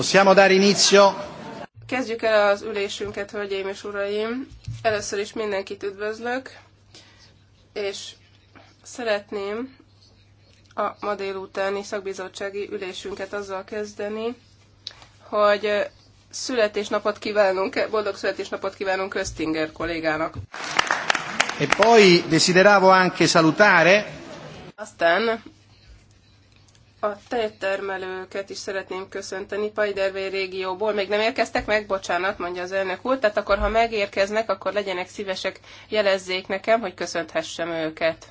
Possiamo dare inizio? Kezdjük el az ülésünket, hölgyeim és uraim. Először is mindenkit üdvözlök, és szeretném a ma délutáni szakbizottsági ülésünket azzal kezdeni, hogy születésnapot kívánunk, boldog születésnapot kívánunk Köztinger kollégának. E poi desideravo anche salutare. Aztán a tejtermelőket is szeretném köszönteni Pajdervé régióból. Még nem érkeztek meg, bocsánat, mondja az elnök úr. Tehát akkor, ha megérkeznek, akkor legyenek szívesek, jelezzék nekem, hogy köszönthessem őket.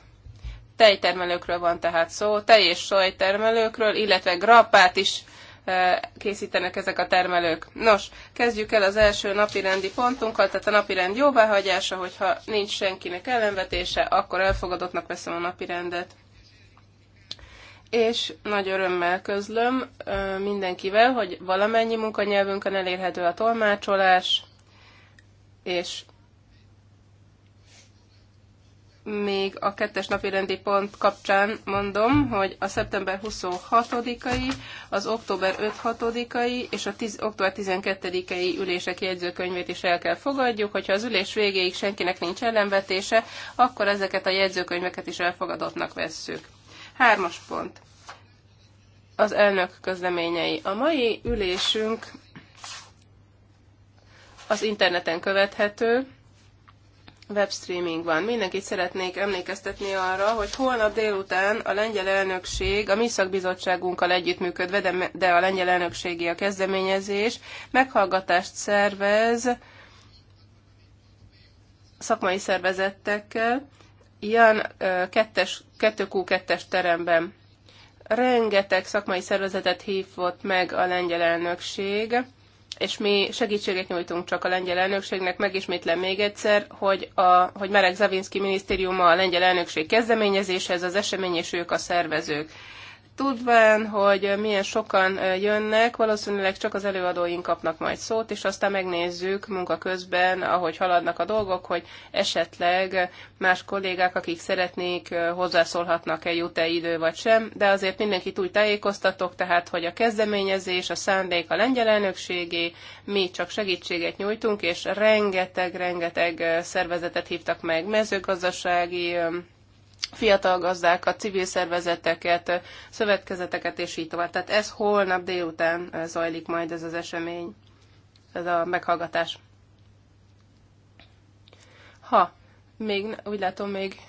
Tejtermelőkről van tehát szó, tej és sajtermelőkről, illetve grappát is eh, készítenek ezek a termelők. Nos, kezdjük el az első napirendi pontunkkal, tehát a napirend jóváhagyása, hogyha nincs senkinek ellenvetése, akkor elfogadottnak veszem a napirendet és nagy örömmel közlöm mindenkivel, hogy valamennyi munkanyelvünkön elérhető a tolmácsolás, és még a kettes napi rendi pont kapcsán mondom, hogy a szeptember 26-ai, az október 5-6-ai és a 10, október 12-i ülések jegyzőkönyvét is el kell fogadjuk. Hogyha az ülés végéig senkinek nincs ellenvetése, akkor ezeket a jegyzőkönyveket is elfogadottnak vesszük. Hármas pont. Az elnök közleményei. A mai ülésünk az interneten követhető, webstreaming van. Mindenkit szeretnék emlékeztetni arra, hogy holnap délután a lengyel elnökség, a mi szakbizottságunkkal együttműködve, de, de a lengyel elnökségi a kezdeményezés, meghallgatást szervez szakmai szervezettekkel, ilyen 2 2 2Q2-es teremben. Rengeteg szakmai szervezetet hívott meg a lengyel elnökség, és mi segítséget nyújtunk csak a lengyel elnökségnek, megismétlem még egyszer, hogy, a, hogy Marek Zavinski minisztériuma a lengyel elnökség kezdeményezése, ez az esemény, és ők a szervezők. Tudván, hogy milyen sokan jönnek, valószínűleg csak az előadóink kapnak majd szót, és aztán megnézzük munka közben, ahogy haladnak a dolgok, hogy esetleg más kollégák, akik szeretnék, hozzászólhatnak-e, jut-e idő vagy sem, de azért mindenkit úgy tájékoztatok, tehát, hogy a kezdeményezés, a szándék a lengyel elnökségé, mi csak segítséget nyújtunk, és rengeteg-rengeteg szervezetet hívtak meg, mezőgazdasági fiatal gazdákat, civil szervezeteket, szövetkezeteket és így tovább. Tehát ez holnap délután zajlik majd ez az esemény, ez a meghallgatás. Ha, még, úgy látom, még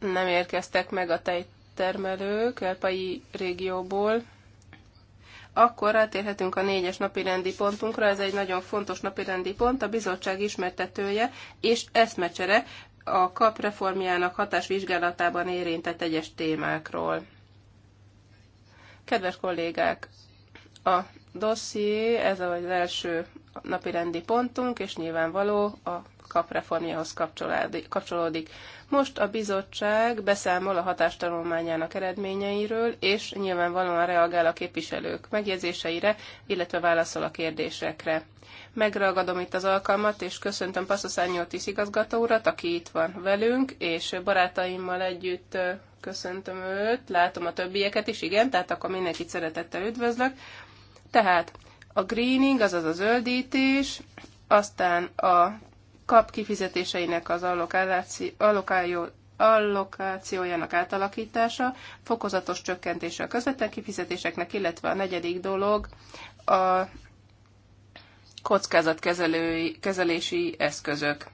nem érkeztek meg a tejtermelők Elpai régióból, akkor rátérhetünk a négyes napi rendi pontunkra, ez egy nagyon fontos napi rendi pont, a bizottság ismertetője és eszmecsere a KAP reformjának hatásvizsgálatában érintett egyes témákról. Kedves kollégák, a dosszié, ez az első napirendi pontunk, és nyilvánvaló a KAP reformjához kapcsolódik. Most a bizottság beszámol a hatástanulmányának eredményeiről, és nyilvánvalóan reagál a képviselők megjegyzéseire, illetve válaszol a kérdésekre. Megragadom itt az alkalmat, és köszöntöm Passzoszányótis igazgató urat, aki itt van velünk, és barátaimmal együtt köszöntöm őt, látom a többieket is, igen, tehát akkor mindenkit szeretettel üdvözlök. Tehát a greening, azaz a zöldítés, aztán a kap kifizetéseinek az allokáció, allokációjának átalakítása, fokozatos csökkentése a közvetlen kifizetéseknek, illetve a negyedik dolog a kockázatkezelési eszközök.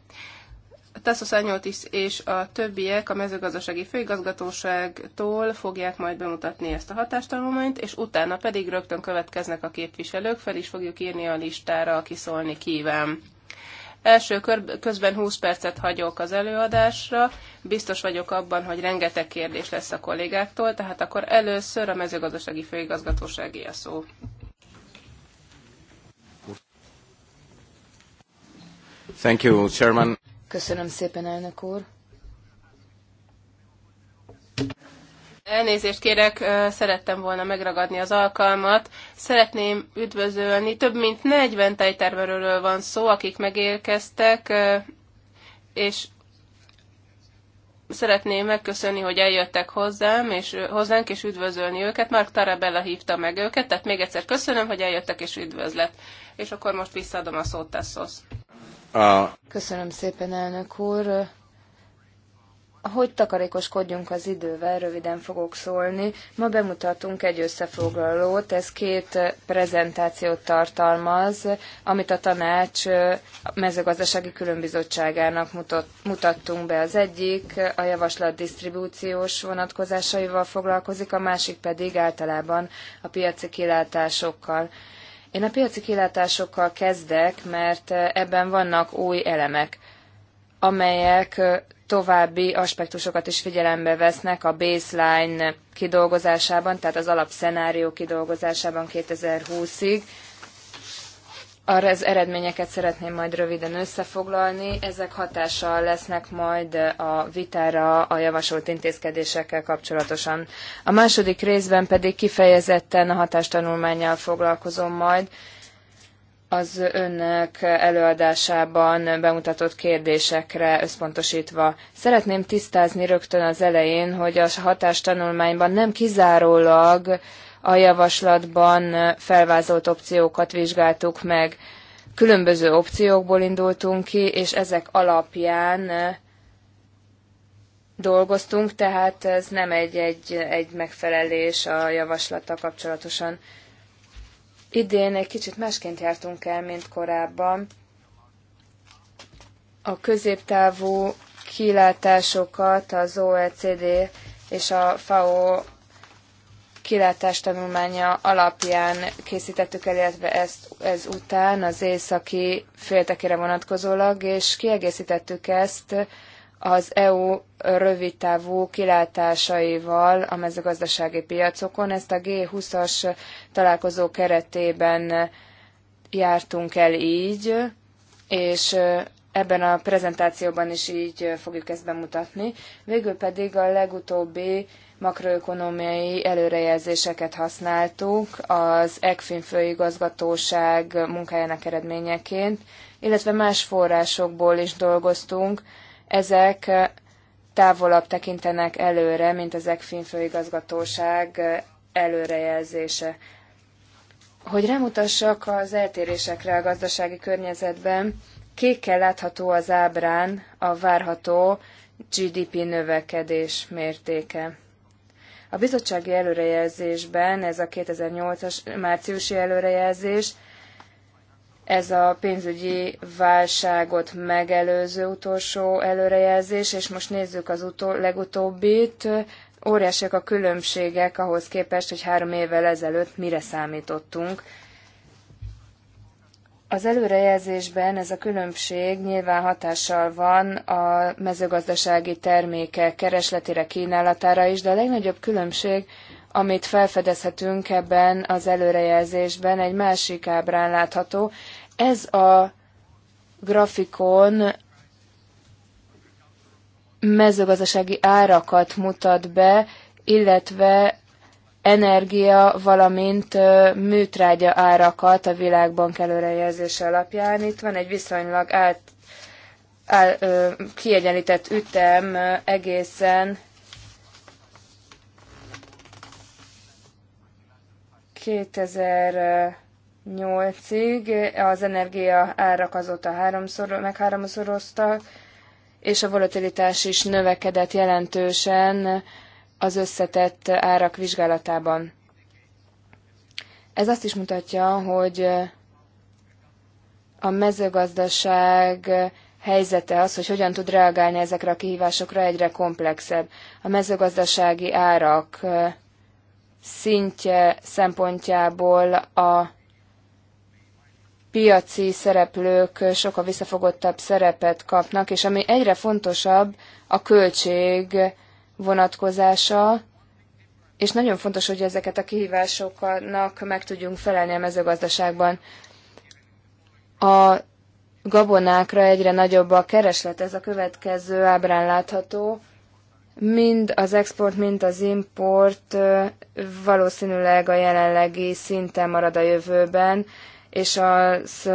Tesla Sanyotis és a többiek a mezőgazdasági főigazgatóságtól fogják majd bemutatni ezt a hatástanulmányt, és utána pedig rögtön következnek a képviselők, fel is fogjuk írni a listára, aki szólni kíván. Első kör, közben 20 percet hagyok az előadásra, biztos vagyok abban, hogy rengeteg kérdés lesz a kollégáktól, tehát akkor először a mezőgazdasági főigazgatóságé a szó. Thank you, Chairman. Köszönöm szépen, elnök úr. Elnézést kérek, szerettem volna megragadni az alkalmat. Szeretném üdvözölni, több mint 40 tejtermelőről van szó, akik megérkeztek, és szeretném megköszönni, hogy eljöttek hozzám, és hozzánk, és üdvözölni őket. Mark Tarabella hívta meg őket, tehát még egyszer köszönöm, hogy eljöttek, és üdvözlet. És akkor most visszaadom a szót Tessosz. Köszönöm szépen, elnök úr. Hogy takarékoskodjunk az idővel, röviden fogok szólni. Ma bemutatunk egy összefoglalót, ez két prezentációt tartalmaz, amit a tanács mezőgazdasági különbizottságának mutattunk be. Az egyik a javaslat disztribúciós vonatkozásaival foglalkozik, a másik pedig általában a piaci kilátásokkal. Én a piaci kilátásokkal kezdek, mert eh, ebben vannak új elemek, amelyek eh, további aspektusokat is figyelembe vesznek a baseline kidolgozásában, tehát az alapszenárió kidolgozásában 2020-ig, arra az eredményeket szeretném majd röviden összefoglalni. Ezek hatással lesznek majd a vitára a javasolt intézkedésekkel kapcsolatosan. A második részben pedig kifejezetten a hatástanulmányjal foglalkozom majd, az önök előadásában bemutatott kérdésekre összpontosítva. Szeretném tisztázni rögtön az elején, hogy a hatástanulmányban nem kizárólag a javaslatban felvázolt opciókat vizsgáltuk meg. Különböző opciókból indultunk ki, és ezek alapján dolgoztunk, tehát ez nem egy, egy, egy megfelelés a javaslattal kapcsolatosan. Idén egy kicsit másként jártunk el, mint korábban. A középtávú kilátásokat az OECD és a FAO kilátástanulmánya alapján készítettük el, illetve ezt ez után az északi féltekére vonatkozólag, és kiegészítettük ezt az EU rövidtávú kilátásaival a mezőgazdasági piacokon. Ezt a G20-as találkozó keretében jártunk el így, és ebben a prezentációban is így fogjuk ezt bemutatni. Végül pedig a legutóbbi makroökonomiai előrejelzéseket használtuk az ECFIN főigazgatóság munkájának eredményeként, illetve más forrásokból is dolgoztunk. Ezek távolabb tekintenek előre, mint az ECFIN főigazgatóság előrejelzése. Hogy rámutassak az eltérésekre a gazdasági környezetben, kékkel látható az ábrán a várható GDP növekedés mértéke. A bizottsági előrejelzésben ez a 2008-as márciusi előrejelzés, ez a pénzügyi válságot megelőző utolsó előrejelzés, és most nézzük az utó, legutóbbit. Óriásiak a különbségek ahhoz képest, hogy három évvel ezelőtt mire számítottunk az előrejelzésben ez a különbség nyilván hatással van a mezőgazdasági termékek keresletére, kínálatára is, de a legnagyobb különbség, amit felfedezhetünk ebben az előrejelzésben, egy másik ábrán látható. Ez a grafikon mezőgazdasági árakat mutat be, illetve energia, valamint műtrágya árakat a Világbank előrejelzése alapján. Itt van egy viszonylag át, át, kiegyenlített ütem egészen 2008-ig, az energia árak azóta háromszor, meg háromszoroztak, és a volatilitás is növekedett jelentősen az összetett árak vizsgálatában. Ez azt is mutatja, hogy a mezőgazdaság helyzete az, hogy hogyan tud reagálni ezekre a kihívásokra egyre komplexebb. A mezőgazdasági árak szintje szempontjából a piaci szereplők sokkal visszafogottabb szerepet kapnak, és ami egyre fontosabb, a költség vonatkozása, és nagyon fontos, hogy ezeket a kihívásoknak meg tudjunk felelni a mezőgazdaságban. A gabonákra egyre nagyobb a kereslet, ez a következő ábrán látható. Mind az export, mind az import valószínűleg a jelenlegi szinten marad a jövőben, és az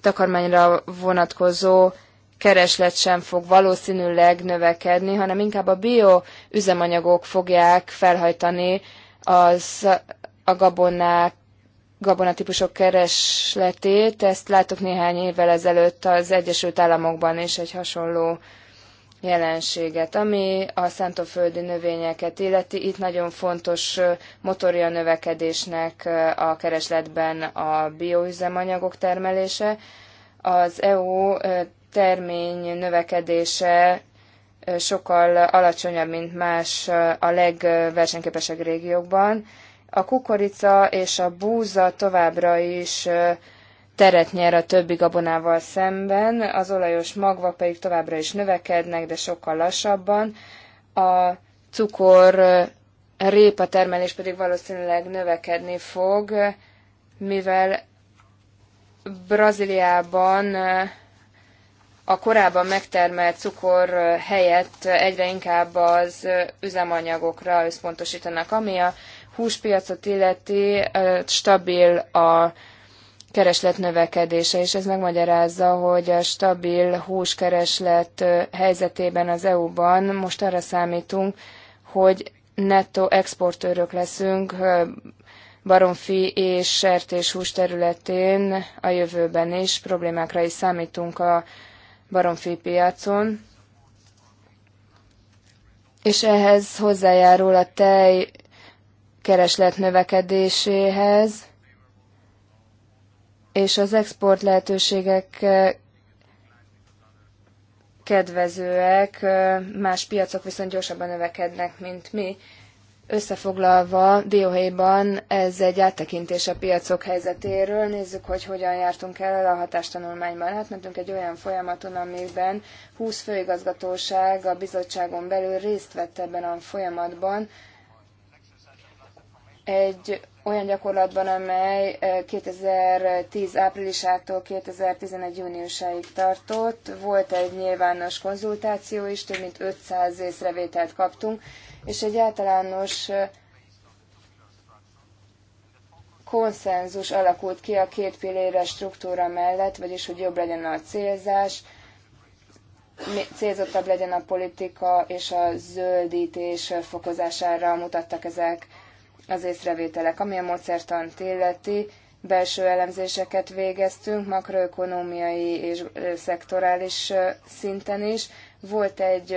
takarmányra vonatkozó kereslet sem fog valószínűleg növekedni, hanem inkább a bioüzemanyagok fogják felhajtani az a gabonák gabonatípusok keresletét. Ezt látok néhány évvel ezelőtt az Egyesült Államokban is egy hasonló jelenséget, ami a szántóföldi növényeket illeti. Itt nagyon fontos motorja növekedésnek a keresletben a bioüzemanyagok termelése. Az EU termény növekedése sokkal alacsonyabb, mint más a legversenyképesebb régiókban. A kukorica és a búza továbbra is teret nyer a többi gabonával szemben, az olajos magva pedig továbbra is növekednek, de sokkal lassabban. A cukor répa termelés pedig valószínűleg növekedni fog, mivel Brazíliában a korábban megtermelt cukor helyett egyre inkább az üzemanyagokra összpontosítanak, ami a húspiacot illeti stabil a kereslet növekedése, és ez megmagyarázza, hogy a stabil húskereslet helyzetében az EU-ban most arra számítunk, hogy netto exportőrök leszünk baromfi és sertéshús területén a jövőben is. Problémákra is számítunk a baromfi piacon, és ehhez hozzájárul a tej kereslet növekedéséhez, és az export lehetőségek eh, kedvezőek, eh, más piacok viszont gyorsabban növekednek, mint mi, Összefoglalva, dióhéjban ez egy áttekintés a piacok helyzetéről. Nézzük, hogy hogyan jártunk el a hatástanulmányban. Átmentünk egy olyan folyamaton, amiben 20 főigazgatóság a bizottságon belül részt vett ebben a folyamatban. Egy olyan gyakorlatban, amely 2010 eh, áprilisától 2011 júniusáig tartott. Volt egy nyilvános konzultáció is, több mint 500 észrevételt kaptunk és egy általános konszenzus alakult ki a két pilléres struktúra mellett, vagyis hogy jobb legyen a célzás, célzottabb legyen a politika, és a zöldítés fokozására mutattak ezek az észrevételek. Ami a módszertant illeti, belső elemzéseket végeztünk, makroökonómiai és szektorális szinten is. Volt egy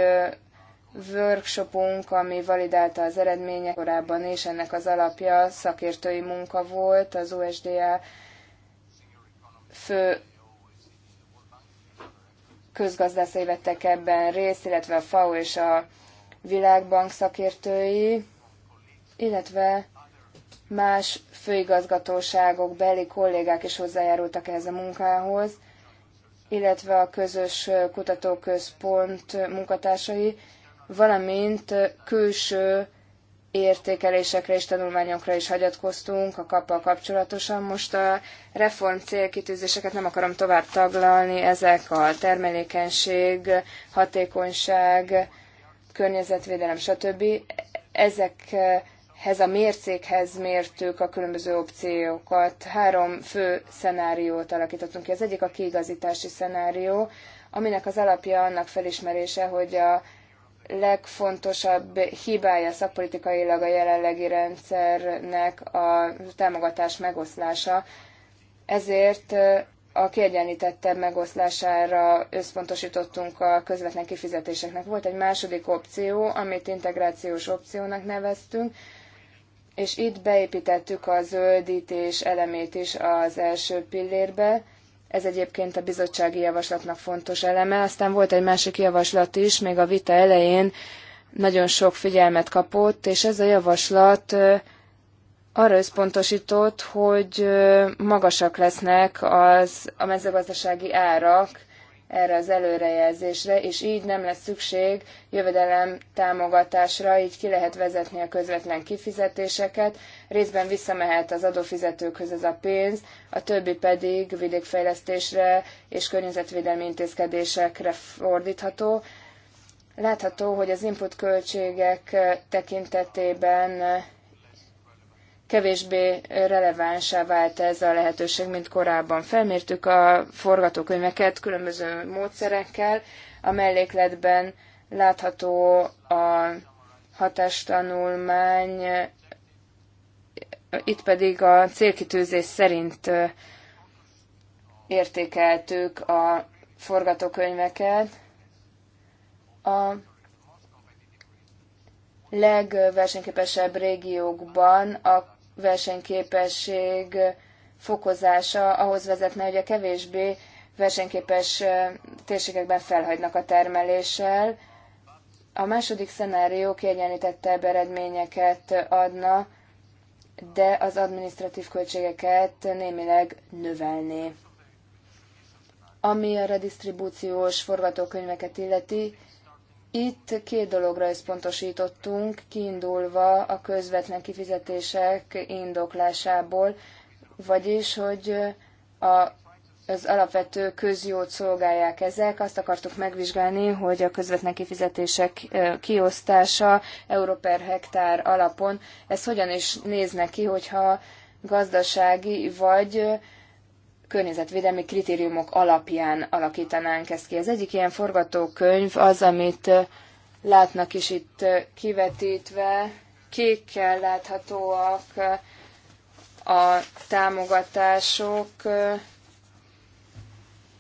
workshopunk, ami validálta az eredmények korábban és ennek az alapja szakértői munka volt, az USDA fő közgazdászai vettek ebben részt, illetve a FAO és a Világbank szakértői, illetve más főigazgatóságok beli kollégák is hozzájárultak ehhez a munkához, illetve a közös kutatóközpont munkatársai, valamint külső értékelésekre és tanulmányokra is hagyatkoztunk a kappal kapcsolatosan. Most a reform célkitűzéseket nem akarom tovább taglalni, ezek a termelékenység, hatékonyság, környezetvédelem, stb. Ezekhez a mércékhez mértük a különböző opciókat. Három fő szenáriót alakítottunk ki. Az egyik a kiigazítási szenárió, aminek az alapja annak felismerése, hogy a legfontosabb hibája szakpolitikailag a jelenlegi rendszernek a támogatás megoszlása. Ezért a kiegyenlítettebb megoszlására összpontosítottunk a közvetlen kifizetéseknek. Volt egy második opció, amit integrációs opciónak neveztünk, és itt beépítettük a zöldítés elemét is az első pillérbe, ez egyébként a bizottsági javaslatnak fontos eleme. Aztán volt egy másik javaslat is, még a vita elején nagyon sok figyelmet kapott, és ez a javaslat arra összpontosított, hogy magasak lesznek az, a mezőgazdasági árak erre az előrejelzésre, és így nem lesz szükség jövedelem támogatásra, így ki lehet vezetni a közvetlen kifizetéseket, részben visszamehet az adófizetőkhöz ez a pénz, a többi pedig vidékfejlesztésre és környezetvédelmi intézkedésekre fordítható. Látható, hogy az input költségek tekintetében kevésbé relevánsá vált ez a lehetőség, mint korábban. Felmértük a forgatókönyveket különböző módszerekkel, a mellékletben látható a hatástanulmány, itt pedig a célkitűzés szerint értékeltük a forgatókönyveket. A legversenyképesebb régiókban a versenyképesség fokozása ahhoz vezetne, hogy a kevésbé versenyképes térségekben felhagynak a termeléssel. A második szenárió kiegyenlítettebb eredményeket adna, de az adminisztratív költségeket némileg növelné. Ami a redistribúciós forgatókönyveket illeti, itt két dologra összpontosítottunk, kiindulva a közvetlen kifizetések indoklásából, vagyis, hogy a, az alapvető közjót szolgálják ezek. Azt akartuk megvizsgálni, hogy a közvetlen kifizetések kiosztása euró per hektár alapon, ez hogyan is nézne ki, hogyha gazdasági vagy környezetvédelmi kritériumok alapján alakítanánk ezt ki. Az egyik ilyen forgatókönyv az, amit látnak is itt kivetítve, kékkel láthatóak a támogatások,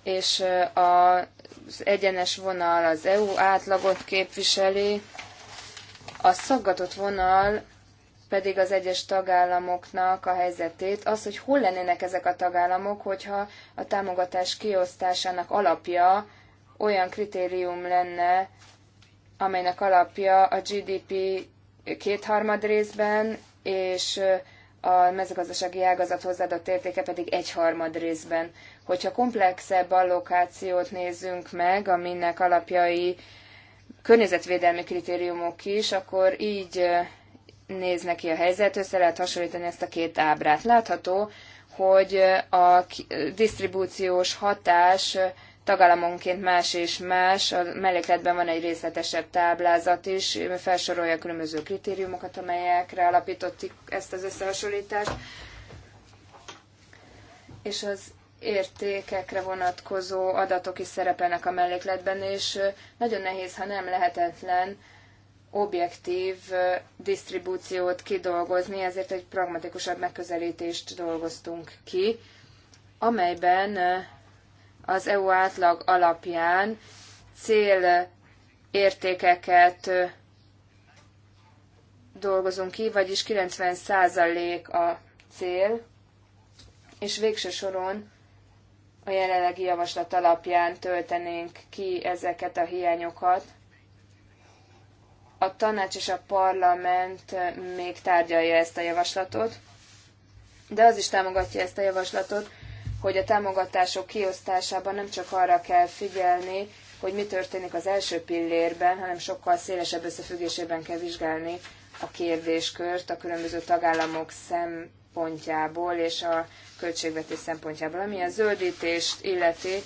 és az egyenes vonal az EU átlagot képviseli, a szaggatott vonal pedig az egyes tagállamoknak a helyzetét, az, hogy hol lennének ezek a tagállamok, hogyha a támogatás kiosztásának alapja olyan kritérium lenne, amelynek alapja a GDP kétharmad részben, és a mezőgazdasági ágazat hozzáadott értéke pedig egyharmad részben. Hogyha komplexebb allokációt nézzünk meg, aminek alapjai környezetvédelmi kritériumok is, akkor így néz neki a helyzet, össze lehet hasonlítani ezt a két ábrát. Látható, hogy a disztribúciós hatás tagállamonként más és más. A mellékletben van egy részletesebb táblázat is, felsorolja a különböző kritériumokat, amelyekre alapítottik ezt az összehasonlítást. És az értékekre vonatkozó adatok is szerepelnek a mellékletben, és nagyon nehéz, ha nem lehetetlen objektív disztribúciót kidolgozni, ezért egy pragmatikusabb megközelítést dolgoztunk ki, amelyben az EU átlag alapján értékeket dolgozunk ki, vagyis 90% a cél, és végső soron a jelenlegi javaslat alapján töltenénk ki ezeket a hiányokat, a tanács és a parlament még tárgyalja ezt a javaslatot, de az is támogatja ezt a javaslatot, hogy a támogatások kiosztásában nem csak arra kell figyelni, hogy mi történik az első pillérben, hanem sokkal szélesebb összefüggésében kell vizsgálni a kérdéskört a különböző tagállamok szempontjából és a költségvetés szempontjából. Ami a zöldítést illeti,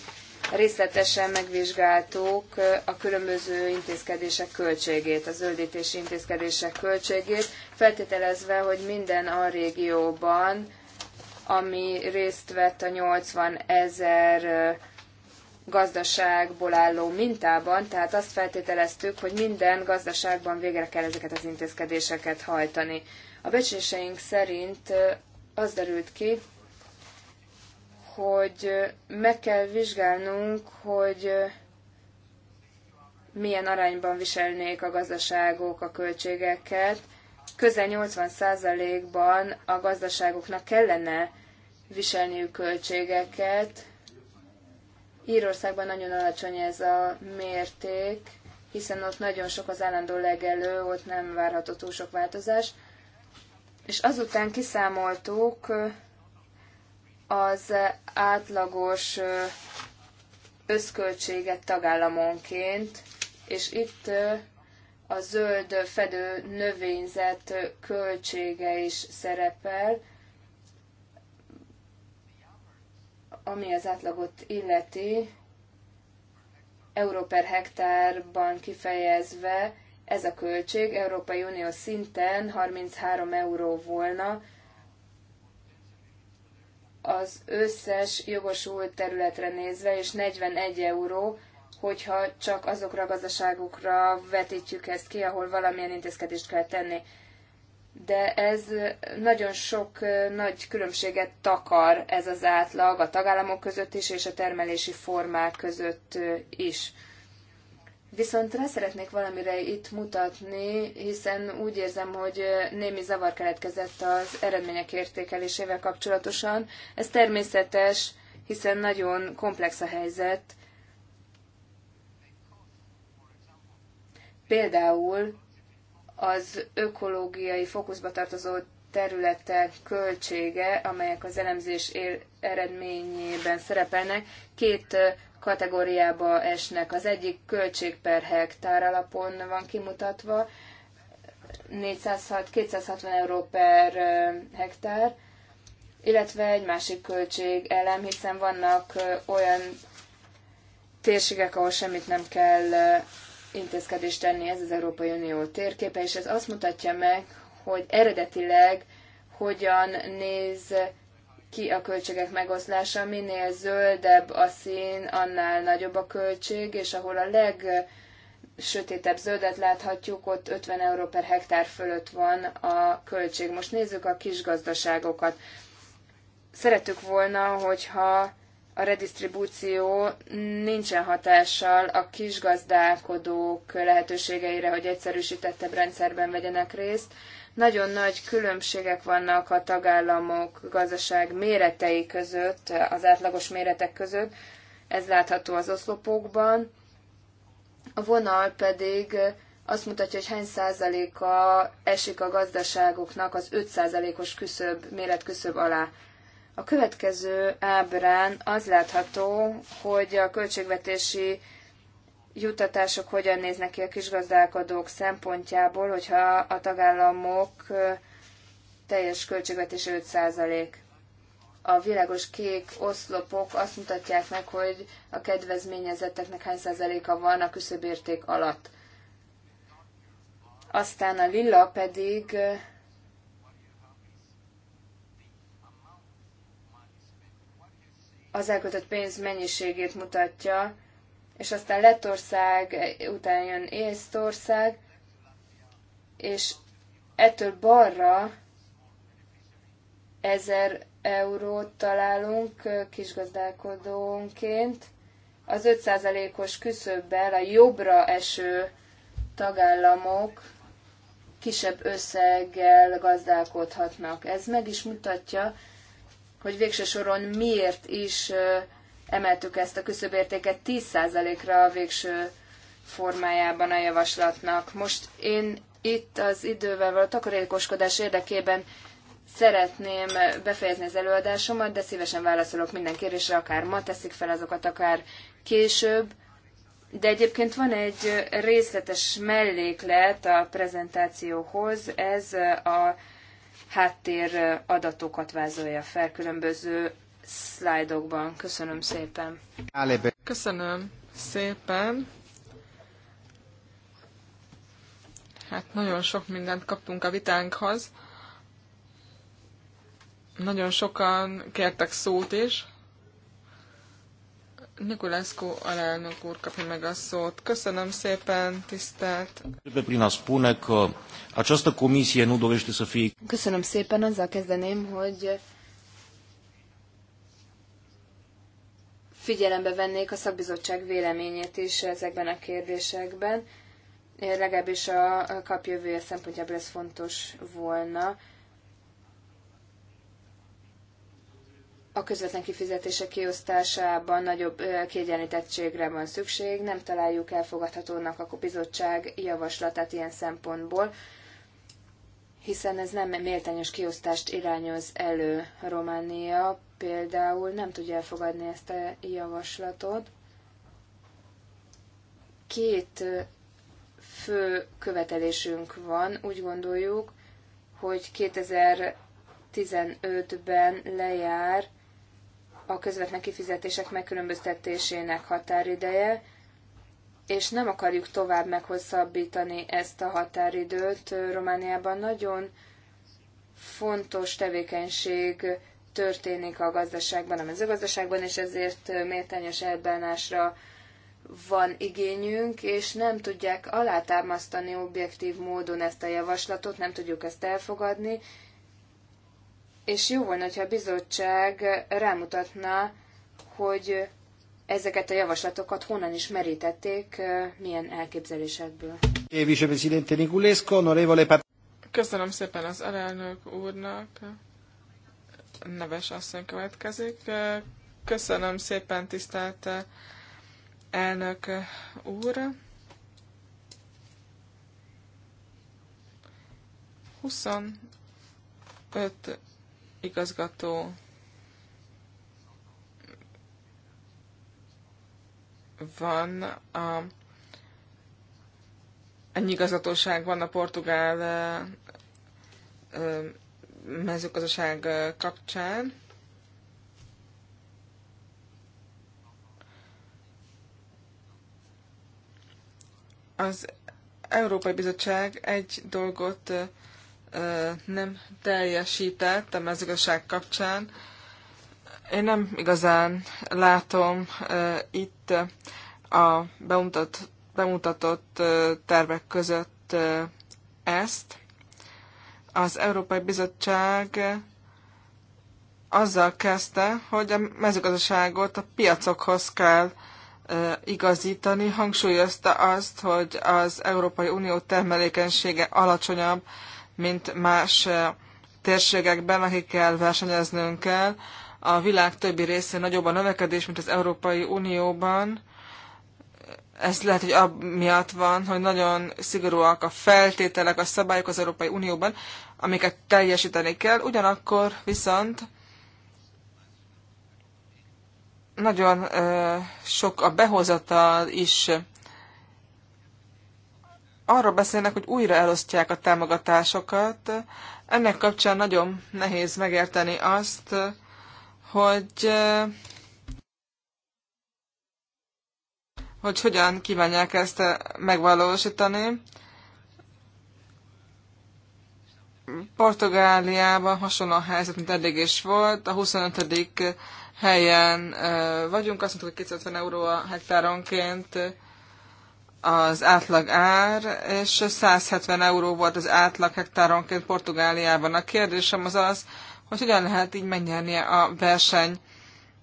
részletesen megvizsgáltuk a különböző intézkedések költségét, a zöldítési intézkedések költségét, feltételezve, hogy minden a régióban, ami részt vett a 80 ezer gazdaságból álló mintában, tehát azt feltételeztük, hogy minden gazdaságban végre kell ezeket az intézkedéseket hajtani. A becsléseink szerint az derült ki, hogy meg kell vizsgálnunk, hogy milyen arányban viselnék a gazdaságok a költségeket. Közel 80%-ban a gazdaságoknak kellene viselniük költségeket. Írországban nagyon alacsony ez a mérték, hiszen ott nagyon sok az állandó legelő, ott nem várható túl sok változás. És azután kiszámoltuk, az átlagos összköltséget tagállamonként, és itt a zöld fedő növényzet költsége is szerepel, ami az átlagot illeti, euró per hektárban kifejezve ez a költség Európai Unió szinten 33 euró volna, az összes jogosult területre nézve, és 41 euró, hogyha csak azokra a gazdaságokra vetítjük ezt ki, ahol valamilyen intézkedést kell tenni. De ez nagyon sok nagy különbséget takar ez az átlag a tagállamok között is, és a termelési formák között is. Viszont rá szeretnék valamire itt mutatni, hiszen úgy érzem, hogy némi zavar keletkezett az eredmények értékelésével kapcsolatosan. Ez természetes, hiszen nagyon komplex a helyzet. Például az ökológiai fókuszba tartozó területek költsége, amelyek az elemzés eredményében szerepelnek, két kategóriába esnek. Az egyik költség per hektár alapon van kimutatva, 406, 260 euró per hektár, illetve egy másik költség elem, hiszen vannak olyan térségek, ahol semmit nem kell intézkedést tenni, ez az Európai Unió térképe, és ez azt mutatja meg, hogy eredetileg hogyan néz ki a költségek megoszlása, minél zöldebb a szín, annál nagyobb a költség, és ahol a legsötétebb zöldet láthatjuk, ott 50 euró per hektár fölött van a költség. Most nézzük a kis gazdaságokat. Szeretük volna, hogyha a redistribúció nincsen hatással a kisgazdálkodók lehetőségeire, hogy egyszerűsítettebb rendszerben vegyenek részt, nagyon nagy különbségek vannak a tagállamok gazdaság méretei között, az átlagos méretek között, ez látható az oszlopokban. A vonal pedig azt mutatja, hogy hány százaléka esik a gazdaságoknak az 5 százalékos küszöb, méretküszöb alá. A következő ábrán az látható, hogy a költségvetési jutatások hogyan néznek ki a kisgazdálkodók szempontjából, hogyha a tagállamok teljes költségvetés 5%. A világos kék oszlopok azt mutatják meg, hogy a kedvezményezetteknek hány százaléka van a küszöbérték alatt. Aztán a lila pedig az elköltött pénz mennyiségét mutatja, és aztán Lettország, után jön Észtország, és ettől balra ezer eurót találunk kisgazdálkodónként, az 5%-os küszöbbel a jobbra eső tagállamok kisebb összeggel gazdálkodhatnak. Ez meg is mutatja, hogy végső soron miért is emeltük ezt a küszöbértéket 10%-ra a végső formájában a javaslatnak. Most én itt az idővel való takarékoskodás érdekében szeretném befejezni az előadásomat, de szívesen válaszolok minden kérdésre, akár ma teszik fel azokat, akár később. De egyébként van egy részletes melléklet a prezentációhoz, ez a háttér adatokat vázolja fel különböző szlájdokban. Köszönöm szépen. Köszönöm szépen. Hát nagyon sok mindent kaptunk a vitánkhoz. Nagyon sokan kértek szót is. Niculescu alelnök úr kapja meg a szót. Köszönöm szépen, tisztelt. Köszönöm szépen, azzal kezdeném, hogy figyelembe vennék a szakbizottság véleményét is ezekben a kérdésekben. Legalábbis a kap jövője szempontjából ez fontos volna. A közvetlen kifizetések kiosztásában nagyobb kiegyenlítettségre van szükség. Nem találjuk elfogadhatónak a bizottság javaslatát ilyen szempontból hiszen ez nem méltányos kiosztást irányoz elő. Románia például nem tudja elfogadni ezt a javaslatot. Két fő követelésünk van, úgy gondoljuk, hogy 2015-ben lejár a közvetlen kifizetések megkülönböztetésének határideje, és nem akarjuk tovább meghosszabbítani ezt a határidőt. Romániában nagyon fontos tevékenység történik a gazdaságban, a mezőgazdaságban, és ezért méltányos elbánásra van igényünk, és nem tudják alátámasztani objektív módon ezt a javaslatot, nem tudjuk ezt elfogadni, és jó volna, hogyha a bizottság rámutatna, hogy ezeket a javaslatokat honnan is merítették, milyen elképzelésekből. Eh, vicepresidente Niculesco, onorevole Köszönöm szépen az alelnök úrnak. Neves asszony következik. Köszönöm szépen, tisztelt elnök úr. 25 igazgató van a ennyi igazgatóság van a portugál mezőgazdaság kapcsán. Az Európai Bizottság egy dolgot nem teljesített a mezőgazdaság kapcsán, én nem igazán látom uh, itt a bemutat, bemutatott uh, tervek között uh, ezt. Az Európai Bizottság azzal kezdte, hogy a mezőgazdaságot a piacokhoz kell igazítani. Hangsúlyozta azt, hogy az Európai Unió termelékenysége alacsonyabb, mint más térségekben, akikkel versenyeznünk kell a világ többi részén nagyobb a növekedés, mint az Európai Unióban. Ez lehet, hogy amiatt van, hogy nagyon szigorúak a feltételek, a szabályok az Európai Unióban, amiket teljesíteni kell. Ugyanakkor viszont nagyon sok a behozatal is. Arról beszélnek, hogy újra elosztják a támogatásokat. Ennek kapcsán nagyon nehéz megérteni azt, hogy hogy hogyan kívánják ezt megvalósítani. Portugáliában hasonló a helyzet, mint eddig is volt. A 25. helyen vagyunk, azt mondtuk, hogy 250 euró a hektáronként az átlag ár, és 170 euró volt az átlag hektáronként Portugáliában. A kérdésem az az, hogy hogyan lehet így megnyerni a verseny,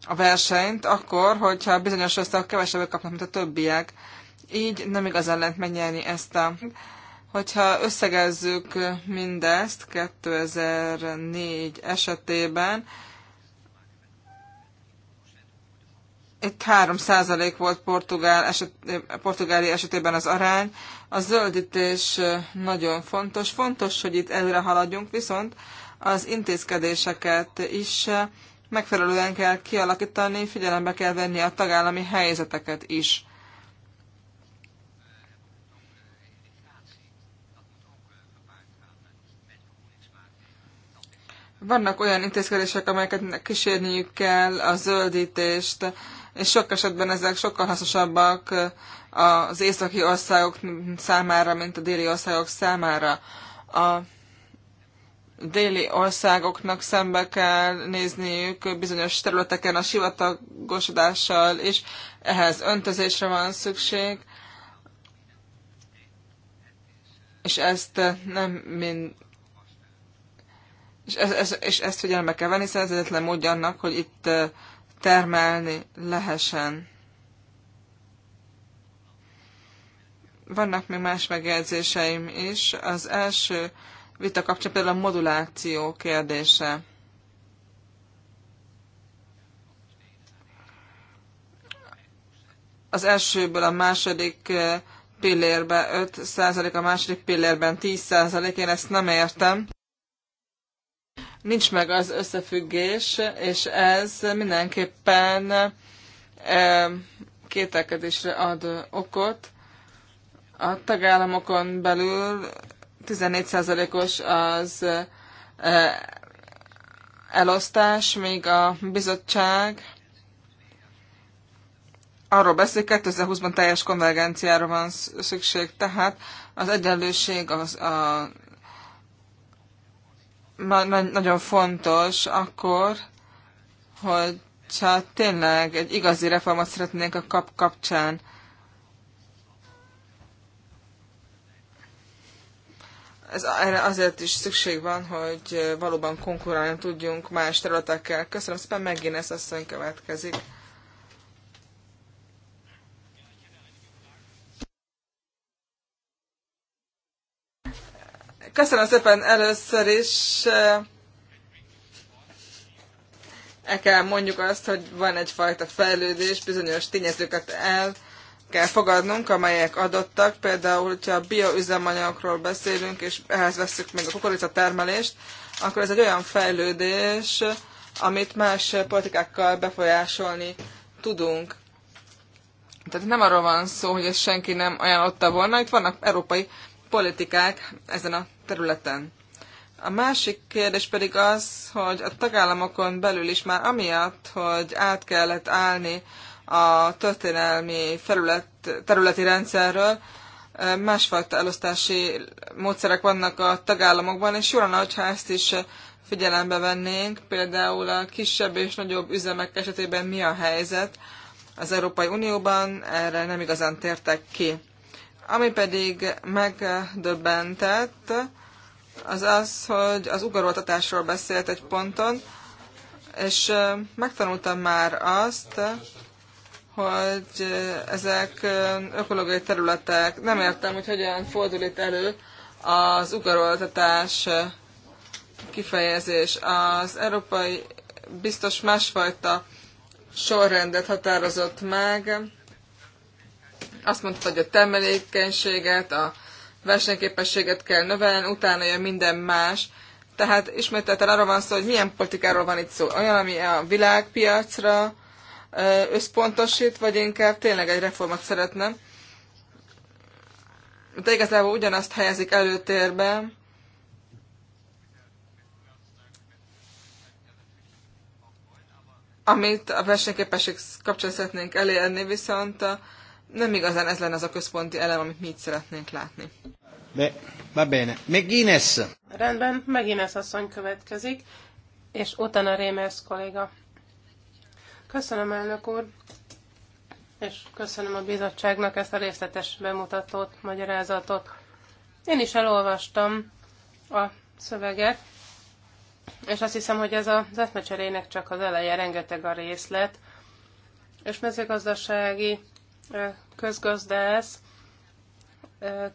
a versenyt, akkor, hogyha bizonyos országok kevesebbet kapnak, mint a többiek. Így nem igazán lehet megnyerni ezt a... Hogyha összegezzük mindezt 2004 esetében, itt 3% volt Portugál eset, portugáli esetében az arány. A zöldítés nagyon fontos. Fontos, hogy itt előre haladjunk, viszont az intézkedéseket is megfelelően kell kialakítani, figyelembe kell venni a tagállami helyzeteket is. Vannak olyan intézkedések, amelyeket kísérniük kell, a zöldítést, és sok esetben ezek sokkal hasznosabbak az északi országok számára, mint a déli országok számára. A déli országoknak szembe kell nézniük bizonyos területeken a sivatagosodással, és ehhez öntözésre van szükség, és ezt nem mind és, ez, ez, és ezt figyelme kell venni, hiszen ez egyetlen módja annak, hogy itt termelni lehessen. Vannak még más megjegyzéseim is. Az első vita kapcsán például a moduláció kérdése. Az elsőből a második eh, pillérbe 5%, a második pillérben 10%, én ezt nem értem. Nincs meg az összefüggés, és ez mindenképpen eh, kételkedésre ad okot. A tagállamokon belül 14%-os az elosztás, még a bizottság arról beszél, 2020-ban teljes konvergenciára van szükség, tehát az egyenlőség az a, nagyon fontos akkor, hogy tényleg egy igazi reformot szeretnénk a kap kapcsán. ez, erre azért is szükség van, hogy valóban konkurálni tudjunk más területekkel. Köszönöm szépen, megint ez asszony következik. Köszönöm szépen először is. El kell mondjuk azt, hogy van egyfajta fejlődés, bizonyos tényezőket el kell fogadnunk, amelyek adottak. Például, hogyha a bioüzemanyagokról beszélünk, és ehhez veszük még a kukoricatermelést, akkor ez egy olyan fejlődés, amit más politikákkal befolyásolni tudunk. Tehát nem arról van szó, hogy ezt senki nem ajánlotta volna, itt vannak európai politikák ezen a területen. A másik kérdés pedig az, hogy a tagállamokon belül is már amiatt, hogy át kellett állni a történelmi felület, területi rendszerről. Másfajta elosztási módszerek vannak a tagállamokban, és jól lenne, hogyha ezt is figyelembe vennénk, például a kisebb és nagyobb üzemek esetében mi a helyzet az Európai Unióban, erre nem igazán tértek ki. Ami pedig megdöbbentett, az az, hogy az ugaroltatásról beszélt egy ponton, és megtanultam már azt, hogy ezek ökológiai területek. Nem értem, hogy hogyan fordul itt elő az ugaroltatás kifejezés. Az európai biztos másfajta sorrendet határozott meg. Azt mondta, hogy a termelékenységet, a versenyképességet kell növelni, utána jön minden más. Tehát ismételten arról van szó, hogy milyen politikáról van itt szó. Olyan, ami a világpiacra, összpontosít, vagy inkább tényleg egy reformot szeretne. De igazából ugyanazt helyezik előtérbe, amit a versenyképesség kapcsán szeretnénk elérni, viszont nem igazán ez lenne az a központi elem, amit mi itt szeretnénk látni. Be, va bene. Meginesz. Rendben, Meginesz asszony következik, és utána Rémers kolléga. Köszönöm, elnök úr, és köszönöm a bizottságnak ezt a részletes bemutatót, magyarázatot. Én is elolvastam a szöveget, és azt hiszem, hogy ez az eszmecserének csak az eleje, rengeteg a részlet, és mezőgazdasági közgazdász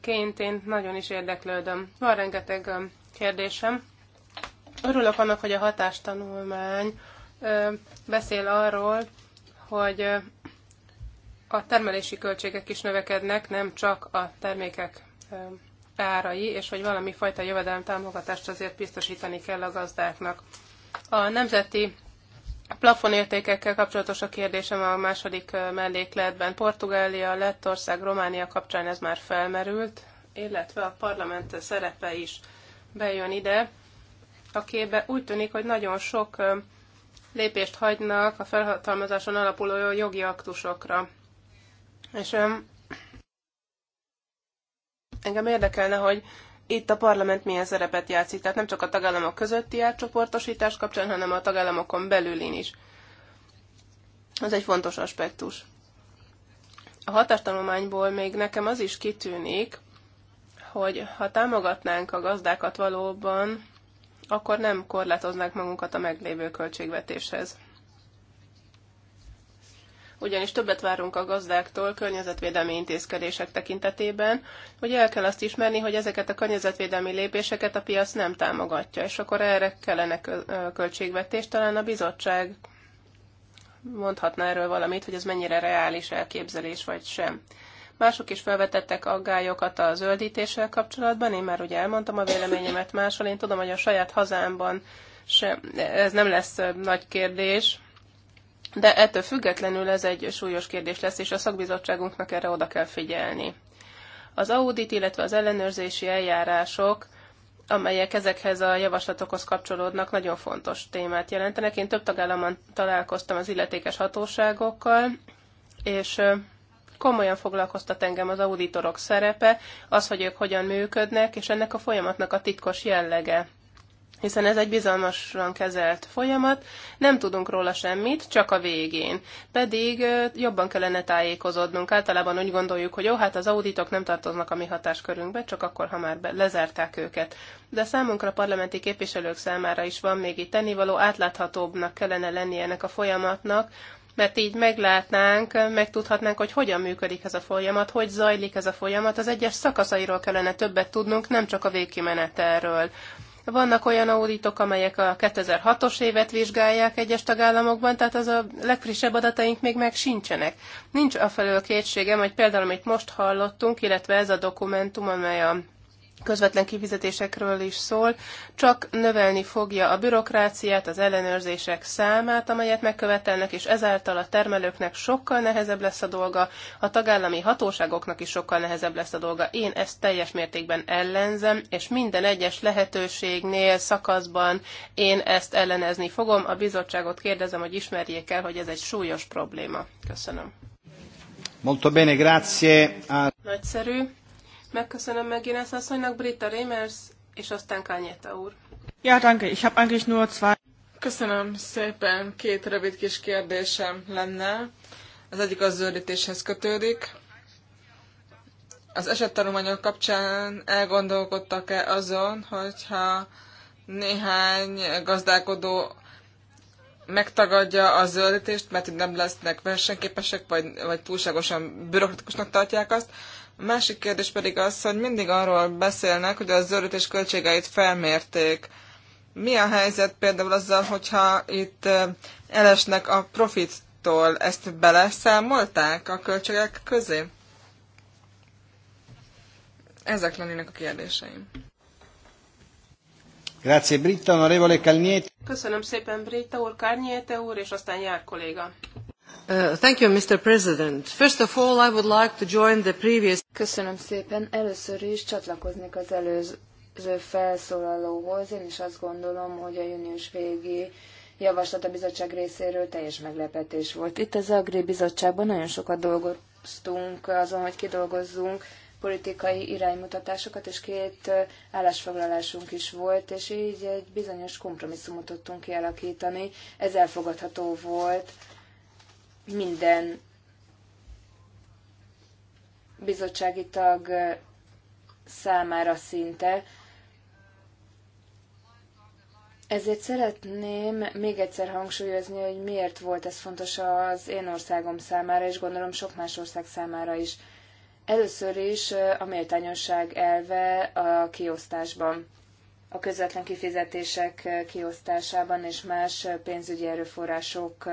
ként én nagyon is érdeklődöm. Van rengeteg kérdésem. Örülök annak, hogy a hatástanulmány beszél arról, hogy a termelési költségek is növekednek, nem csak a termékek árai, és hogy valami fajta támogatást azért biztosítani kell a gazdáknak. A nemzeti plafonértékekkel kapcsolatos a kérdésem a második mellékletben. Portugália, Lettország, Románia kapcsán ez már felmerült, illetve a parlament szerepe is bejön ide a képbe. Úgy tűnik, hogy nagyon sok lépést hagynak a felhatalmazáson alapuló jogi aktusokra. És um, engem érdekelne, hogy itt a parlament milyen szerepet játszik, tehát nem csak a tagállamok közötti átcsoportosítás kapcsán, hanem a tagállamokon belülin is. Ez egy fontos aspektus. A hatástanulmányból még nekem az is kitűnik, hogy ha támogatnánk a gazdákat valóban, akkor nem korlátoznák magunkat a meglévő költségvetéshez. Ugyanis többet várunk a gazdáktól környezetvédelmi intézkedések tekintetében, hogy el kell azt ismerni, hogy ezeket a környezetvédelmi lépéseket a piac nem támogatja, és akkor erre kellene költségvetés. Talán a bizottság mondhatná erről valamit, hogy ez mennyire reális elképzelés vagy sem. Mások is felvetettek aggályokat a zöldítéssel kapcsolatban, én már ugye elmondtam a véleményemet máshol, én tudom, hogy a saját hazámban sem, ez nem lesz nagy kérdés, de ettől függetlenül ez egy súlyos kérdés lesz, és a szakbizottságunknak erre oda kell figyelni. Az audit, illetve az ellenőrzési eljárások, amelyek ezekhez a javaslatokhoz kapcsolódnak, nagyon fontos témát jelentenek. Én több tagállamon találkoztam az illetékes hatóságokkal, és komolyan foglalkoztat engem az auditorok szerepe, az, hogy ők hogyan működnek, és ennek a folyamatnak a titkos jellege hiszen ez egy bizalmasan kezelt folyamat, nem tudunk róla semmit, csak a végén. Pedig jobban kellene tájékozódnunk. Általában úgy gondoljuk, hogy jó, hát az auditok nem tartoznak a mi hatáskörünkbe, csak akkor, ha már lezárták őket. De számunkra, parlamenti képviselők számára is van még itt tennivaló, átláthatóbbnak kellene lennie ennek a folyamatnak, mert így meglátnánk, megtudhatnánk, hogy hogyan működik ez a folyamat, hogy zajlik ez a folyamat, az egyes szakaszairól kellene többet tudnunk, nem csak a végkimenetelről. Vannak olyan auditok, amelyek a 2006-os évet vizsgálják egyes tagállamokban, tehát az a legfrissebb adataink még meg sincsenek. Nincs a felől kétségem, hogy például, amit most hallottunk, illetve ez a dokumentum, amely a közvetlen kifizetésekről is szól, csak növelni fogja a bürokráciát, az ellenőrzések számát, amelyet megkövetelnek, és ezáltal a termelőknek sokkal nehezebb lesz a dolga, a tagállami hatóságoknak is sokkal nehezebb lesz a dolga. Én ezt teljes mértékben ellenzem, és minden egyes lehetőségnél, szakaszban én ezt ellenezni fogom. A bizottságot kérdezem, hogy ismerjék el, hogy ez egy súlyos probléma. Köszönöm. Molto bene, grazie. Nagyszerű. Megköszönöm megint ezt asszonynak, Britta Remers, és aztán Kányeta úr. Ja, danke. Ich habe eigentlich nur zwei... Köszönöm szépen. Két rövid kis kérdésem lenne. Az egyik az zöldítéshez kötődik. Az esettanulmányok kapcsán elgondolkodtak-e azon, hogyha néhány gazdálkodó megtagadja a zöldítést, mert nem lesznek versenyképesek, vagy, vagy túlságosan bürokratikusnak tartják azt, a másik kérdés pedig az, hogy mindig arról beszélnek, hogy a zöldítés költségeit felmérték. Mi a helyzet például azzal, hogyha itt elesnek a profittól, ezt beleszámolták a költségek közé? Ezek lennének a kérdéseim. Grazie Britta, onorevole Calniete. Köszönöm szépen Britta úr, Calniete úr, és aztán jár kolléga. Köszönöm szépen. Először is csatlakoznék az előző felszólalóhoz. Én is azt gondolom, hogy a június végi javaslat a bizottság részéről teljes meglepetés volt. Itt az Agri Bizottságban nagyon sokat dolgoztunk azon, hogy kidolgozzunk politikai iránymutatásokat, és két állásfoglalásunk is volt, és így egy bizonyos kompromisszumot tudtunk kialakítani. Ez elfogadható volt minden bizottsági tag számára szinte. Ezért szeretném még egyszer hangsúlyozni, hogy miért volt ez fontos az én országom számára, és gondolom sok más ország számára is. Először is a méltányosság elve a kiosztásban, a közvetlen kifizetések kiosztásában és más pénzügyi erőforrások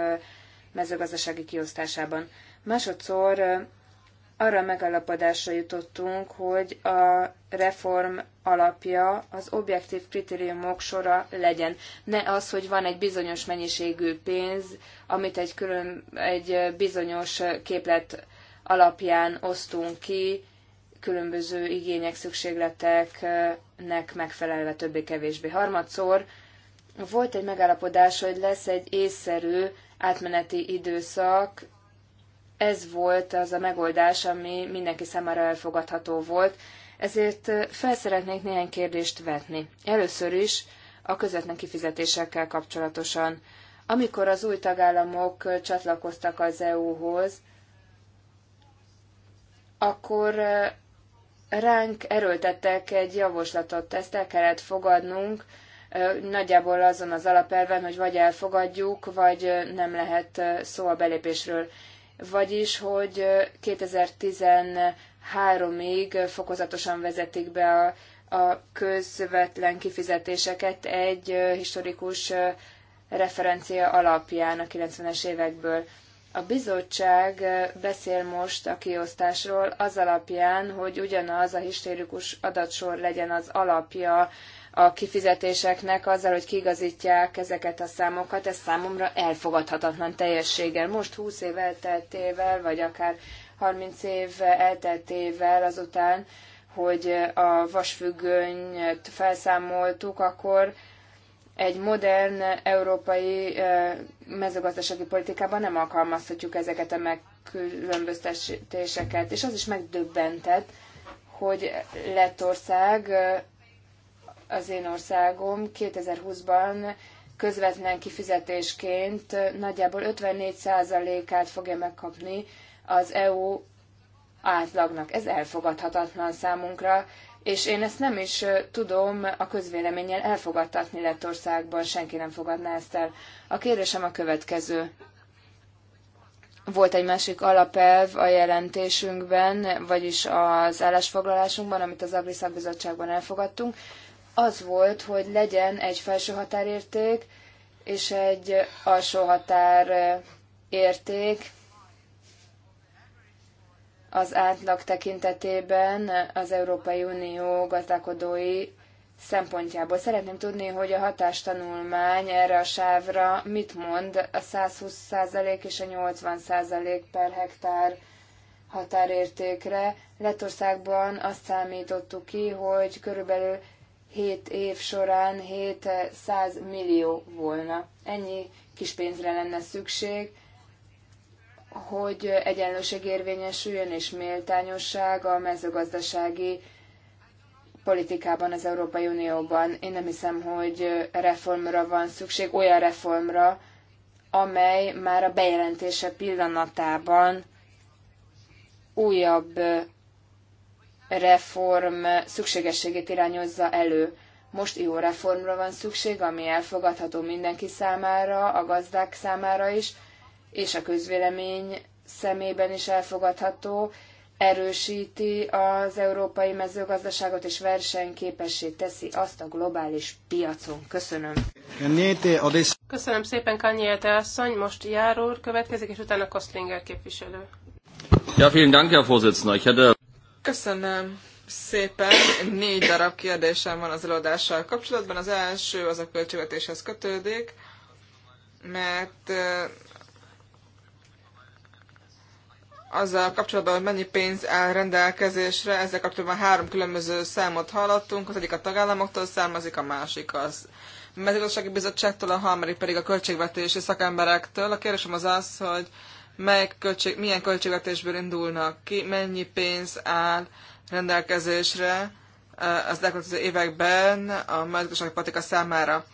mezőgazdasági kiosztásában. Másodszor arra a megállapodásra jutottunk, hogy a reform alapja az objektív kritériumok sora legyen. Ne az, hogy van egy bizonyos mennyiségű pénz, amit egy, külön, egy bizonyos képlet alapján osztunk ki, különböző igények, szükségleteknek megfelelve többé-kevésbé. Harmadszor volt egy megállapodás, hogy lesz egy észszerű átmeneti időszak, ez volt az a megoldás, ami mindenki számára elfogadható volt, ezért felszeretnék néhány kérdést vetni. Először is a közvetlen kifizetésekkel kapcsolatosan. Amikor az új tagállamok csatlakoztak az EU-hoz, akkor ránk erőltettek egy javaslatot, ezt el kellett fogadnunk, nagyjából azon az alapelven, hogy vagy elfogadjuk, vagy nem lehet szó a belépésről. Vagyis, hogy 2013-ig fokozatosan vezetik be a, a közvetlen kifizetéseket egy historikus referencia alapján a 90-es évekből. A bizottság beszél most a kiosztásról az alapján, hogy ugyanaz a historikus adatsor legyen az alapja a kifizetéseknek azzal, hogy kigazítják ezeket a számokat, ez számomra elfogadhatatlan teljességgel. Most 20 év elteltével, vagy akár 30 év elteltével azután, hogy a vasfüggönyt felszámoltuk, akkor egy modern európai mezőgazdasági politikában nem alkalmazhatjuk ezeket a megkülönböztetéseket. És az is megdöbbentett, hogy Lettország az én országom 2020-ban közvetlen kifizetésként nagyjából 54%-át fogja megkapni az EU átlagnak. Ez elfogadhatatlan számunkra, és én ezt nem is tudom a közvéleménnyel elfogadtatni Lettországban, senki nem fogadná ezt el. A kérdésem a következő. Volt egy másik alapelv a jelentésünkben, vagyis az állásfoglalásunkban, amit az Agri Szakbizottságban elfogadtunk, az volt, hogy legyen egy felső határérték és egy alsó határérték az átlag tekintetében az Európai Unió gazdálkodói szempontjából. Szeretném tudni, hogy a hatástanulmány erre a sávra mit mond a 120% és a 80% per hektár határértékre. Lettországban azt számítottuk ki, hogy körülbelül 7 év során 700 millió volna. Ennyi kis pénzre lenne szükség, hogy egyenlőség érvényesüljön és méltányosság a mezőgazdasági politikában az Európai Unióban. Én nem hiszem, hogy reformra van szükség, olyan reformra, amely már a bejelentése pillanatában újabb reform szükségességét irányozza elő. Most jó reformra van szükség, ami elfogadható mindenki számára, a gazdák számára is, és a közvélemény szemében is elfogadható, erősíti az európai mezőgazdaságot és versenyképessé teszi azt a globális piacon. Köszönöm. Köszönöm szépen, Kanyéte asszony. Most Jár úr következik, és utána Kostlinger képviselő. Ja, vielen Dank, Herr Vorsitzender. Ich hätte... Köszönöm szépen. Négy darab kérdésem van az előadással kapcsolatban. Az első az a költségvetéshez kötődik, mert azzal kapcsolatban, hogy mennyi pénz áll rendelkezésre, ezzel kapcsolatban három különböző számot hallottunk, az egyik a tagállamoktól származik, a másik az mezőgazdasági bizottságtól, a harmadik pedig a költségvetési szakemberektől. A kérdésem az az, hogy melyek költség, milyen költségvetésből indulnak ki, mennyi pénz áll rendelkezésre az elkövetkező években a mezőgazdasági politika számára.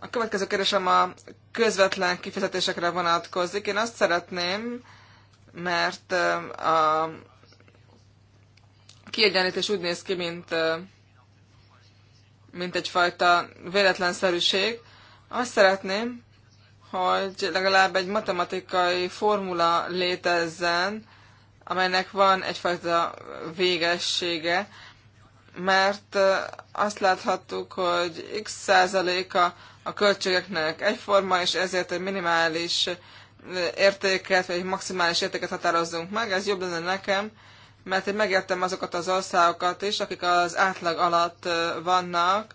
A következő kérdésem a közvetlen kifizetésekre vonatkozik. Én azt szeretném, mert a kiegyenlítés úgy néz ki, mint, mint egyfajta véletlenszerűség. Azt szeretném, hogy legalább egy matematikai formula létezzen, amelynek van egyfajta végessége, mert azt láthattuk, hogy x százaléka a költségeknek egyforma, és ezért egy minimális értéket, vagy egy maximális értéket határozzunk meg. Ez jobb lenne nekem, mert én megértem azokat az országokat is, akik az átlag alatt vannak,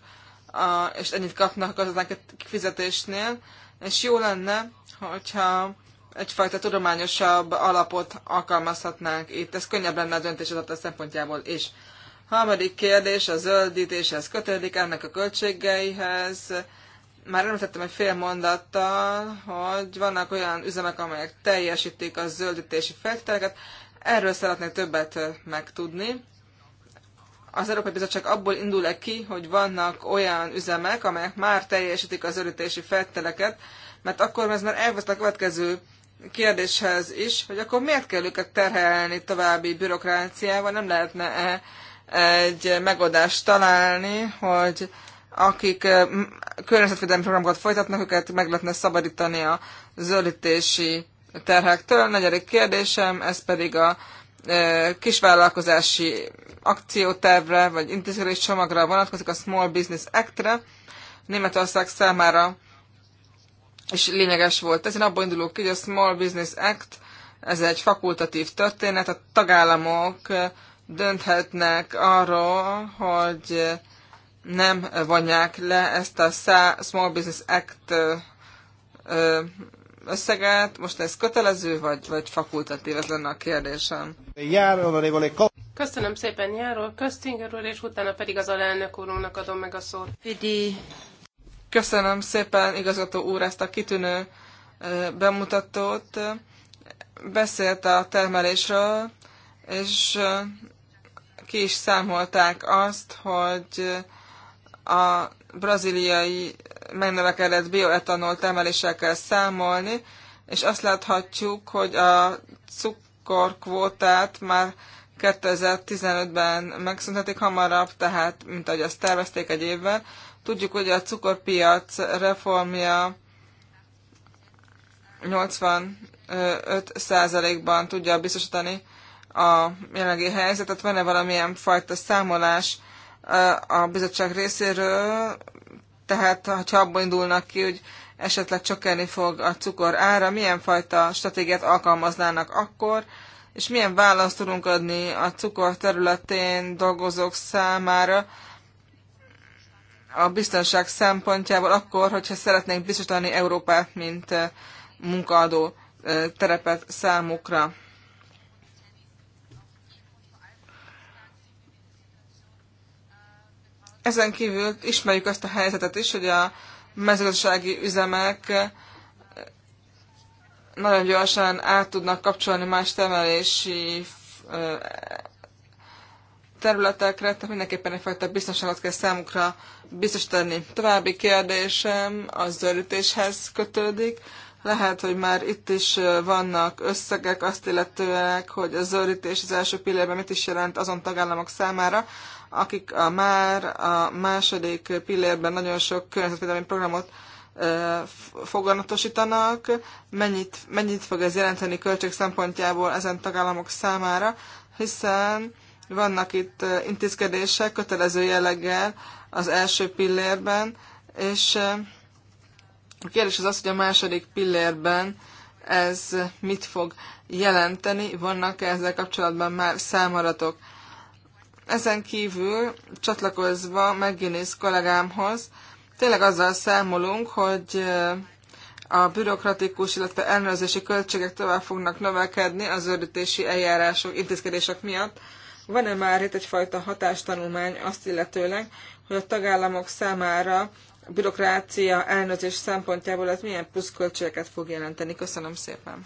és ennyit kapnak az fizetésnél, és jó lenne, hogyha egyfajta tudományosabb alapot alkalmazhatnánk itt. Ez könnyebb lenne a döntéshozatal szempontjából is. Harmadik kérdés, a zöldítéshez kötődik, ennek a költségeihez. Már említettem egy fél mondattal, hogy vannak olyan üzemek, amelyek teljesítik a zöldítési feltételeket. Erről szeretnék többet megtudni az Európai Bizottság abból indul -e ki, hogy vannak olyan üzemek, amelyek már teljesítik az örítési feltételeket, mert akkor ez már elveszt a következő kérdéshez is, hogy akkor miért kell őket terhelni további bürokráciával, nem lehetne -e egy megoldást találni, hogy akik környezetvédelmi programokat folytatnak, őket meg lehetne szabadítani a zöldítési terhektől. A negyedik kérdésem, ez pedig a kisvállalkozási akciótervre, vagy intézkedés csomagra vonatkozik, a Small Business Act-re, Németország számára is lényeges volt. Ez abból indulok ki, hogy a Small Business Act, ez egy fakultatív történet, a tagállamok dönthetnek arról, hogy nem vonják le ezt a Small Business Act összeget. Most ez kötelező, vagy, vagy fakultatív? Ez lenne a kérdésem. Köszönöm szépen Járól, Köztinger úr, és utána pedig az alelnök úrunknak adom meg a szót. Fidi. Köszönöm szépen, igazgató úr, ezt a kitűnő bemutatót. Beszélt a termelésről, és ki is számolták azt, hogy a braziliai megnövekedett bioetanol termeléssel kell számolni, és azt láthatjuk, hogy a cukorkvótát már 2015-ben megszüntetik hamarabb, tehát mint ahogy azt tervezték egy évvel. Tudjuk, hogy a cukorpiac reformja 85%-ban tudja biztosítani a jelenlegi helyzetet. Van-e valamilyen fajta számolás a bizottság részéről? tehát ha abból indulnak ki, hogy esetleg csökkenni fog a cukor ára, milyen fajta stratégiát alkalmaznának akkor, és milyen választ tudunk adni a cukor területén dolgozók számára a biztonság szempontjából akkor, hogyha szeretnénk biztosítani Európát, mint eh, munkaadó eh, terepet számukra. Ezen kívül ismerjük azt a helyzetet is, hogy a mezőgazdasági üzemek eh, nagyon gyorsan át tudnak kapcsolni más termelési eh, területekre, tehát mindenképpen egyfajta biztonságot kell számukra biztosítani. További kérdésem a zöldítéshez kötődik. Lehet, hogy már itt is eh, vannak összegek azt illetőek, hogy a zöldítés az első pillérben mit is jelent azon tagállamok számára, akik a már a második pillérben nagyon sok környezetvédelmi programot foganatosítanak, mennyit, mennyit fog ez jelenteni költség szempontjából ezen tagállamok számára, hiszen vannak itt intézkedések kötelező jelleggel az első pillérben, és a kérdés az az, hogy a második pillérben ez mit fog jelenteni, vannak -e ezzel kapcsolatban már számaratok. Ezen kívül csatlakozva megjönész kollégámhoz, tényleg azzal számolunk, hogy eh, a bürokratikus, illetve ellenőrzési költségek tovább fognak növekedni az ördítési eljárások, intézkedések miatt. Van-e már itt egyfajta hatástanulmány azt illetőleg, hogy a tagállamok számára a bürokrácia ellenőrzés szempontjából ez milyen költségeket fog jelenteni? Köszönöm szépen.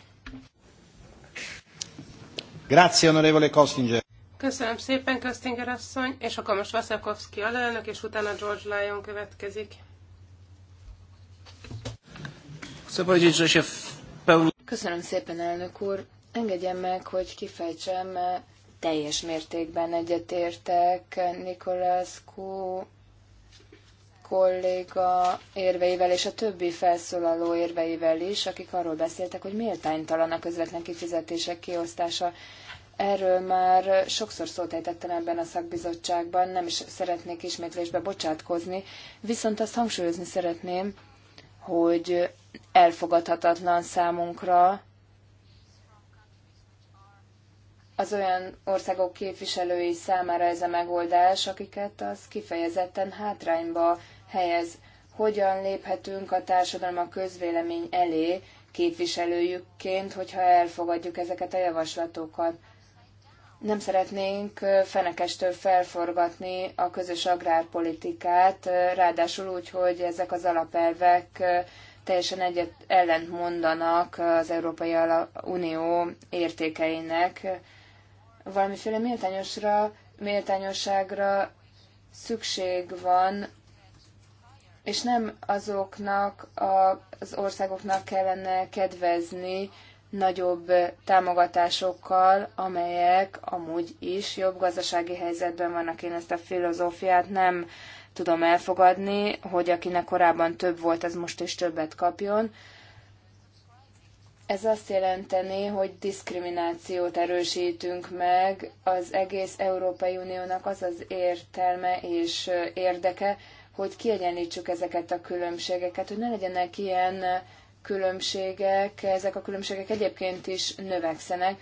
Grazie, onorevole Kostinger. Köszönöm szépen, Köztinger asszony, és akkor most Vaszakovszki alelnök, és utána George Lyon következik. Köszönöm szépen, elnök úr. Engedjen meg, hogy kifejtsem, teljes mértékben egyetértek Nikolászkó kolléga érveivel és a többi felszólaló érveivel is, akik arról beszéltek, hogy méltánytalan a közvetlen kifizetések kiosztása. Erről már sokszor szót ejtettem ebben a szakbizottságban, nem is szeretnék ismétlésbe bocsátkozni, viszont azt hangsúlyozni szeretném, hogy elfogadhatatlan számunkra az olyan országok képviselői számára ez a megoldás, akiket az kifejezetten hátrányba helyez. Hogyan léphetünk a társadalom a közvélemény elé képviselőjükként, hogyha elfogadjuk ezeket a javaslatokat? nem szeretnénk fenekestől felforgatni a közös agrárpolitikát, ráadásul úgy, hogy ezek az alapelvek teljesen egyet ellent mondanak az Európai Unió értékeinek. Valamiféle méltányosra, méltányosságra szükség van, és nem azoknak az országoknak kellene kedvezni, nagyobb támogatásokkal, amelyek amúgy is jobb gazdasági helyzetben vannak. Én ezt a filozófiát nem tudom elfogadni, hogy akinek korábban több volt, az most is többet kapjon. Ez azt jelenteni, hogy diszkriminációt erősítünk meg, az egész Európai Uniónak az az értelme és érdeke, hogy kiegyenlítsük ezeket a különbségeket, hogy ne legyenek ilyen különbségek, ezek a különbségek egyébként is növekszenek.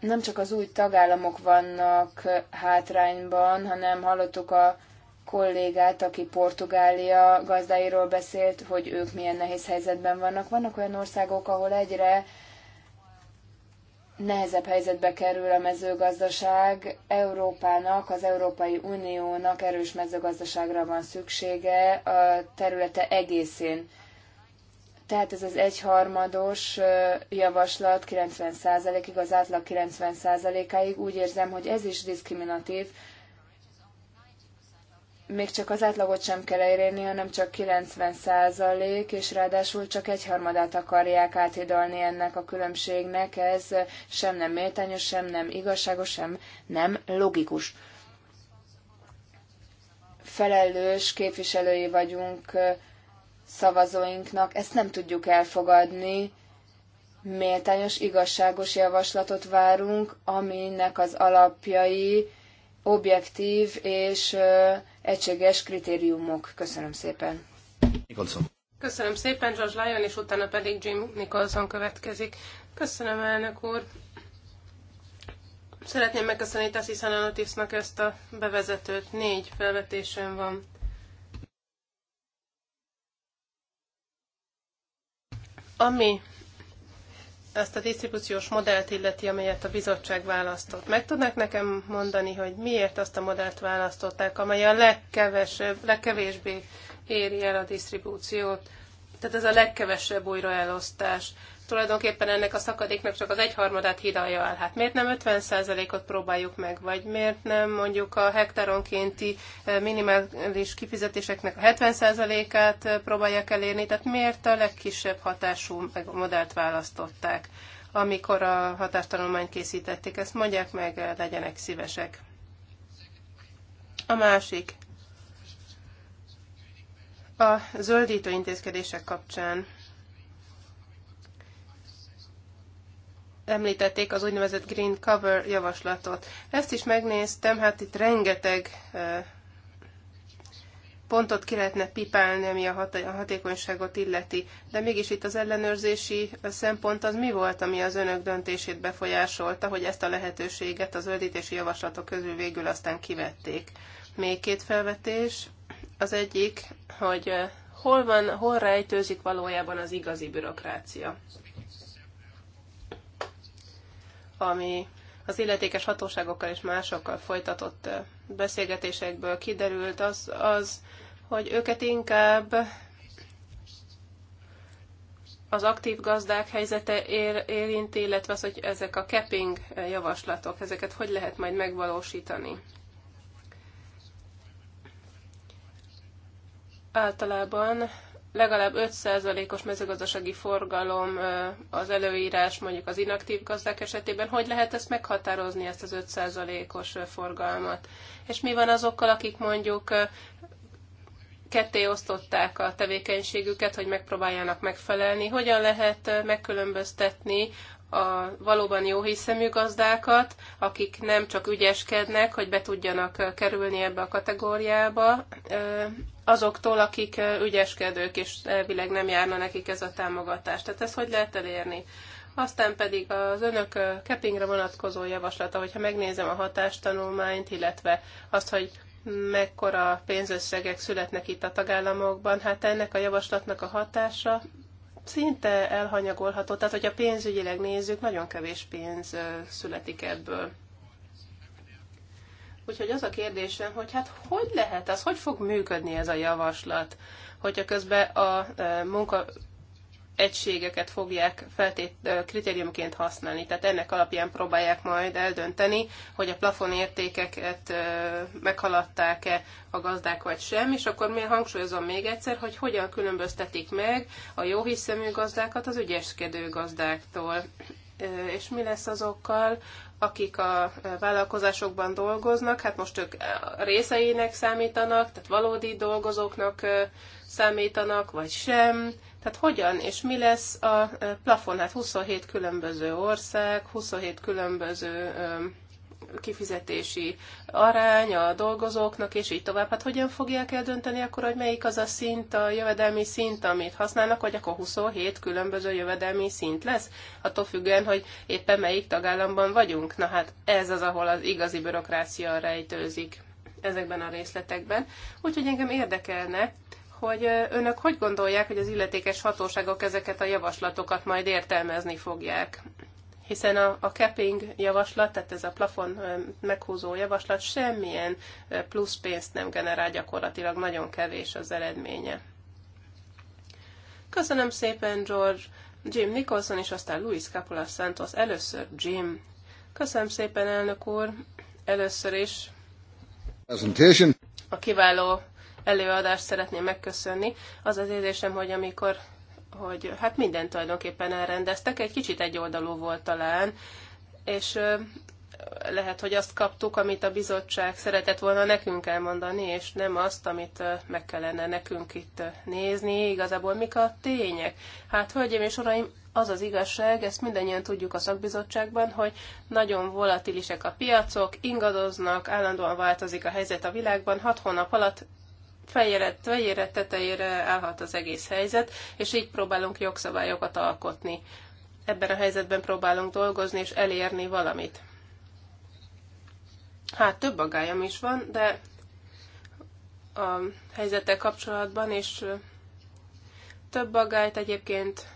Nem csak az új tagállamok vannak hátrányban, hanem hallottuk a kollégát, aki Portugália gazdáiról beszélt, hogy ők milyen nehéz helyzetben vannak. Vannak olyan országok, ahol egyre nehezebb helyzetbe kerül a mezőgazdaság. Európának, az Európai Uniónak erős mezőgazdaságra van szüksége a területe egészén. Tehát ez az egyharmados javaslat 90%-ig, az átlag 90%-áig úgy érzem, hogy ez is diszkriminatív, még csak az átlagot sem kell elérni, hanem csak 90 százalék, és ráadásul csak egyharmadát akarják áthidalni ennek a különbségnek. Ez sem nem méltányos, sem nem igazságos, sem nem logikus. Felelős képviselői vagyunk szavazóinknak, ezt nem tudjuk elfogadni. Méltányos, igazságos javaslatot várunk, aminek az alapjai objektív és egységes kritériumok. Köszönöm szépen. Nicholson. Köszönöm szépen, George Lyon, és utána pedig Jim Nicholson következik. Köszönöm, elnök úr. Szeretném megköszönni Tassis Ananotisnak ezt a bevezetőt. Négy felvetésem van. Ami ezt a disztribúciós modellt illeti, amelyet a bizottság választott. Meg tudnak nekem mondani, hogy miért azt a modellt választották, amely a legkevesebb, legkevésbé éri el a disztribúciót? Tehát ez a legkevesebb újraelosztás tulajdonképpen ennek a szakadéknak csak az egyharmadát hidalja el. Hát miért nem 50%-ot próbáljuk meg, vagy miért nem mondjuk a hektáronkénti minimális kifizetéseknek a 70%-át próbálják elérni, tehát miért a legkisebb hatású modellt választották, amikor a hatástanulmányt készítették. Ezt mondják meg, legyenek szívesek. A másik. A zöldítő intézkedések kapcsán említették az úgynevezett Green Cover javaslatot. Ezt is megnéztem, hát itt rengeteg pontot ki lehetne pipálni, ami a, hatékonyságot illeti. De mégis itt az ellenőrzési szempont az mi volt, ami az önök döntését befolyásolta, hogy ezt a lehetőséget az öldítési javaslatok közül végül aztán kivették. Még két felvetés. Az egyik, hogy hol van, hol rejtőzik valójában az igazi bürokrácia ami az illetékes hatóságokkal és másokkal folytatott beszélgetésekből kiderült, az, az hogy őket inkább az aktív gazdák helyzete ér, érinti, illetve az, hogy ezek a capping javaslatok, ezeket hogy lehet majd megvalósítani. Általában legalább 5%-os mezőgazdasági forgalom az előírás mondjuk az inaktív gazdák esetében, hogy lehet ezt meghatározni, ezt az 5%-os forgalmat? És mi van azokkal, akik mondjuk ketté osztották a tevékenységüket, hogy megpróbáljanak megfelelni? Hogyan lehet megkülönböztetni a valóban jó hiszemű gazdákat, akik nem csak ügyeskednek, hogy be tudjanak kerülni ebbe a kategóriába, azoktól, akik ügyeskedők, és elvileg nem járna nekik ez a támogatás. Tehát ezt hogy lehet elérni? Aztán pedig az önök kepingre vonatkozó javaslata, hogyha megnézem a hatástanulmányt, illetve azt, hogy mekkora pénzösszegek születnek itt a tagállamokban, hát ennek a javaslatnak a hatása szinte elhanyagolható. Tehát, hogyha pénzügyileg nézzük, nagyon kevés pénz születik ebből. Úgyhogy az a kérdésem, hogy hát hogy lehet az, hogy fog működni ez a javaslat, hogyha közben a e, munka egységeket fogják feltét, e, kritériumként használni. Tehát ennek alapján próbálják majd eldönteni, hogy a plafon értékeket e, meghaladták-e a gazdák vagy sem, és akkor mi hangsúlyozom még egyszer, hogy hogyan különböztetik meg a jó hiszemű gazdákat az ügyeskedő gazdáktól. És mi lesz azokkal, akik a vállalkozásokban dolgoznak, hát most ők részeinek számítanak, tehát valódi dolgozóknak számítanak, vagy sem. Tehát hogyan és mi lesz a plafon? Hát 27 különböző ország, 27 különböző kifizetési arány a dolgozóknak, és így tovább. Hát hogyan fogják eldönteni akkor, hogy melyik az a szint, a jövedelmi szint, amit használnak, hogy akkor 27 különböző jövedelmi szint lesz, attól függően, hogy éppen melyik tagállamban vagyunk. Na hát ez az, ahol az igazi bürokrácia rejtőzik ezekben a részletekben. Úgyhogy engem érdekelne, hogy önök hogy gondolják, hogy az illetékes hatóságok ezeket a javaslatokat majd értelmezni fogják hiszen a, a capping javaslat, tehát ez a plafon meghúzó javaslat semmilyen plusz pénzt nem generál, gyakorlatilag nagyon kevés az eredménye. Köszönöm szépen, George, Jim Nicholson és aztán Luis Capola Santos. Először Jim. Köszönöm szépen, elnök úr. Először is a kiváló előadást szeretném megköszönni. Az az érzésem, hogy amikor hogy hát mindent tulajdonképpen elrendeztek, egy kicsit egyoldalú volt talán, és lehet, hogy azt kaptuk, amit a bizottság szeretett volna nekünk elmondani, és nem azt, amit meg kellene nekünk itt nézni, igazából mik a tények. Hát, hölgyeim és uraim, az az igazság, ezt mindannyian tudjuk a szakbizottságban, hogy nagyon volatilisek a piacok, ingadoznak, állandóan változik a helyzet a világban, hat hónap alatt fejére, fejére tetejére állhat az egész helyzet, és így próbálunk jogszabályokat alkotni. Ebben a helyzetben próbálunk dolgozni és elérni valamit. Hát több agályom is van, de a helyzettel kapcsolatban, is több agályt egyébként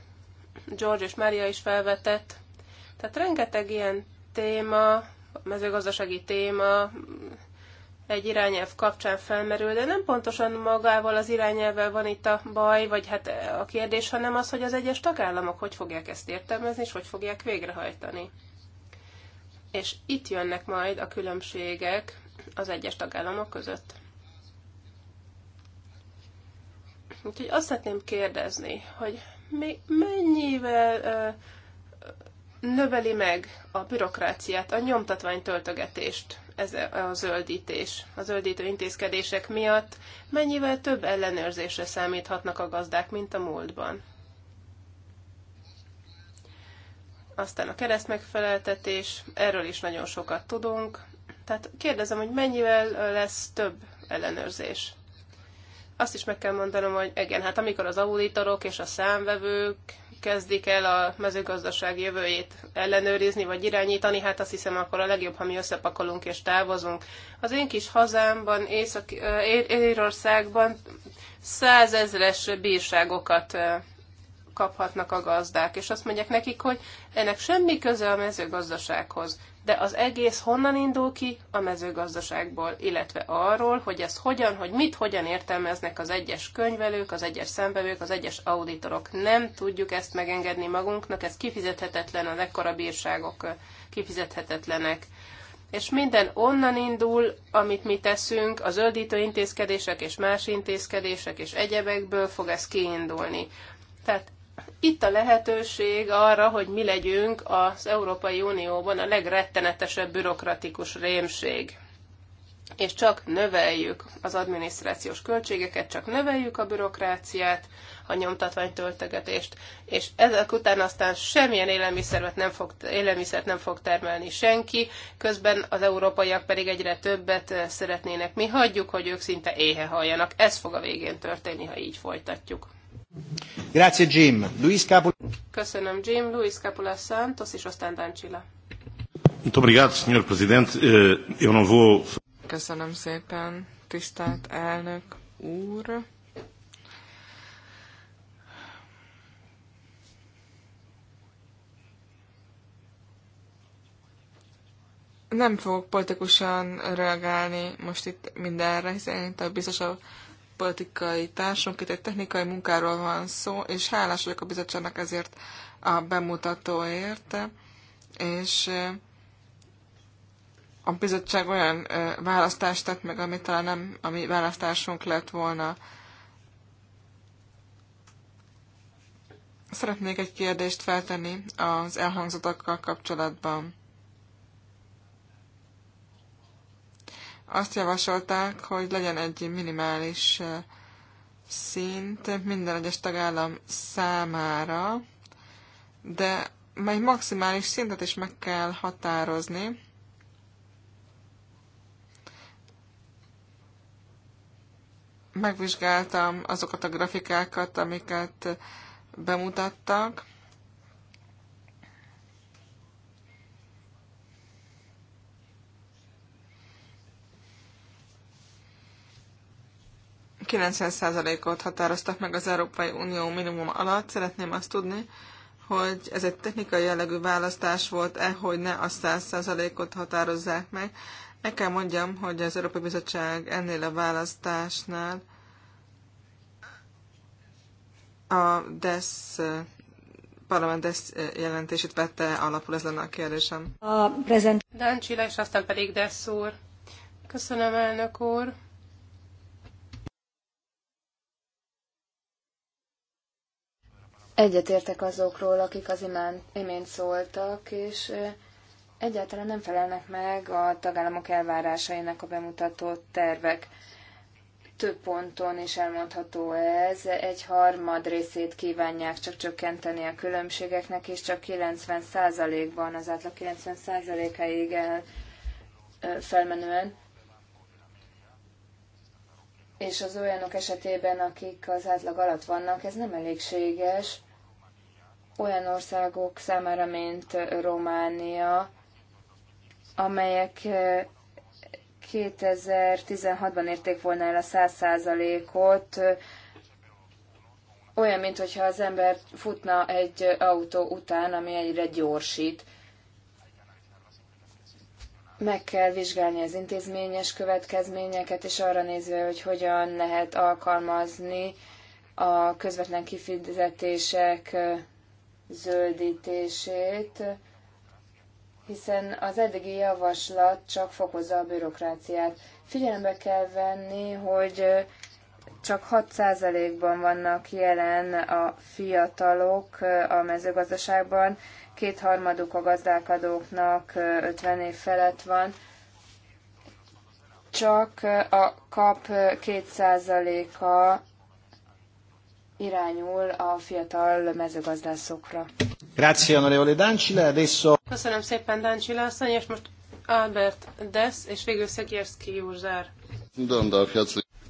George és Maria is felvetett. Tehát rengeteg ilyen téma, mezőgazdasági téma, egy irányelv kapcsán felmerül, de nem pontosan magával az irányelvvel van itt a baj, vagy hát a kérdés, hanem az, hogy az egyes tagállamok hogy fogják ezt értelmezni, és hogy fogják végrehajtani. És itt jönnek majd a különbségek az egyes tagállamok között. Úgyhogy azt szeretném kérdezni, hogy mi, mennyivel uh, növeli meg a bürokráciát, a nyomtatvány töltögetést, ez a zöldítés, a zöldítő intézkedések miatt mennyivel több ellenőrzésre számíthatnak a gazdák, mint a múltban. Aztán a keresztmegfeleltetés, erről is nagyon sokat tudunk. Tehát kérdezem, hogy mennyivel lesz több ellenőrzés? Azt is meg kell mondanom, hogy igen, hát amikor az auditorok és a számvevők kezdik el a mezőgazdaság jövőjét ellenőrizni vagy irányítani, hát azt hiszem akkor a legjobb, ha mi összepakolunk és távozunk. Az én kis hazámban, Észak, Érországban százezres bírságokat kaphatnak a gazdák, és azt mondják nekik, hogy ennek semmi köze a mezőgazdasághoz de az egész honnan indul ki? A mezőgazdaságból, illetve arról, hogy ez hogyan, hogy mit hogyan értelmeznek az egyes könyvelők, az egyes szembevők, az egyes auditorok. Nem tudjuk ezt megengedni magunknak, ez kifizethetetlen, a ekkora bírságok kifizethetetlenek és minden onnan indul, amit mi teszünk, az öldítő intézkedések és más intézkedések és egyebekből fog ez kiindulni. Tehát itt a lehetőség arra, hogy mi legyünk az Európai Unióban a legrettenetesebb bürokratikus rémség. És csak növeljük az adminisztrációs költségeket, csak növeljük a bürokráciát, a nyomtatványtöltegetést, és ezek után aztán semmilyen élelmiszert nem fog, élelmiszert nem fog termelni senki, közben az európaiak pedig egyre többet szeretnének. Mi hagyjuk, hogy ők szinte éhe halljanak. Ez fog a végén történni, ha így folytatjuk. Grazie Jim. Luis Capula. Köszönöm Jim, Luis Capula Santos és aztán Dancsila. Muito obrigado, Sr. Presidente. Eh, eu não vou... Köszönöm szépen, tisztelt elnök úr. nem fogok politikusan reagálni most itt mindenre, hiszen itt a biztos a politikai társunk, itt egy technikai munkáról van szó, és hálás vagyok a bizottságnak ezért a bemutatóért, és eh, a bizottság olyan eh, választást tett meg, amit talán nem a mi választásunk lett volna. Szeretnék egy kérdést feltenni az elhangzottakkal kapcsolatban. azt javasolták, hogy legyen egy minimális szint minden egyes tagállam számára, de egy maximális szintet is meg kell határozni. Megvizsgáltam azokat a grafikákat, amiket bemutattak. 90%-ot határoztak meg az Európai Unió minimum alatt. Szeretném azt tudni, hogy ez egy technikai jellegű választás volt-e, hogy ne a 100%-ot határozzák meg. Meg kell mondjam, hogy az Európai Bizottság ennél a választásnál a DESZ parlament DESZ jelentését vette alapul, ez lenne a kérdésem. A prezent... Dáncsila, és aztán pedig DESZ úr. Köszönöm, elnök úr. Egyetértek azokról, akik az imán, imént szóltak, és egyáltalán nem felelnek meg a tagállamok elvárásainak a bemutatott tervek. Több ponton is elmondható ez, egy harmad részét kívánják csak csökkenteni a különbségeknek, és csak 90%-ban, az átlag 90%-áig el felmenően. És az olyanok esetében, akik az átlag alatt vannak, ez nem elégséges, olyan országok számára, mint Románia, amelyek 2016-ban eh, érték volna el a 100%-ot, eh, olyan, mintha az ember futna egy autó után, ami egyre gyorsít. Meg kell vizsgálni az intézményes következményeket, és arra nézve, hogy hogyan lehet alkalmazni a közvetlen kifizetések eh, zöldítését, hiszen az eddigi javaslat csak fokozza a bürokráciát. Figyelembe kell venni, hogy csak 6%-ban vannak jelen a fiatalok a mezőgazdaságban, kétharmaduk a gazdálkodóknak 50 év felett van, csak a kap 2%-a irányul a fiatal mezőgazdászokra. Grazie, onorevole Dancila. Adesso... Köszönöm szépen, Dancila asszony, és most Albert Dess, és végül Szegérszki Józsár.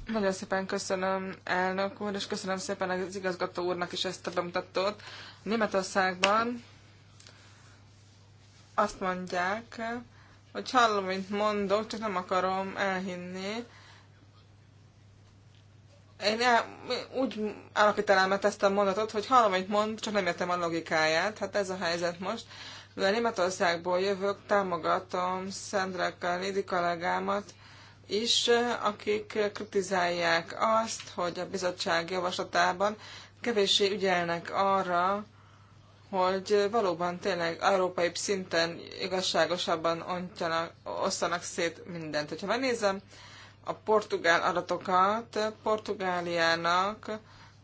Nagyon szépen köszönöm elnök úr, és köszönöm szépen az igazgató úrnak is ezt a bemutatót. Németországban azt mondják, hogy hallom, mint mondok, csak nem akarom elhinni, én úgy állapítanám meg ezt a mondatot, hogy hallom, hogy mond, csak nem értem a logikáját. Hát ez a helyzet most. Mivel Németországból jövök, támogatom Szendra Kalidi kollégámat is, akik kritizálják azt, hogy a bizottság javaslatában kevéssé ügyelnek arra, hogy valóban tényleg európai szinten igazságosabban osztanak szét mindent. Hogyha megnézem, a portugál adatokat. Portugáliának,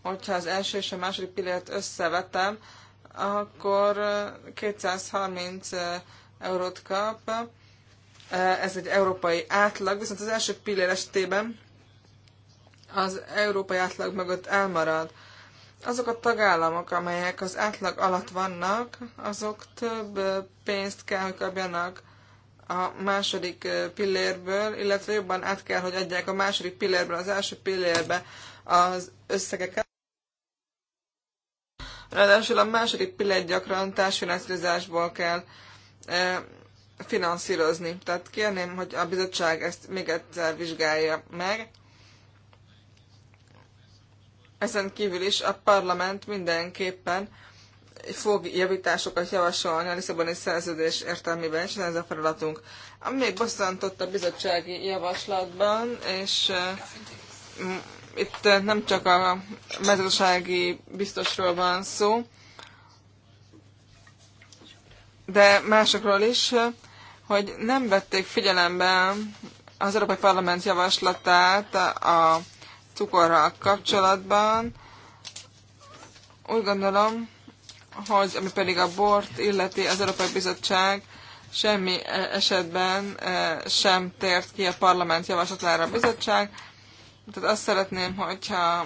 hogyha az első és a második pillért összevetem, akkor 230 eh, eurót kap. Eh, ez egy európai átlag, viszont az első pillér esetében az európai átlag mögött elmarad. Azok a tagállamok, amelyek az átlag alatt vannak, azok több eh, pénzt kell, hogy kapjanak a második pillérből, illetve jobban át kell, hogy adják a második pillérből az első pillérbe az összegeket. Ráadásul a második pillér gyakran társfinanszírozásból kell finanszírozni. Tehát kérném, hogy a bizottság ezt még egyszer vizsgálja meg. Ezen kívül is a parlament mindenképpen fog javításokat javasolni a Lisszaboni szerződés értelmében, és ez a feladatunk. Ami még bosszantott a bizottsági javaslatban, és eh, itt eh, nem csak a mezőgazdasági biztosról van szó, de másokról is, hogy nem vették figyelembe az Európai Parlament javaslatát a cukorral kapcsolatban. Úgy gondolom, hogy ami pedig a bort illeti, az Európai Bizottság semmi e, esetben e, sem tért ki a parlament javaslatára a bizottság. Tehát azt szeretném, hogyha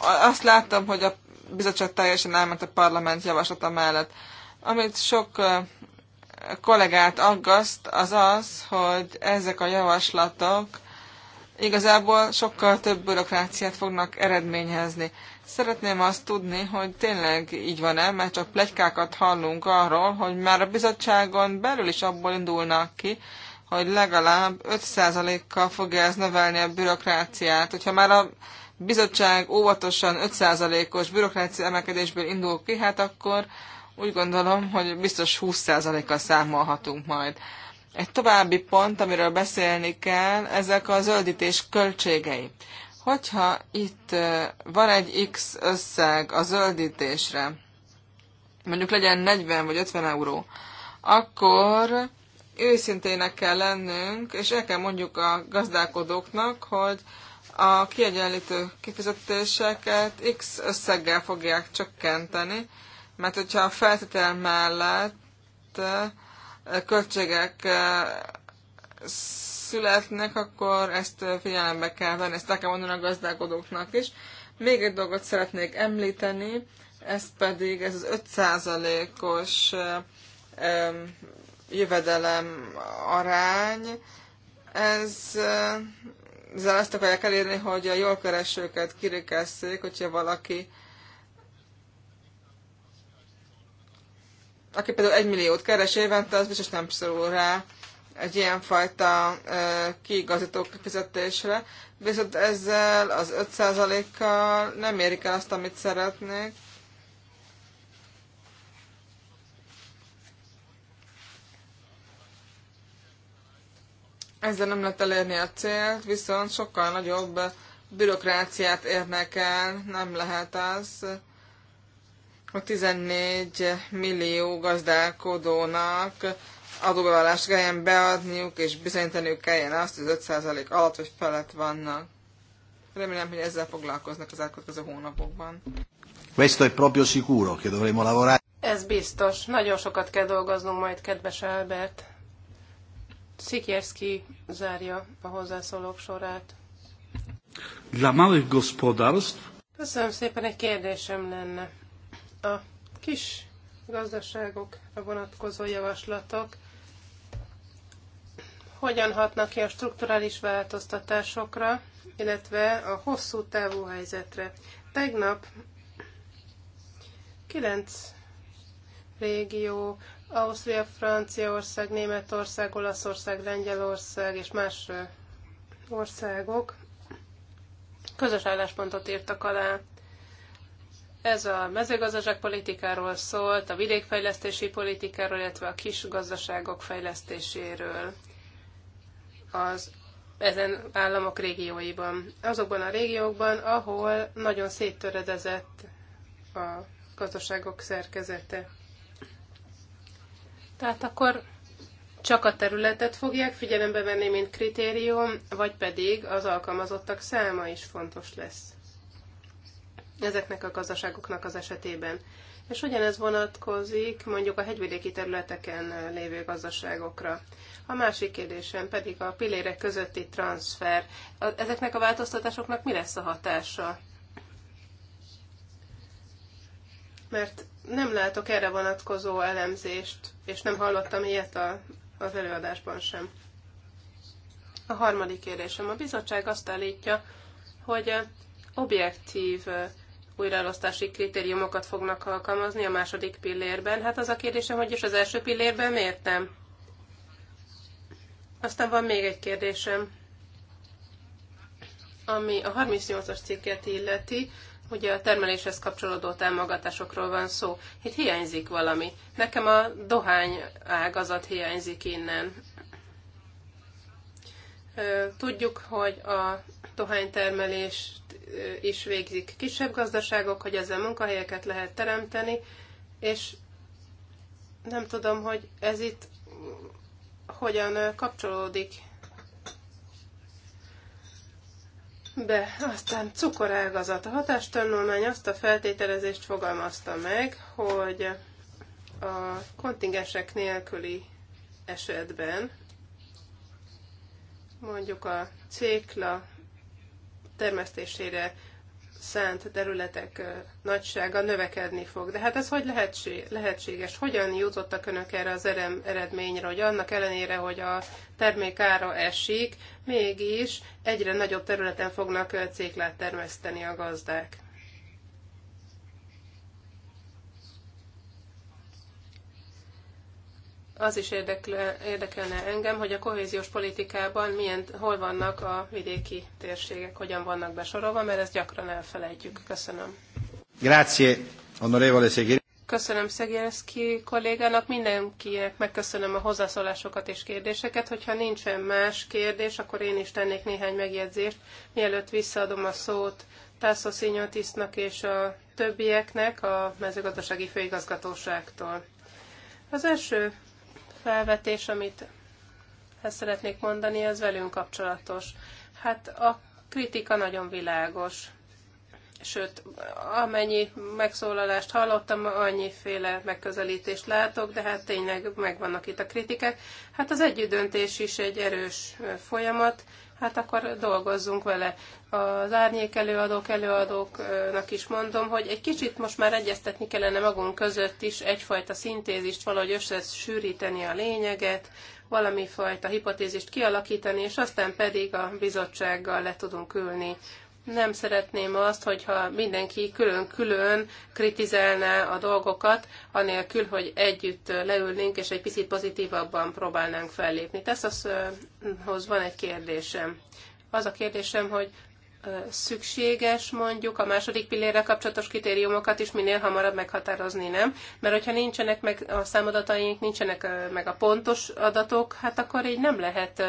azt láttam, hogy a bizottság teljesen elment a parlament javaslata mellett. Amit sok e, kollégát aggaszt, az az, hogy ezek a javaslatok igazából sokkal több bürokráciát fognak eredményezni. Szeretném azt tudni, hogy tényleg így van-e, mert csak plegykákat hallunk arról, hogy már a bizottságon belül is abból indulnak ki, hogy legalább 5%-kal fogja ez növelni a bürokráciát. Hogyha már a bizottság óvatosan 5%-os bürokrácia emelkedésből indul ki, hát akkor úgy gondolom, hogy biztos 20%-kal számolhatunk majd. Egy további pont, amiről beszélni kell, ezek a zöldítés költségei. Hogyha itt van egy X összeg a zöldítésre, mondjuk legyen 40 vagy 50 euró, akkor őszintének kell lennünk, és el kell mondjuk a gazdálkodóknak, hogy a kiegyenlítő kifizetéseket X összeggel fogják csökkenteni, mert hogyha a feltétel mellett költségek születnek, akkor ezt figyelembe kell venni, ezt el kell mondani a gazdálkodóknak is. Még egy dolgot szeretnék említeni, ez pedig ez az 5%-os jövedelem arány. Ez, ezzel azt akarják elérni, hogy a jól keresőket kirekesszék, hogyha valaki aki például egy milliót keres évente, az biztos nem szorul rá egy fajta kiigazító fizetésre, viszont ezzel az 5%-kal nem érik el azt, amit szeretnék. Ezzel nem lehet elérni a célt, viszont sokkal nagyobb bürokráciát érnek el, nem lehet az, hogy 14 millió gazdálkodónak adóbevallást kelljen beadniuk, és bizonyítaniuk kelljen azt, hogy 5% alatt vagy felett vannak. Remélem, hogy ezzel foglalkoznak az elkövetkező hónapokban. Questo è proprio sicuro che dovremo lavorare. Ez biztos. Nagyon sokat kell dolgoznunk majd, kedves Albert. Szikierski zárja a hozzászólók sorát. Dla małych gospodarstw. Köszönöm szépen, egy kérdésem lenne. A kis gazdaságokra vonatkozó javaslatok hogyan hatnak ki a strukturális változtatásokra, illetve a hosszú távú helyzetre. Tegnap kilenc régió, Ausztria, Franciaország, Németország, Olaszország, Lengyelország és más országok közös álláspontot írtak alá. Ez a politikáról szólt, a vidékfejlesztési politikáról, illetve a kis gazdaságok fejlesztéséről az ezen államok régióiban. Azokban a régiókban, ahol nagyon széttöredezett a gazdaságok szerkezete. Tehát akkor csak a területet fogják figyelembe venni, mint kritérium, vagy pedig az alkalmazottak száma is fontos lesz ezeknek a gazdaságoknak az esetében. És ugyanez vonatkozik mondjuk a hegyvidéki területeken lévő gazdaságokra. A másik kérdésem pedig a pillérek közötti transfer. Ezeknek a változtatásoknak mi lesz a hatása? Mert nem látok erre vonatkozó elemzést, és nem hallottam ilyet a, az előadásban sem. A harmadik kérdésem. A bizottság azt állítja, hogy objektív újraelosztási kritériumokat fognak alkalmazni a második pillérben. Hát az a kérdésem, hogy is az első pillérben miért nem? Aztán van még egy kérdésem, ami a 38-as cikket illeti, ugye a termeléshez kapcsolódó támogatásokról van szó. Itt hiányzik valami. Nekem a dohány ágazat hiányzik innen. Tudjuk, hogy a dohánytermelést is végzik kisebb gazdaságok, hogy ezzel munkahelyeket lehet teremteni, és nem tudom, hogy ez itt hogyan kapcsolódik be. Aztán cukorágazat. A hatástanulmány azt a feltételezést fogalmazta meg, hogy a kontingensek nélküli esetben mondjuk a cékla termesztésére szánt területek nagysága növekedni fog. De hát ez hogy lehetséges? Hogyan jutottak önök erre az eredményre, hogy annak ellenére, hogy a termék ára esik, mégis egyre nagyobb területen fognak céklát termeszteni a gazdák? Az is érdekelne engem, hogy a kohéziós politikában milyen, hol vannak a vidéki térségek, hogyan vannak besorolva, mert ezt gyakran elfelejtjük. Köszönöm. Grazie, onorevole Szegéri. Köszönöm Szegérszki kollégának, mindenkinek megköszönöm a hozzászólásokat és kérdéseket. Hogyha nincsen más kérdés, akkor én is tennék néhány megjegyzést, mielőtt visszaadom a szót Tászó Szinyotisznak és a többieknek a mezőgazdasági főigazgatóságtól. Az első felvetés, amit ezt szeretnék mondani, ez velünk kapcsolatos. Hát a kritika nagyon világos. Sőt, amennyi megszólalást hallottam, annyiféle megközelítést látok, de hát tényleg megvannak itt a kritikák. Hát az együttdöntés is egy erős folyamat, hát akkor dolgozzunk vele. Az árnyék előadók, előadóknak is mondom, hogy egy kicsit most már egyeztetni kellene magunk között is egyfajta szintézist, valahogy összesűríteni a lényeget, valami fajta hipotézist kialakítani, és aztán pedig a bizottsággal le tudunk ülni nem szeretném azt, hogyha mindenki külön-külön kritizálná a dolgokat, anélkül, hogy együtt leülnénk, és egy picit pozitívabban próbálnánk fellépni. Teszaszhoz van egy kérdésem. Az a kérdésem, hogy szükséges mondjuk a második pillérre kapcsolatos kritériumokat is minél hamarabb meghatározni, nem? Mert hogyha nincsenek meg a számadataink, nincsenek meg a pontos adatok, hát akkor így nem lehet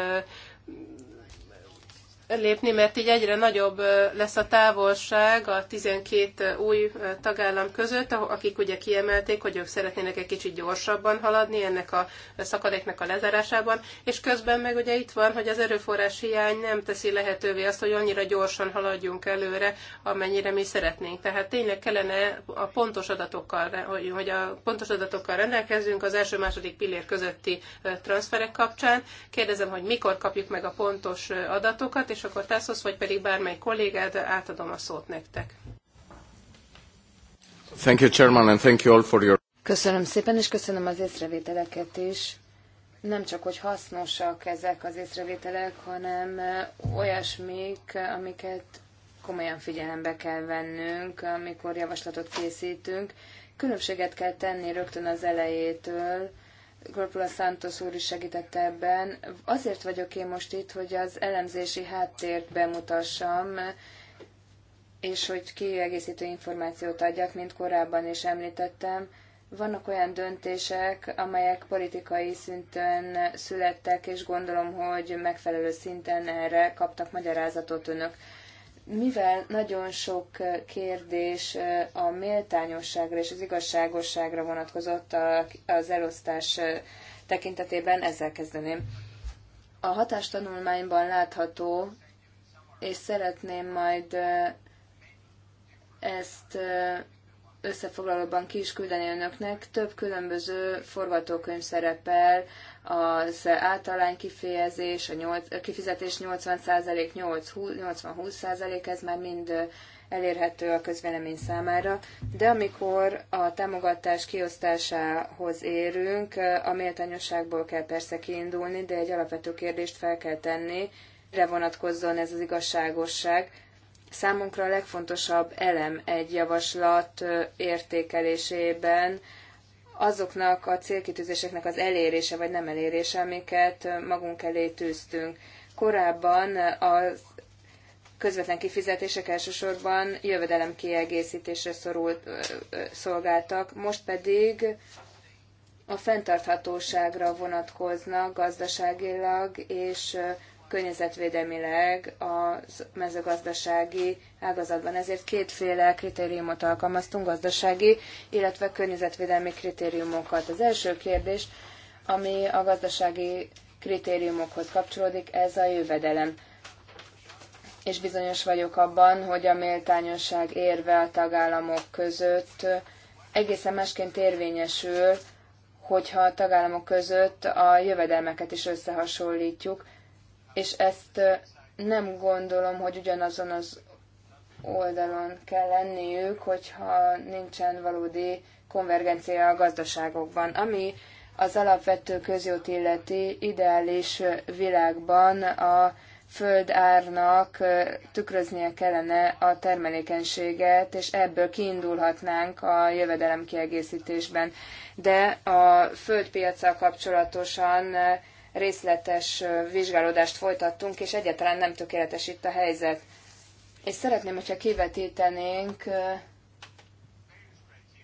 lépni, mert így egyre nagyobb lesz a távolság a 12 új tagállam között, akik ugye kiemelték, hogy ők szeretnének egy kicsit gyorsabban haladni ennek a szakadéknak a lezárásában, és közben meg ugye itt van, hogy az erőforrás hiány nem teszi lehetővé azt, hogy annyira gyorsan haladjunk előre, amennyire mi szeretnénk. Tehát tényleg kellene a pontos adatokkal, hogy a pontos adatokkal rendelkezzünk az első-második pillér közötti transferek kapcsán. Kérdezem, hogy mikor kapjuk meg a pontos adatokat, és és akkor Tászhoz, vagy pedig bármely kollégád, átadom a szót nektek. Thank you, Chairman, and thank you all for your... Köszönöm szépen, és köszönöm az észrevételeket is. Nem csak, hogy hasznosak ezek az észrevételek, hanem olyasmik, amiket komolyan figyelembe kell vennünk, amikor javaslatot készítünk. Különbséget kell tenni rögtön az elejétől Gorpula Santos úr is segített ebben. Azért vagyok én most itt, hogy az elemzési háttért bemutassam, és hogy kiegészítő információt adjak, mint korábban is említettem. Vannak olyan döntések, amelyek politikai szinten születtek, és gondolom, hogy megfelelő szinten erre kaptak magyarázatot önök mivel nagyon sok kérdés a méltányosságra és az igazságosságra vonatkozott az elosztás tekintetében, ezzel kezdeném. A hatástanulmányban látható, és szeretném majd ezt összefoglalóban ki is küldeni önöknek, több különböző forgatókönyv szerepel az általány kifejezés, a 8, a kifizetés 80%, 80-20%, ez már mind elérhető a közvélemény számára, de amikor a támogatás kiosztásához érünk, a méltányosságból kell persze kiindulni, de egy alapvető kérdést fel kell tenni, mire vonatkozzon ez az igazságosság. Számunkra a legfontosabb elem egy javaslat értékelésében, azoknak a célkitűzéseknek az elérése vagy nem elérése, amiket magunk elé tűztünk. Korábban a közvetlen kifizetések elsősorban jövedelem kiegészítésre szorult, szolgáltak, most pedig a fenntarthatóságra vonatkoznak gazdaságilag és környezetvédelmileg a mezőgazdasági ágazatban. Ezért kétféle kritériumot alkalmaztunk, gazdasági, illetve környezetvédelmi kritériumokat. Az első kérdés, ami a gazdasági kritériumokhoz kapcsolódik, ez a jövedelem. És bizonyos vagyok abban, hogy a méltányosság érve a tagállamok között egészen másként érvényesül, hogyha a tagállamok között a jövedelmeket is összehasonlítjuk, és ezt nem gondolom, hogy ugyanazon az oldalon kell lenniük, hogyha nincsen valódi konvergencia a gazdaságokban. Ami az alapvető közjót illeti ideális világban a árnak tükröznie kellene a termelékenységet, és ebből kiindulhatnánk a jövedelem kiegészítésben. De a földpiacsal kapcsolatosan részletes vizsgálódást folytattunk, és egyáltalán nem tökéletes itt a helyzet. És szeretném, hogyha kivetítenénk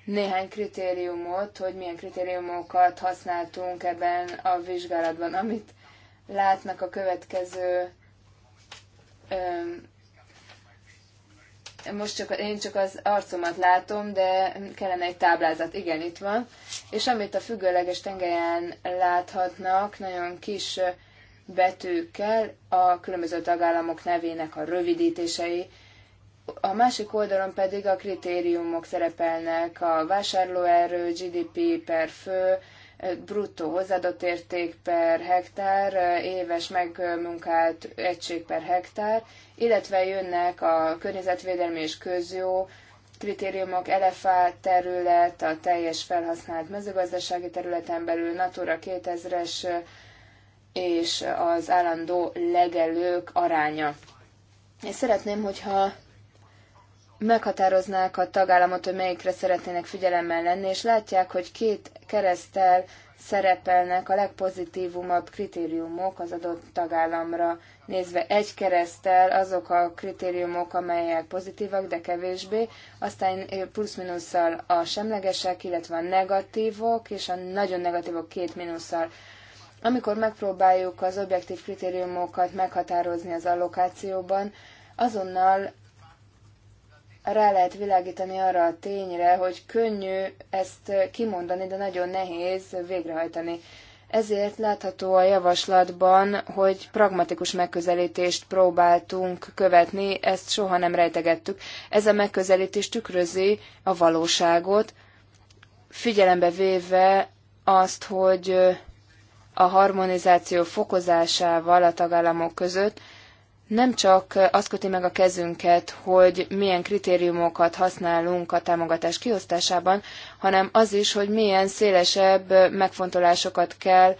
néhány kritériumot, hogy milyen kritériumokat használtunk ebben a vizsgálatban. Amit látnak a következő most csak, én csak az arcomat látom, de kellene egy táblázat. Igen, itt van. És amit a függőleges tengelyen láthatnak, nagyon kis betűkkel a különböző tagállamok nevének a rövidítései. A másik oldalon pedig a kritériumok szerepelnek, a vásárlóerő, GDP per fő, bruttó hozzáadott érték per hektár, éves megmunkált egység per hektár, illetve jönnek a környezetvédelmi és közjó kritériumok, LFA terület, a teljes felhasznált mezőgazdasági területen belül, Natura 2000-es és az állandó legelők aránya. Én szeretném, hogyha meghatároznák a tagállamot, hogy melyikre szeretnének figyelemmel lenni, és látják, hogy két keresztel szerepelnek a legpozitívumabb kritériumok az adott tagállamra nézve egy keresztel azok a kritériumok, amelyek pozitívak, de kevésbé, aztán eh, plusz-minusszal a semlegesek, illetve a negatívok, és a nagyon negatívok két minusszal. Amikor megpróbáljuk az objektív kritériumokat meghatározni az allokációban, azonnal rá lehet világítani arra a tényre, hogy könnyű ezt kimondani, de nagyon nehéz végrehajtani. Ezért látható a javaslatban, hogy pragmatikus megközelítést próbáltunk követni, ezt soha nem rejtegettük. Ez a megközelítés tükrözi a valóságot, figyelembe véve azt, hogy a harmonizáció fokozásával a tagállamok között nem csak az köti meg a kezünket, hogy milyen kritériumokat használunk a támogatás kiosztásában, hanem az is, hogy milyen szélesebb megfontolásokat kell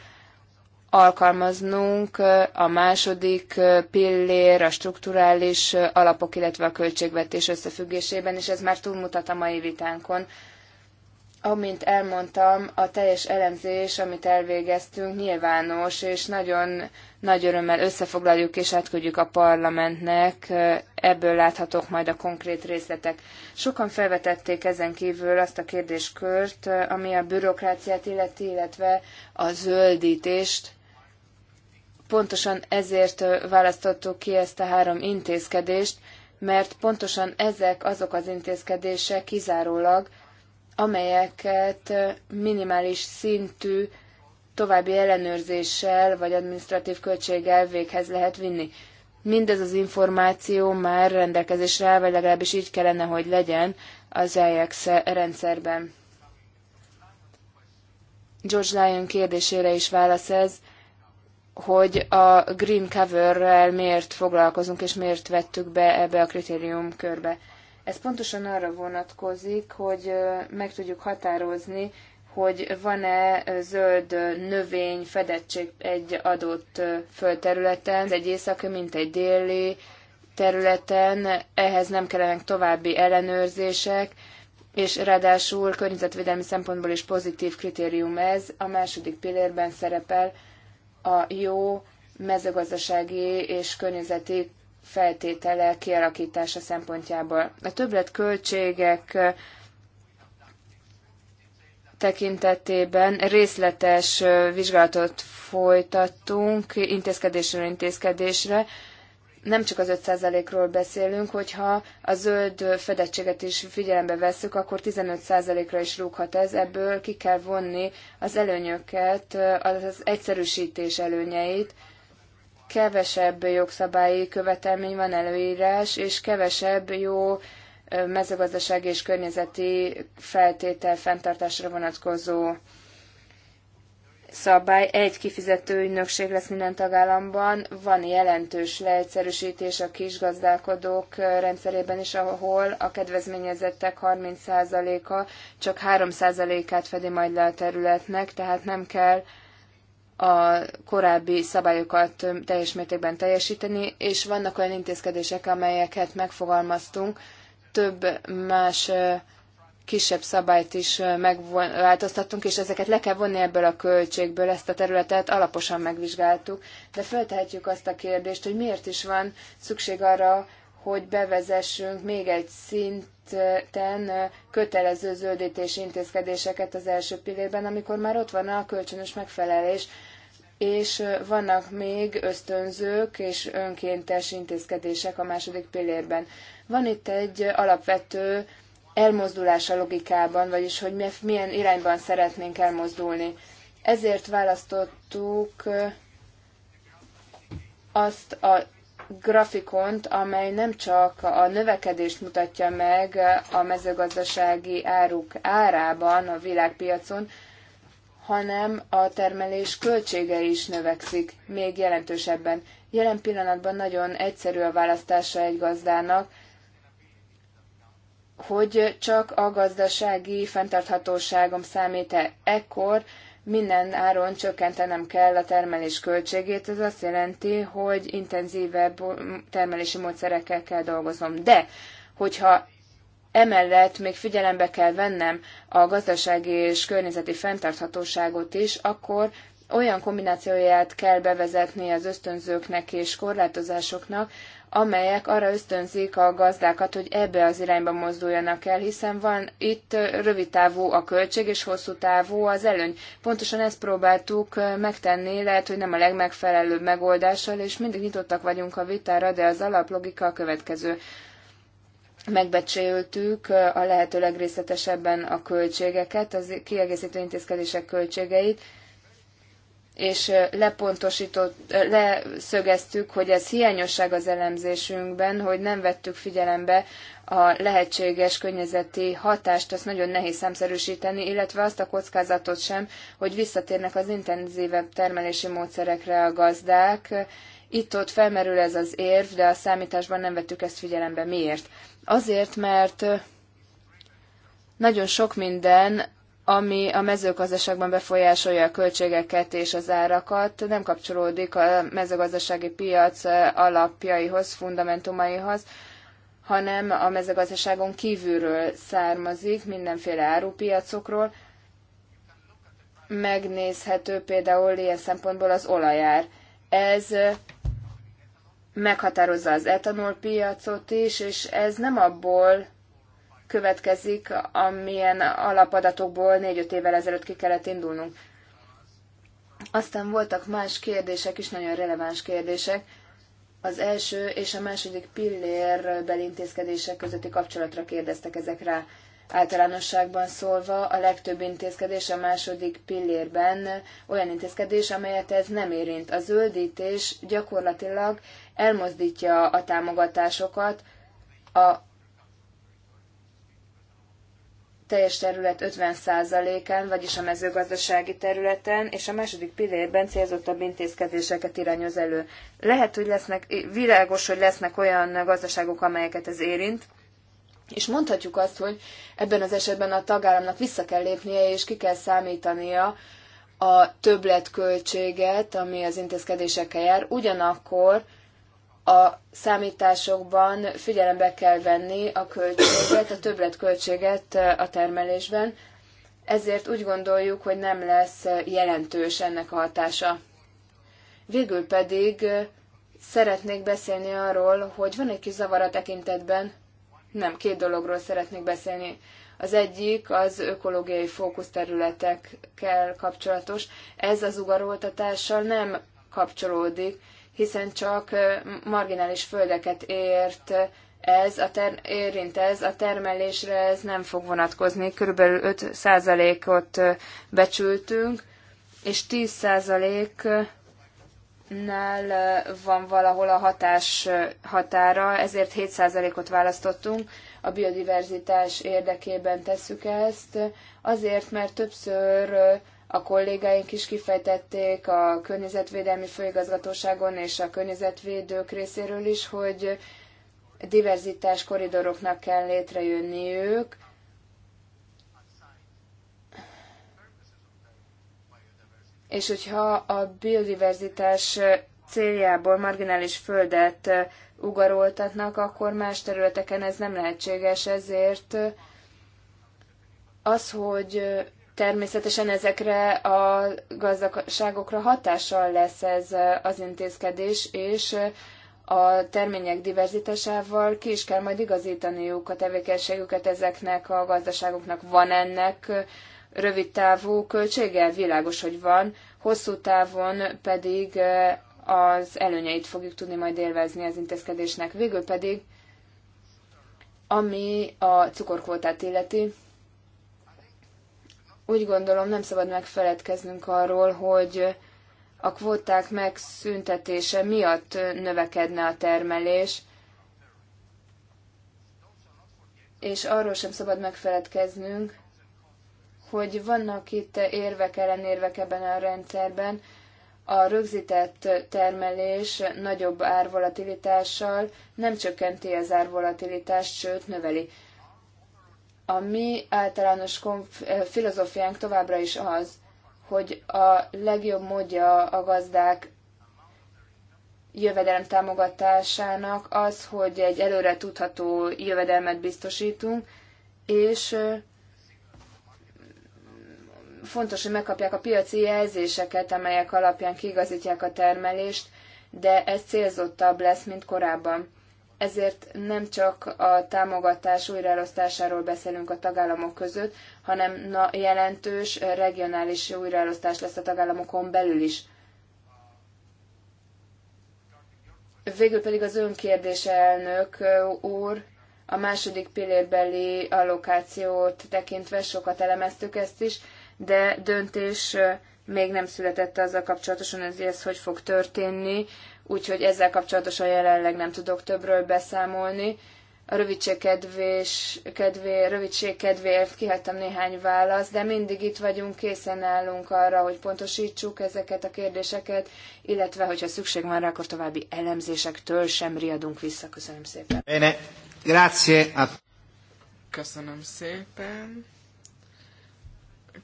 alkalmaznunk a második pillér, a strukturális alapok, illetve a költségvetés összefüggésében, és ez már túlmutat a mai vitánkon amint elmondtam, a teljes elemzés, amit elvégeztünk, nyilvános, és nagyon nagy örömmel összefoglaljuk és átküldjük a parlamentnek, ebből láthatók majd a konkrét részletek. Sokan felvetették ezen kívül azt a kérdéskört, ami a bürokráciát illeti, illetve a zöldítést. Pontosan ezért választottuk ki ezt a három intézkedést, mert pontosan ezek azok az intézkedések kizárólag, amelyeket minimális szintű további ellenőrzéssel vagy administratív költséggel véghez lehet vinni. Mindez az információ már rendelkezésre áll, vagy legalábbis így kellene, hogy legyen az EIX rendszerben. George Lyon kérdésére is válasz ez, hogy a green cover-rel miért foglalkozunk, és miért vettük be ebbe a kritériumkörbe. körbe ez pontosan arra vonatkozik, hogy meg tudjuk határozni, hogy van-e zöld növény fedettség egy adott földterületen, Ez egy északi, mint egy déli területen, ehhez nem kellenek további ellenőrzések, és ráadásul környezetvédelmi szempontból is pozitív kritérium ez, a második pillérben szerepel a jó mezőgazdasági és környezeti feltétele kialakítása szempontjából. A költségek tekintetében részletes vizsgálatot folytattunk intézkedésről intézkedésre. Nem csak az 5%-ról beszélünk, hogyha a zöld fedettséget is figyelembe vesszük, akkor 15%-ra is rúghat ez, ebből ki kell vonni az előnyöket, az egyszerűsítés előnyeit, kevesebb jogszabályi követelmény van előírás, és kevesebb jó mezőgazdasági és környezeti feltétel fenntartásra vonatkozó szabály. Egy kifizető ügynökség lesz minden tagállamban, van jelentős leegyszerűsítés a kisgazdálkodók rendszerében is, ahol a kedvezményezettek 30%-a csak 3%-át fedi majd le a területnek, tehát nem kell a korábbi szabályokat teljes mértékben teljesíteni, és vannak olyan intézkedések, amelyeket megfogalmaztunk, több más kisebb szabályt is megváltoztattunk, és ezeket le kell vonni ebből a költségből, ezt a területet alaposan megvizsgáltuk, de feltehetjük azt a kérdést, hogy miért is van szükség arra, hogy bevezessünk még egy szinten kötelező zöldítési intézkedéseket az első pillérben, amikor már ott van a kölcsönös megfelelés és vannak még ösztönzők és önkéntes intézkedések a második pillérben. Van itt egy alapvető elmozdulás a logikában, vagyis hogy milyen irányban szeretnénk elmozdulni. Ezért választottuk azt a grafikont, amely nem csak a növekedést mutatja meg a mezőgazdasági áruk árában a világpiacon, hanem a termelés költsége is növekszik, még jelentősebben. Jelen pillanatban nagyon egyszerű a választása egy gazdának, hogy csak a gazdasági fenntarthatóságom számít-e ekkor, minden áron csökkentenem kell a termelés költségét, ez azt jelenti, hogy intenzívebb termelési módszerekkel kell dolgoznom. De, hogyha Emellett még figyelembe kell vennem a gazdasági és környezeti fenntarthatóságot is, akkor olyan kombinációját kell bevezetni az ösztönzőknek és korlátozásoknak, amelyek arra ösztönzik a gazdákat, hogy ebbe az irányba mozduljanak el, hiszen van itt rövid távú a költség és hosszú távú az előny. Pontosan ezt próbáltuk megtenni, lehet, hogy nem a legmegfelelőbb megoldással, és mindig nyitottak vagyunk a vitára, de az alaplogika a következő megbecsültük a lehető legrészletesebben a költségeket, az kiegészítő intézkedések költségeit, és lepontosított, leszögeztük, hogy ez hiányosság az elemzésünkben, hogy nem vettük figyelembe a lehetséges környezeti hatást, azt nagyon nehéz szemszerűsíteni, illetve azt a kockázatot sem, hogy visszatérnek az intenzívebb termelési módszerekre a gazdák. Itt-ott felmerül ez az érv, de a számításban nem vettük ezt figyelembe. Miért? Azért, mert nagyon sok minden, ami a mezőgazdaságban befolyásolja a költségeket és az árakat, nem kapcsolódik a mezőgazdasági piac alapjaihoz, fundamentumaihoz, hanem a mezőgazdaságon kívülről származik, mindenféle árupiacokról. Megnézhető például ilyen szempontból az olajár. Ez meghatározza az etanol piacot is, és ez nem abból következik, amilyen alapadatokból négy-öt évvel ezelőtt ki kellett indulnunk. Aztán voltak más kérdések is, nagyon releváns kérdések. Az első és a második pillér belintézkedések közötti kapcsolatra kérdeztek ezek rá. Általánosságban szólva a legtöbb intézkedés a második pillérben olyan intézkedés, amelyet ez nem érint. A zöldítés gyakorlatilag elmozdítja a támogatásokat a teljes terület 50%-án, vagyis a mezőgazdasági területen, és a második pillérben célzottabb intézkedéseket irányoz elő. Lehet, hogy lesznek, világos, hogy lesznek olyan gazdaságok, amelyeket ez érint, és mondhatjuk azt, hogy ebben az esetben a tagállamnak vissza kell lépnie, és ki kell számítania a többletköltséget, ami az intézkedésekkel jár. Ugyanakkor a számításokban figyelembe kell venni a költséget, a többletköltséget a termelésben, ezért úgy gondoljuk, hogy nem lesz jelentős ennek a hatása. Végül pedig szeretnék beszélni arról, hogy van egy kis zavar a tekintetben. Nem, két dologról szeretnék beszélni. Az egyik az ökológiai fókuszterületekkel kapcsolatos. Ez az ugaroltatással nem kapcsolódik, hiszen csak marginális földeket ért ez a ter- érint ez, a termelésre ez nem fog vonatkozni. Körülbelül 5%-ot becsültünk, és 10%-nál van valahol a hatás határa, ezért 7%-ot választottunk. A biodiverzitás érdekében tesszük ezt, azért, mert többször a kollégáink is kifejtették a környezetvédelmi főigazgatóságon és a környezetvédők részéről is, hogy diverzitás koridoroknak kell létrejönniük, és hogyha a biodiverzitás céljából marginális földet ugaroltatnak, akkor más területeken ez nem lehetséges, ezért az, hogy Természetesen ezekre a gazdaságokra hatással lesz ez az intézkedés, és a termények diverzitásával ki is kell majd igazítaniuk a tevékenységüket ezeknek a gazdaságoknak. Van ennek rövid távú költsége? Világos, hogy van. Hosszú távon pedig az előnyeit fogjuk tudni majd élvezni az intézkedésnek. Végül pedig, ami a cukorkvótát illeti, úgy gondolom nem szabad megfeledkeznünk arról, hogy a kvóták megszüntetése miatt növekedne a termelés, és arról sem szabad megfeledkeznünk, hogy vannak itt érvek érvek ebben a rendszerben, a rögzített termelés nagyobb árvolatilitással nem csökkenti az árvolatilitást, sőt növeli. A mi általános konf- eh, filozófiánk továbbra is az, hogy a legjobb módja a gazdák jövedelem támogatásának az, hogy egy előre tudható jövedelmet biztosítunk, és fontos, hogy megkapják a piaci jelzéseket, amelyek alapján kigazítják a termelést, de ez célzottabb lesz, mint korábban ezért nem csak a támogatás újraelosztásáról beszélünk a tagállamok között, hanem jelentős regionális újraelosztás lesz a tagállamokon belül is. Végül pedig az önkérdése elnök úr, a második pillérbeli allokációt tekintve sokat elemeztük ezt is, de döntés még nem született azzal kapcsolatosan, ezért ez hogy fog történni úgyhogy ezzel kapcsolatosan jelenleg nem tudok többről beszámolni. A rövidség kedvés, kedvé, rövidség kedvéért kihagytam néhány választ, de mindig itt vagyunk, készen állunk arra, hogy pontosítsuk ezeket a kérdéseket, illetve, hogyha szükség van rá, akkor további elemzésektől sem riadunk vissza. Köszönöm szépen. Bene. Grazie. Köszönöm szépen.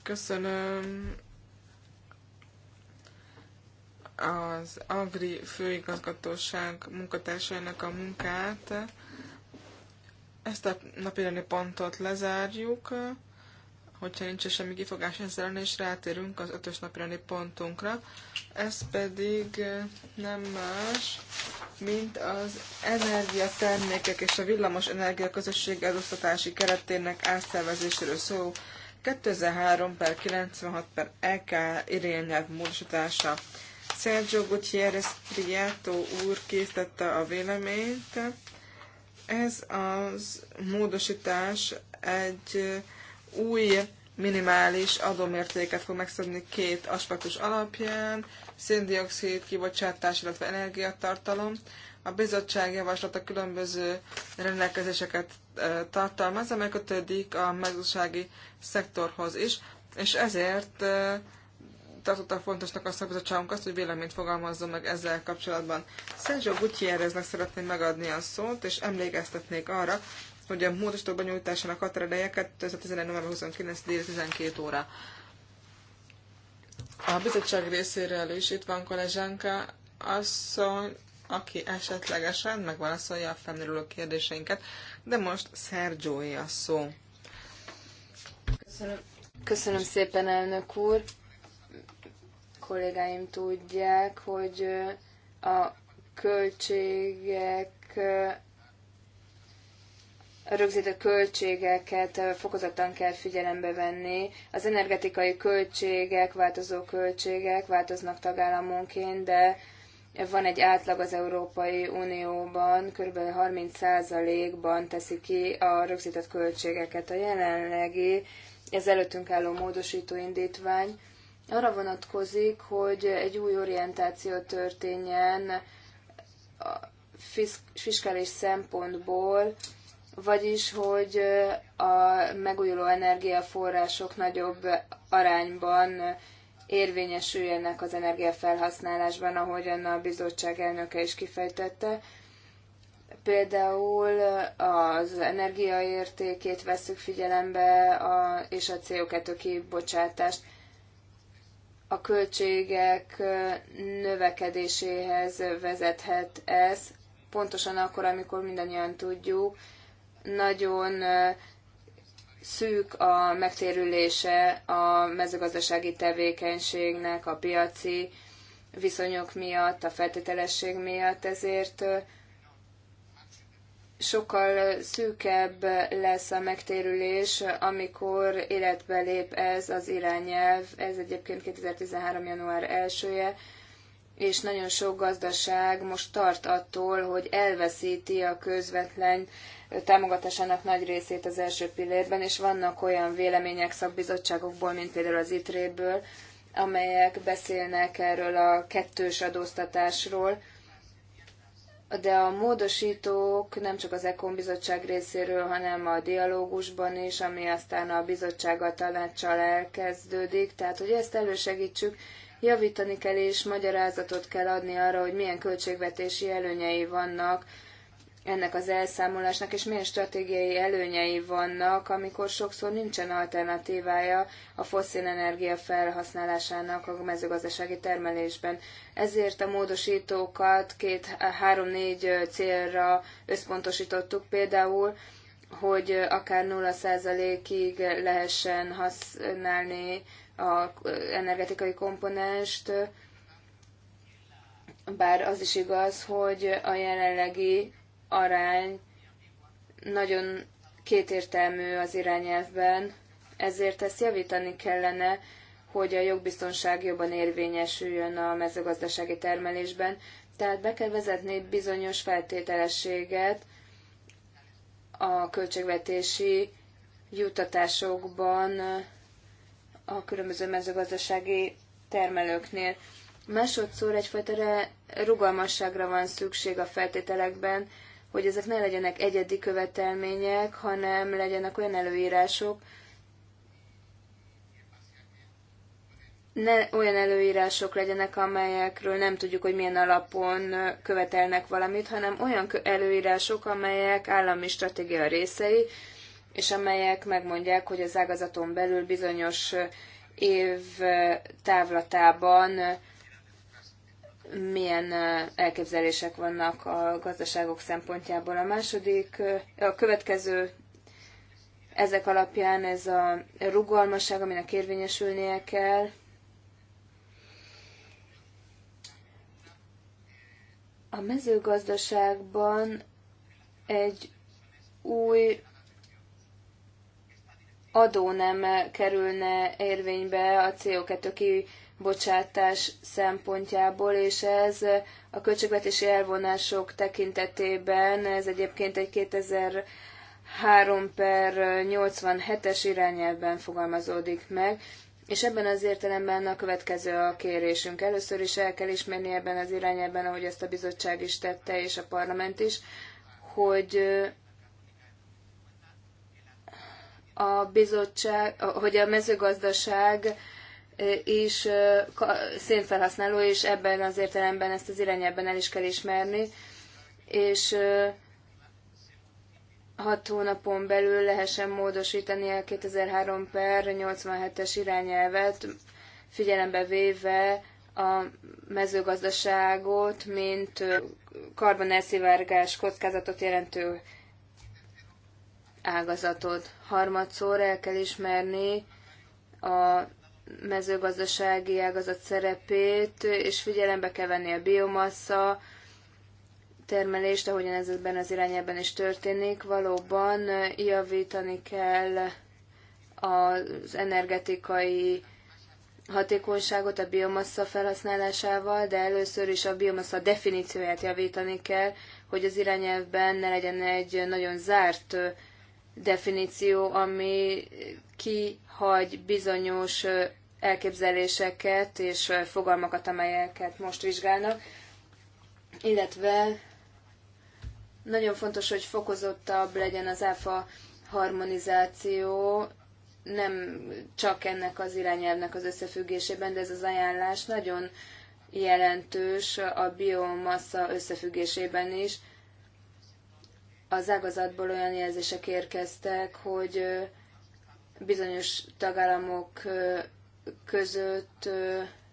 Köszönöm az Agri főigazgatóság munkatársainak a munkát. Ezt a napirendi pontot lezárjuk, hogyha nincs semmi kifogás ezzel, és rátérünk az ötös napirendi pontunkra. Ez pedig nem más, mint az energiatermékek és a villamos energia közösség elosztatási keretének átszervezéséről szó. 2003 per 96 per EK irényelv módosítása. Sergio Gutierrez Prieto úr készítette a véleményt. Ez az módosítás egy új minimális adómértéket fog megszabni két aspektus alapján, széndiokszid kibocsátás, illetve energiatartalom. A bizottság javaslata különböző rendelkezéseket tartalmaz, amely kötődik a mezőgazdasági szektorhoz is, és ezért tartotta fontosnak azt, a szakbizottságunk azt, hogy véleményt fogalmazzon meg ezzel kapcsolatban. Sergio Gutierreznek szeretném megadni a szót, és emlékeztetnék arra, hogy a módosítók benyújtásának határideje 2011. november 29. dél 12 óra. A bizottság részéről is itt van kollégánka asszony, aki esetlegesen megválaszolja a felmerülő kérdéseinket, de most Sergio a szó. Köszönöm. Köszönöm szépen, elnök úr kollégáim tudják, hogy a költségek a rögzített költségeket fokozottan kell figyelembe venni. Az energetikai költségek, változó költségek változnak tagállamonként, de van egy átlag az Európai Unióban, kb. 30%-ban teszi ki a rögzített költségeket a jelenlegi, ez előttünk álló módosító indítvány arra vonatkozik, hogy egy új orientáció történjen a fiskális szempontból, vagyis hogy a megújuló energiaforrások nagyobb arányban érvényesüljenek az energiafelhasználásban, ahogyan a bizottság elnöke is kifejtette. Például az energiaértékét veszük figyelembe a, és a CO2 kibocsátást a költségek növekedéséhez vezethet ez, pontosan akkor, amikor mindannyian tudjuk, nagyon szűk a megtérülése a mezőgazdasági tevékenységnek, a piaci viszonyok miatt, a feltételesség miatt, ezért sokkal szűkebb lesz a megtérülés, amikor életbe lép ez az irányelv. Ez egyébként 2013. január 1-e, és nagyon sok gazdaság most tart attól, hogy elveszíti a közvetlen támogatásának nagy részét az első pillérben, és vannak olyan vélemények szakbizottságokból, mint például az ITRÉ-ből, amelyek beszélnek erről a kettős adóztatásról, de a módosítók nem csak az EKON bizottság részéről, hanem a dialógusban is, ami aztán a bizottsággal, tanácssal elkezdődik. Tehát, hogy ezt elősegítsük, javítani kell és magyarázatot kell adni arra, hogy milyen költségvetési előnyei vannak ennek az elszámolásnak, és milyen stratégiai előnyei vannak, amikor sokszor nincsen alternatívája a foszil energia felhasználásának a mezőgazdasági termelésben. Ezért a módosítókat két-három-négy célra összpontosítottuk például, hogy akár 0%-ig lehessen használni az energetikai komponenst, bár az is igaz, hogy a jelenlegi arány nagyon kétértelmű az irányelvben, ezért ezt javítani kellene, hogy a jogbiztonság jobban érvényesüljön a mezőgazdasági termelésben. Tehát be kell vezetni bizonyos feltételességet a költségvetési juttatásokban a különböző mezőgazdasági termelőknél. Másodszor egyfajta rugalmasságra van szükség a feltételekben, hogy ezek ne legyenek egyedi követelmények, hanem legyenek olyan előírások, ne olyan előírások legyenek, amelyekről nem tudjuk, hogy milyen alapon követelnek valamit, hanem olyan előírások, amelyek állami stratégia részei, és amelyek megmondják, hogy az ágazaton belül bizonyos év távlatában milyen elképzelések vannak a gazdaságok szempontjából. A második, a következő ezek alapján ez a rugalmasság, aminek érvényesülnie kell, a mezőgazdaságban egy új adó nem kerülne érvénybe a CO2 bocsátás szempontjából, és ez a költségvetési elvonások tekintetében, ez egyébként egy 2000 3 per 87-es irányelvben fogalmazódik meg, és ebben az értelemben a következő a kérésünk. Először is el kell ismerni ebben az irányelben, ahogy ezt a bizottság is tette, és a parlament is, hogy a bizottság, hogy a mezőgazdaság is szénfelhasználó, és ebben az értelemben ezt az irányában el is kell ismerni, és hat hónapon belül lehessen módosítani a 2003 per 87-es irányelvet, figyelembe véve a mezőgazdaságot, mint elszivárgás kockázatot jelentő ágazatot. Harmadszor el kell ismerni a mezőgazdasági ágazat szerepét, és figyelembe kell venni a biomassa termelést, ahogyan ez ebben az irányában is történik. Valóban javítani kell az energetikai hatékonyságot a biomassa felhasználásával, de először is a biomassa definícióját javítani kell, hogy az irányelvben ne legyen egy nagyon zárt definíció, ami kihagy bizonyos elképzeléseket és fogalmakat, amelyeket most vizsgálnak, illetve nagyon fontos, hogy fokozottabb legyen az áfa harmonizáció, nem csak ennek az irányelvnek az összefüggésében, de ez az ajánlás nagyon jelentős a biomassa összefüggésében is. Az ágazatból olyan jelzések érkeztek, hogy bizonyos tagállamok között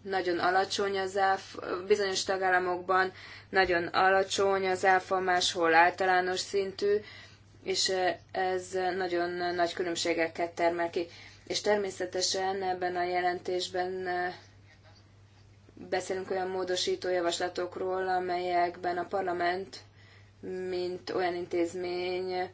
nagyon alacsony az áfa, bizonyos tagállamokban nagyon alacsony az áfa, máshol általános szintű, és ez nagyon nagy különbségeket termel ki. És természetesen ebben a jelentésben beszélünk olyan módosító javaslatokról, amelyekben a parlament, mint olyan intézmény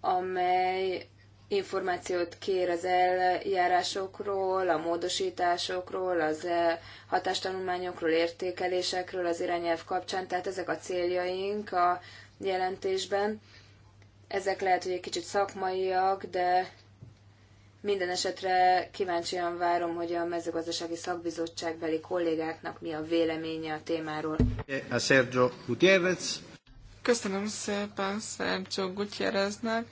amely információt kér az eljárásokról, a módosításokról, az e hatástanulmányokról, értékelésekről az irányelv kapcsán, tehát ezek a céljaink a jelentésben. Ezek lehet, hogy egy kicsit szakmaiak, de minden esetre kíváncsian várom, hogy a mezőgazdasági szakbizottságbeli kollégáknak mi a véleménye a témáról. A Sergio Gutierrez. Köszönöm szépen Szercsó Gutierreznek.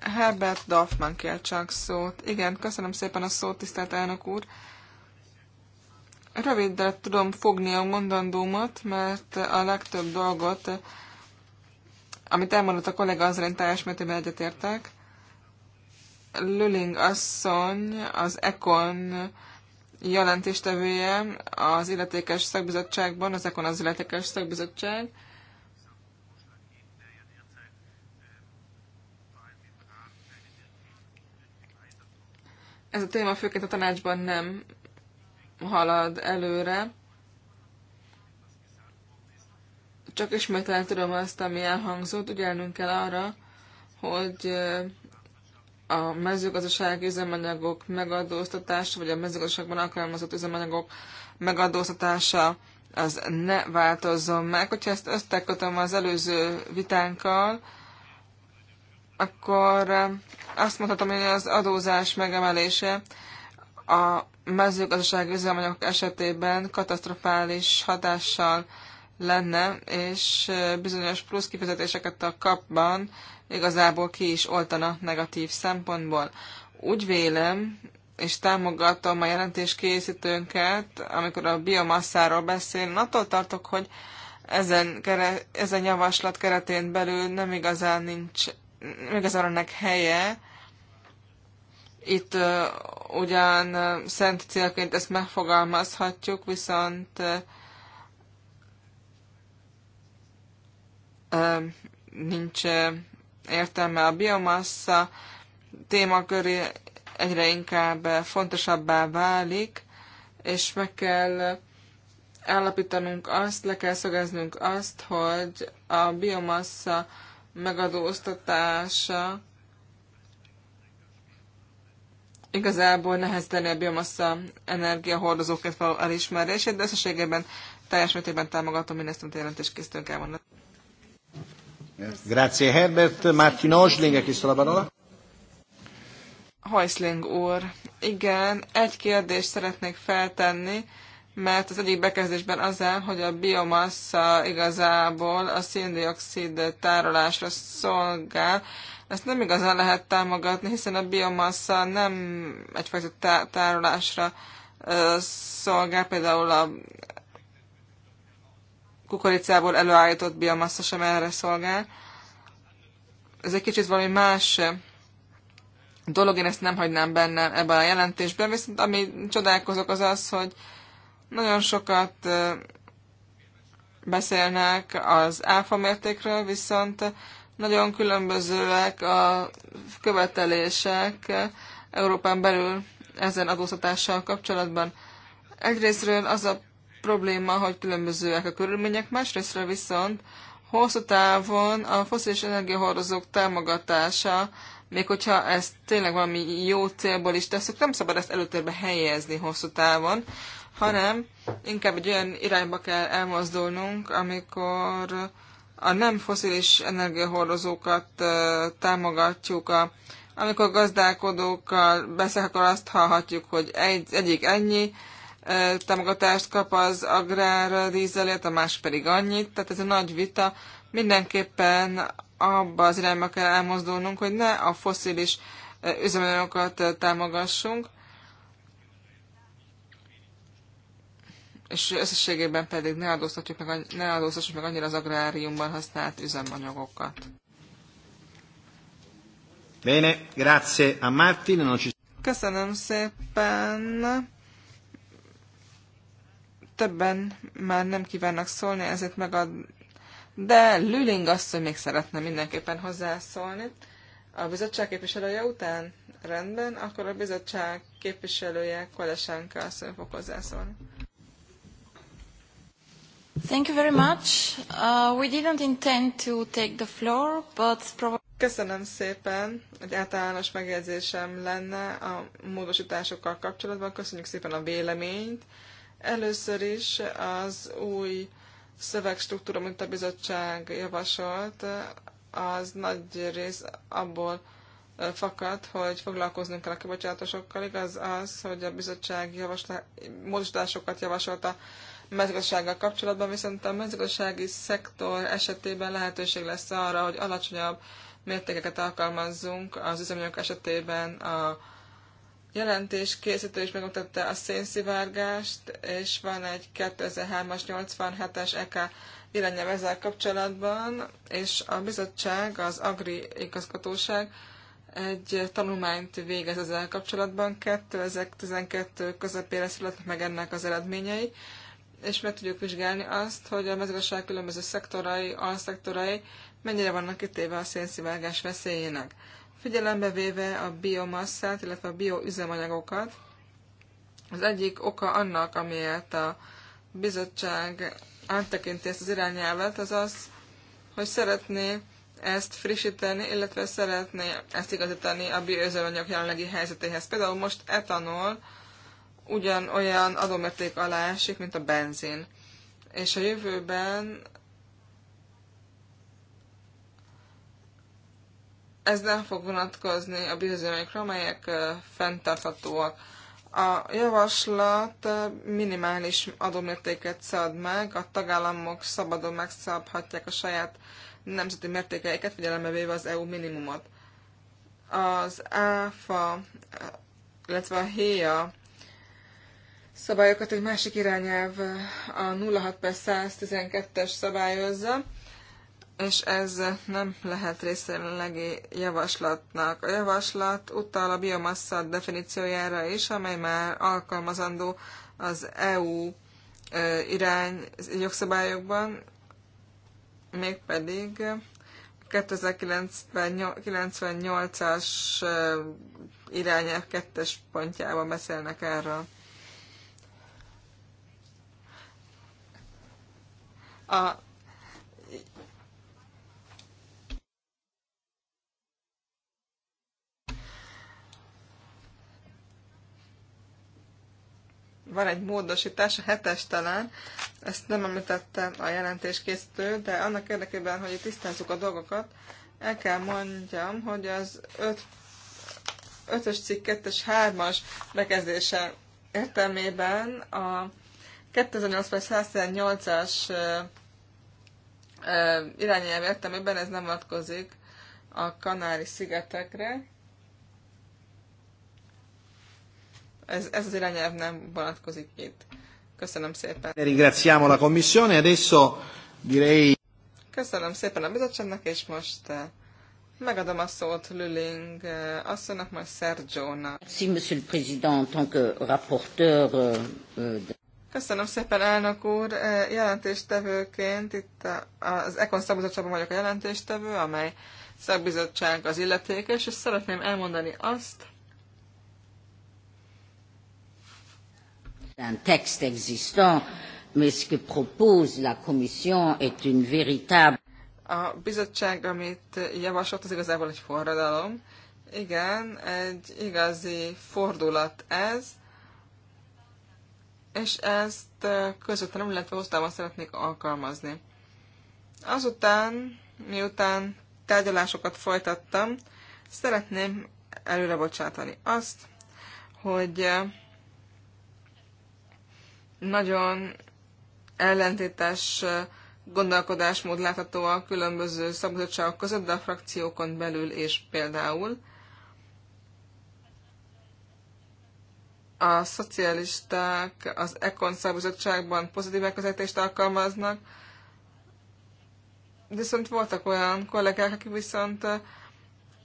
Herbert Dorfman kér csak szót. Igen, köszönöm szépen a szót, tisztelt elnök úr. Rövidre tudom fogni a mondandómat, mert a legtöbb dolgot, amit elmondott a kollega, az rend teljes mértében egyetértek. Lüling asszony, az Econ jelentéstevője az illetékes szakbizottságban, az Econ az illetékes szakbizottság, ez a téma főként a tanácsban nem halad előre. Csak ismételni tudom azt, ami elhangzott. Ügyelnünk kell arra, hogy eh, a mezőgazdasági üzemanyagok megadóztatása, vagy a mezőgazdaságban alkalmazott üzemanyagok megadóztatása az ne változzon meg. Hogyha ezt összekötöm az előző vitánkkal, akkor eh, azt mondhatom, hogy az adózás megemelése a mezőgazdasági üzemanyagok esetében katasztrofális hatással lenne, és eh, bizonyos plusz kifizetéseket a kapban igazából ki is oltana negatív szempontból. Úgy vélem, és támogatom a jelentés készítőnket, amikor a biomasszáról beszél, attól tartok, hogy ezen, kere, ezen javaslat keretén belül nem igazán nincs igazán ennek helye. Itt uh, ugyan uh, szent célként ezt megfogalmazhatjuk, viszont uh, nincs uh, értelme a biomassa témaköré egyre inkább fontosabbá válik, és meg kell állapítanunk azt, le kell szögeznünk azt, hogy a biomassa megadóztatása igazából nehezteni a biomassa energiahordozókért való elismerését, de összességében teljes mértékben támogatom mindezt, ezt a jelentéskészítőnk elmondott. Grazie Herbert. Martin Osling, a la parola. úr, igen, egy kérdést szeretnék feltenni, mert az egyik bekezdésben az el, hogy a biomassa igazából a széndiokszid tárolásra szolgál. Ezt nem igazán lehet támogatni, hiszen a biomassa nem egyfajta tárolásra szolgál, például a kukoricából előállított biomassa sem erre szolgál. Ez egy kicsit valami más dolog, én ezt nem hagynám benne ebben a jelentésben, viszont ami csodálkozok az az, hogy nagyon sokat beszélnek az áfa mértékről, viszont nagyon különbözőek a követelések Európán belül ezen adóztatással kapcsolatban. Egyrésztről az a probléma, hogy különbözőek a körülmények, másrésztről viszont hosszú távon a foszilis energiahordozók támogatása, még hogyha ezt tényleg valami jó célból is teszünk, nem szabad ezt előtérbe helyezni hosszú távon, hanem inkább egy olyan irányba kell elmozdulnunk, amikor a nem foszilis energiahordozókat támogatjuk, a, amikor gazdálkodókkal beszélek, akkor azt hallhatjuk, hogy egy, egyik ennyi támogatást kap az agrár dízelért, a más pedig annyit, tehát ez a nagy vita. Mindenképpen abba az irányba kell elmozdulnunk, hogy ne a foszilis üzemanyagokat támogassunk, és összességében pedig ne adóztatjuk meg, ne adóztatjuk meg annyira az agráriumban használt üzemanyagokat. Bene, grazie a Martin. Non ci... Köszönöm szépen. Többen már nem kívánnak szólni, ezért megad... De Lüling asszony még szeretne mindenképpen hozzászólni. A bizottság képviselője után? Rendben, akkor a bizottság képviselője Kolesánka asszony fog hozzászólni. Thank you very much. Uh, we didn't intend to take the floor, but Köszönöm szépen, egy általános megjegyzésem lenne a módosításokkal kapcsolatban. Köszönjük szépen a véleményt. Először is az új szövegstruktúra, amit a bizottság javasolt, az nagy rész abból fakad, hogy foglalkoznunk kell a kibocsátásokkal. Igaz az, hogy a bizottság javasla- módosításokat javasolta mezőgazdasággal kapcsolatban, viszont a mezőgazdasági szektor esetében lehetőség lesz arra, hogy alacsonyabb mértékeket alkalmazzunk az üzemanyagok esetében a jelentés készítő is megmutatta a szénszivárgást, és van egy 2003-as 87-es EK irányelv ezzel kapcsolatban, és a bizottság, az Agri igazgatóság egy tanulmányt végez ezzel kapcsolatban. 2012 közepére születnek meg ennek az eredményei, és meg tudjuk vizsgálni azt, hogy a mezőgazdaság különböző szektorai, alszektorai mennyire vannak kitéve a szénszivágás veszélyének. Figyelembe véve a biomasszát, illetve a bioüzemanyagokat, az egyik oka annak, amiért a bizottság áttekinti ezt az irányelvet, az az, hogy szeretné ezt frissíteni, illetve szeretné ezt igazítani a bioüzemanyag jelenlegi helyzetéhez. Például most etanol ugyanolyan adómérték alá esik, mint a benzin. És a jövőben ez nem fog vonatkozni a bizonyokra, amelyek fenntarthatóak. A javaslat minimális adómértéket szad meg, a tagállamok szabadon megszabhatják a saját nemzeti mértékeiket, figyelembe véve az EU minimumot. Az ÁFA, illetve a HÉA e szabályokat egy másik irányelv a 06 per 112-es szabályozza, és ez nem lehet részlegi javaslatnak. A javaslat utal a biomassa definíciójára is, amely már alkalmazandó az EU irány jogszabályokban, mégpedig 2098-as irányelv kettes pontjában beszélnek erről. a van egy módosítás, a hetes talán, ezt nem említette a jelentéskészítő, de annak érdekében, hogy tisztázzuk a dolgokat, el kell mondjam, hogy az 5 ös öt, cikk, 2-es, 3-as bekezdése értelmében a 2008-as irányelv értelmében ez nem vonatkozik a Kanári-szigetekre. Ez, ez az irányelv nem vonatkozik itt. Köszönöm szépen. Ringraziamo la commissione, adesso direi... Köszönöm szépen a bizottságnak, és most megadom a szót Lüling asszonynak, majd Sergio-nak. Merci, monsieur le président, en tant que rapporteur... Euh, euh, Köszönöm szépen, elnök úr. E, jelentéstevőként itt az Ekon szakbizottságban vagyok a jelentéstevő, amely szakbizottság az illetékes, és szeretném elmondani azt, Un texte existant, mais ce que propose la Commission est une véritable... A bizottság, amit javasolt, az igazából egy forradalom. Igen, egy igazi fordulat ez, és ezt közvetlenül, illetve hoztában szeretnék alkalmazni. Azután, miután tárgyalásokat folytattam, szeretném előre bocsátani azt, hogy nagyon ellentétes gondolkodásmód látható a különböző szabadságok között, de a frakciókon belül és például a szocialisták az Econ szabizottságban pozitív megközelítést alkalmaznak, viszont voltak olyan kollégák, akik viszont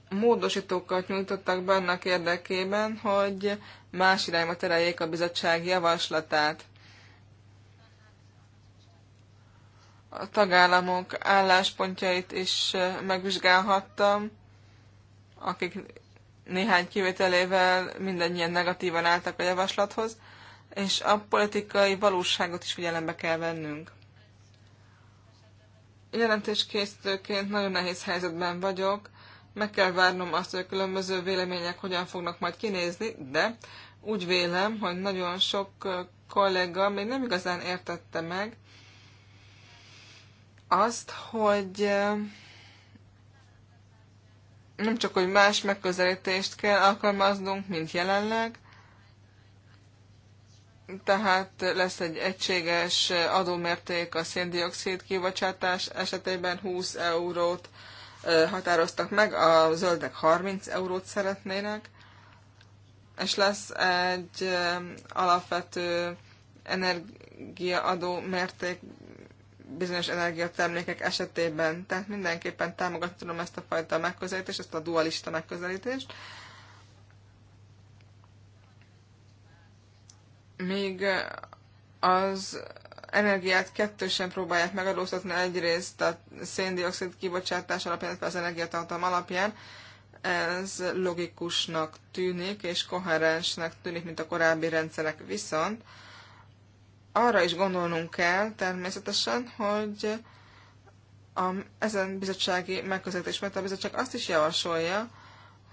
módosítókat nyújtottak be annak érdekében, hogy más irányba tereljék a bizottság javaslatát. A tagállamok álláspontjait is megvizsgálhattam, akik néhány kivételével mindannyian negatívan álltak a javaslathoz, és a politikai valóságot is figyelembe kell vennünk. Jelentéskészítőként nagyon nehéz helyzetben vagyok, meg kell várnom azt, hogy a különböző vélemények hogyan fognak majd kinézni, de úgy vélem, hogy nagyon sok kollega még nem igazán értette meg azt, hogy nem csak, hogy más megközelítést kell alkalmaznunk, mint jelenleg, tehát lesz egy egységes adómérték a széndiokszid kibocsátás esetében 20 eurót határoztak meg, a zöldek 30 eurót szeretnének, és lesz egy alapvető energiaadó mérték bizonyos energiatermékek esetében. Tehát mindenképpen támogatni tudom ezt a fajta megközelítést, ezt a dualista megközelítést. Még az energiát kettősen próbálják megadóztatni, egyrészt a széndiokszid kibocsátás alapján, illetve az energiatartalom alapján. Ez logikusnak tűnik, és koherensnek tűnik, mint a korábbi rendszerek. Viszont arra is gondolnunk kell természetesen, hogy a, ezen bizottsági megközelítés, mert a bizottság azt is javasolja,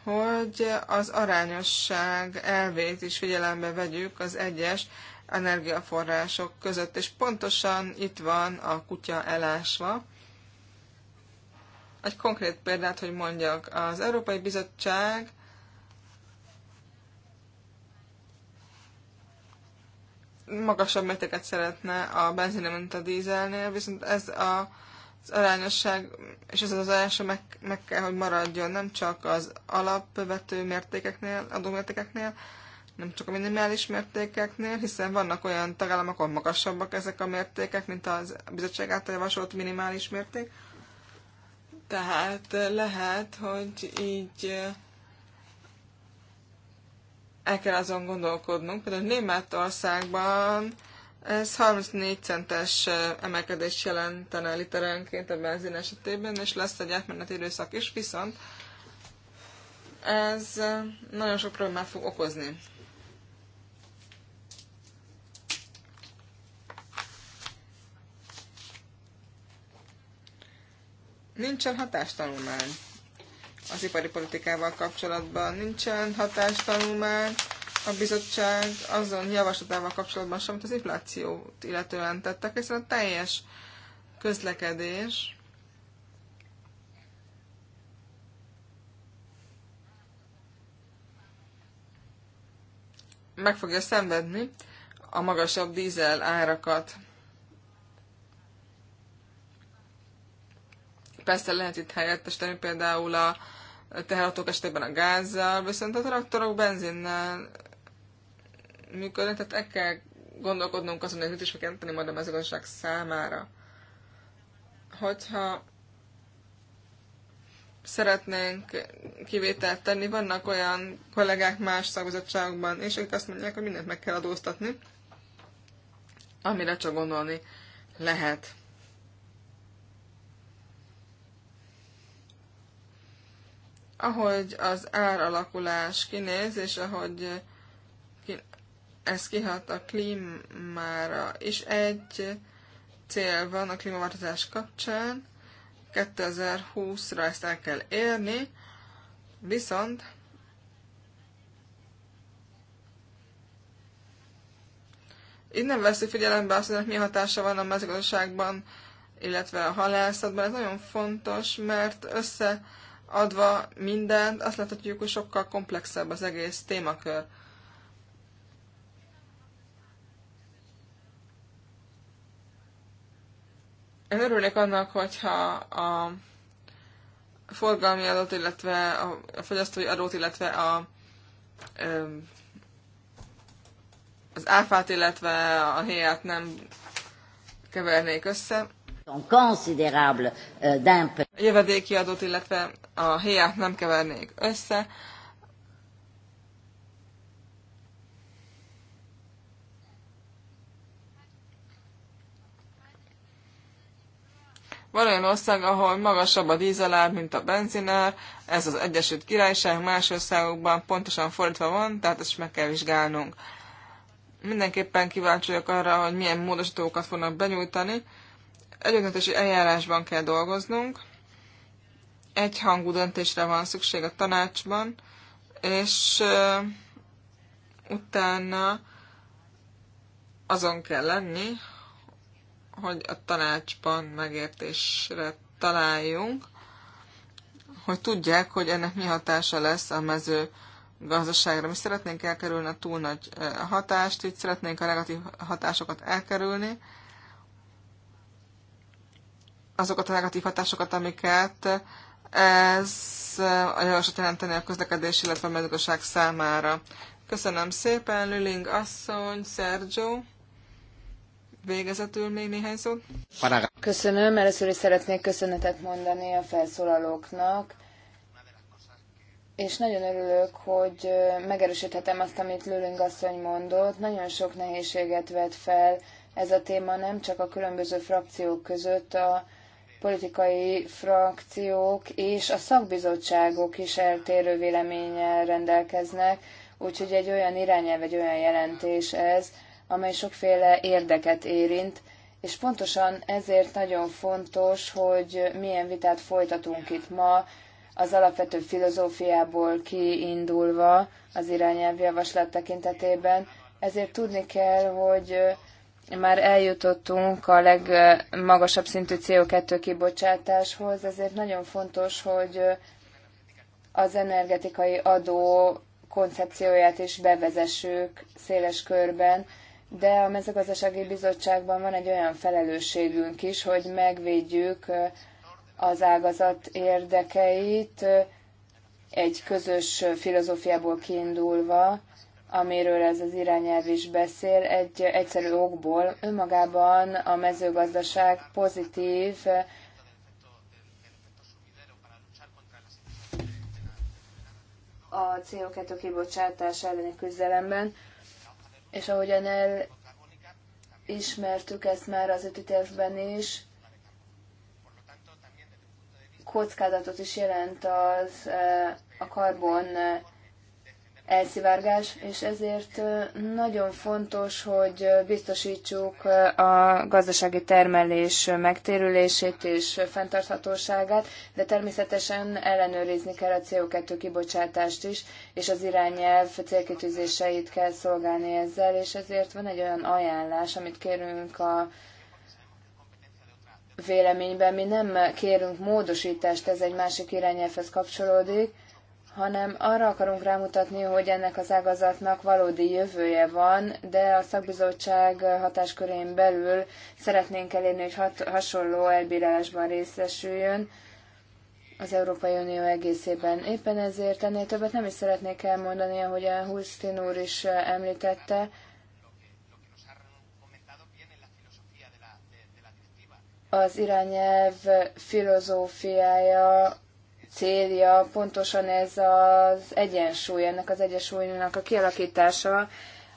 hogy az arányosság elvét is figyelembe vegyük az egyes energiaforrások között, és pontosan itt van a kutya elásva. Egy konkrét példát, hogy mondjak, az Európai Bizottság magasabb mértéket szeretne a benzinre, mint a dízelnél, viszont ez a, az arányosság, és ez az arányosság meg, meg kell, hogy maradjon, nem csak az alapvető mértékeknél, adómértékeknél, nem csak a minimális mértékeknél, hiszen vannak olyan tagállamok, ahol magasabbak ezek a mértékek, mint az bizottság által javasolt minimális mérték. Tehát lehet, hogy így el kell azon gondolkodnunk. Például Németországban ez 34 centes emelkedés jelentene literenként a benzin esetében, és lesz egy átmeneti időszak is, viszont ez nagyon sok problémát fog okozni. Nincsen hatástanulmány az ipari politikával kapcsolatban. Nincsen hatástanulmány, a bizottság azon javaslatával kapcsolatban sem, amit az inflációt illetően tettek, hiszen a teljes közlekedés meg fogja szenvedni a magasabb dízel árakat. persze lehet itt helyettesíteni például a teherautók esetében a gázzal, viszont a traktorok benzinnel működnek, tehát el kell gondolkodnunk azon, hogy mit is kell tenni majd a mezőgazdaság számára. Hogyha szeretnénk kivételt tenni. Vannak olyan kollégák más szakbizottságokban és akik azt mondják, hogy mindent meg kell adóztatni, amire csak gondolni lehet. ahogy az áralakulás kinéz, és ahogy ez kihat a klímára, és egy cél van a klímaváltozás kapcsán, 2020-ra ezt el kell érni, viszont itt nem veszi figyelembe azt, hogy mi hatása van a mezőgazdaságban, illetve a halászatban. Ez nagyon fontos, mert össze adva mindent, azt láthatjuk, hogy sokkal komplexebb az egész témakör. Én örülnék annak, hogyha a forgalmi adót, illetve a fogyasztói adót, illetve a, az áfát, illetve a héját nem kevernék össze. Euh, a jövedéki adót, illetve a héját nem kevernék össze. Van olyan ország, ahol magasabb a dízelár, mint a benzinár, ez az Egyesült Királyság, más országokban pontosan fordítva van, tehát ezt is meg kell vizsgálnunk. Mindenképpen kíváncsi vagyok arra, hogy milyen módosítókat fognak benyújtani, előzetes eljárásban kell dolgoznunk, egyhangú döntésre van szükség a tanácsban, és utána azon kell lenni, hogy a tanácsban megértésre találjunk, hogy tudják, hogy ennek mi hatása lesz a mező gazdaságra. Mi szeretnénk elkerülni a túl nagy hatást, így szeretnénk a negatív hatásokat elkerülni, azokat a negatív hatásokat, amiket ez a javaslat jelenteni a közlekedés, illetve a mezőgazdaság számára. Köszönöm szépen, Lüling asszony, Sergio. Végezetül még néhány szót. Köszönöm, először is szeretnék köszönetet mondani a felszólalóknak, és nagyon örülök, hogy megerősíthetem azt, amit Lőling asszony mondott. Nagyon sok nehézséget vet fel ez a téma nem csak a különböző frakciók között, a politikai frakciók és a szakbizottságok is eltérő véleménnyel rendelkeznek, úgyhogy egy olyan irányelv, egy olyan jelentés ez, amely sokféle érdeket érint, és pontosan ezért nagyon fontos, hogy milyen vitát folytatunk itt ma, az alapvető filozófiából kiindulva az irányelv javaslat tekintetében. Ezért tudni kell, hogy már eljutottunk a legmagasabb szintű CO2 kibocsátáshoz, ezért nagyon fontos, hogy az energetikai adó koncepcióját is bevezessük széles körben, de a mezőgazdasági bizottságban van egy olyan felelősségünk is, hogy megvédjük az ágazat érdekeit egy közös filozófiából kiindulva, amiről ez az irányelv is beszél, egy egyszerű okból. Önmagában a mezőgazdaság pozitív a CO2 kibocsátás elleni küzdelemben, és ahogyan el ismertük ezt már az ötütésben is, kockázatot is jelent az eh, a karbon eh, elszivárgás, és ezért nagyon fontos, hogy biztosítsuk a gazdasági termelés megtérülését és fenntarthatóságát, de természetesen ellenőrizni kell a CO2 kibocsátást is, és az irányelv célkitűzéseit kell szolgálni ezzel, és ezért van egy olyan ajánlás, amit kérünk a véleményben, mi nem kérünk módosítást, ez egy másik irányelvhez kapcsolódik, hanem arra akarunk rámutatni, hogy ennek az ágazatnak valódi jövője van, de a szakbizottság hatáskörén belül szeretnénk elérni, hogy hat, hasonló elbírálásban részesüljön az Európai Unió egészében. Éppen ezért ennél többet nem is szeretnék elmondani, ahogy a Hustin úr is említette. Az irányelv filozófiája célja pontosan ez az egyensúly, ennek az egyensúlynak a kialakítása,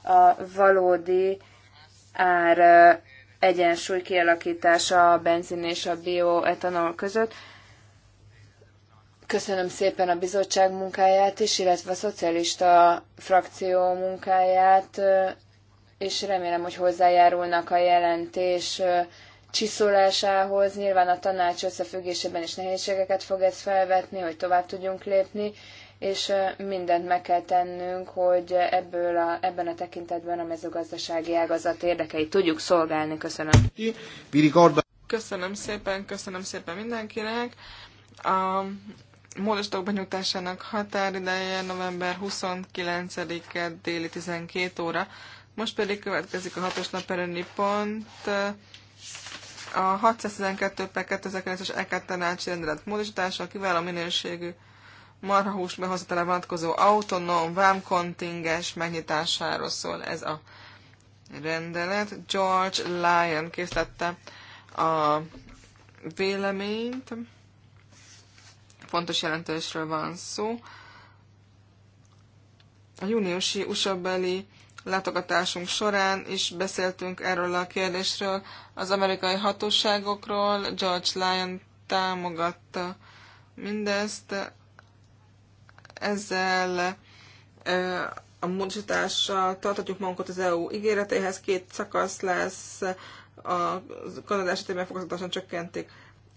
a valódi ár egyensúly kialakítása a benzin és a bioetanol között. Köszönöm szépen a bizottság munkáját is, illetve a szocialista frakció munkáját, és remélem, hogy hozzájárulnak a jelentés csiszolásához. Nyilván a tanács összefüggésében is nehézségeket fog ez felvetni, hogy tovább tudjunk lépni, és mindent meg kell tennünk, hogy ebből a, ebben a tekintetben a mezőgazdasági ágazat érdekeit tudjuk szolgálni. Köszönöm. Köszönöm szépen, köszönöm szépen mindenkinek. A módosítók benyújtásának határideje november 29-e déli 12 óra. Most pedig következik a hatos nap pont. A 612 per 2009-es EK tanácsi rendelet módosítása, kiváló minőségű marhahús behozatára vonatkozó autonóm vámkontingens megnyitásáról szól ez a rendelet. George Lyon készítette a véleményt. Fontos jelentősről van szó. A júniusi usa látogatásunk során is beszéltünk erről a kérdésről. Az amerikai hatóságokról George Lyon támogatta mindezt. Ezzel a módosítással tartatjuk magunkat az EU ígéretéhez. Két szakasz lesz, a Kanada esetében fokozatosan csökkentik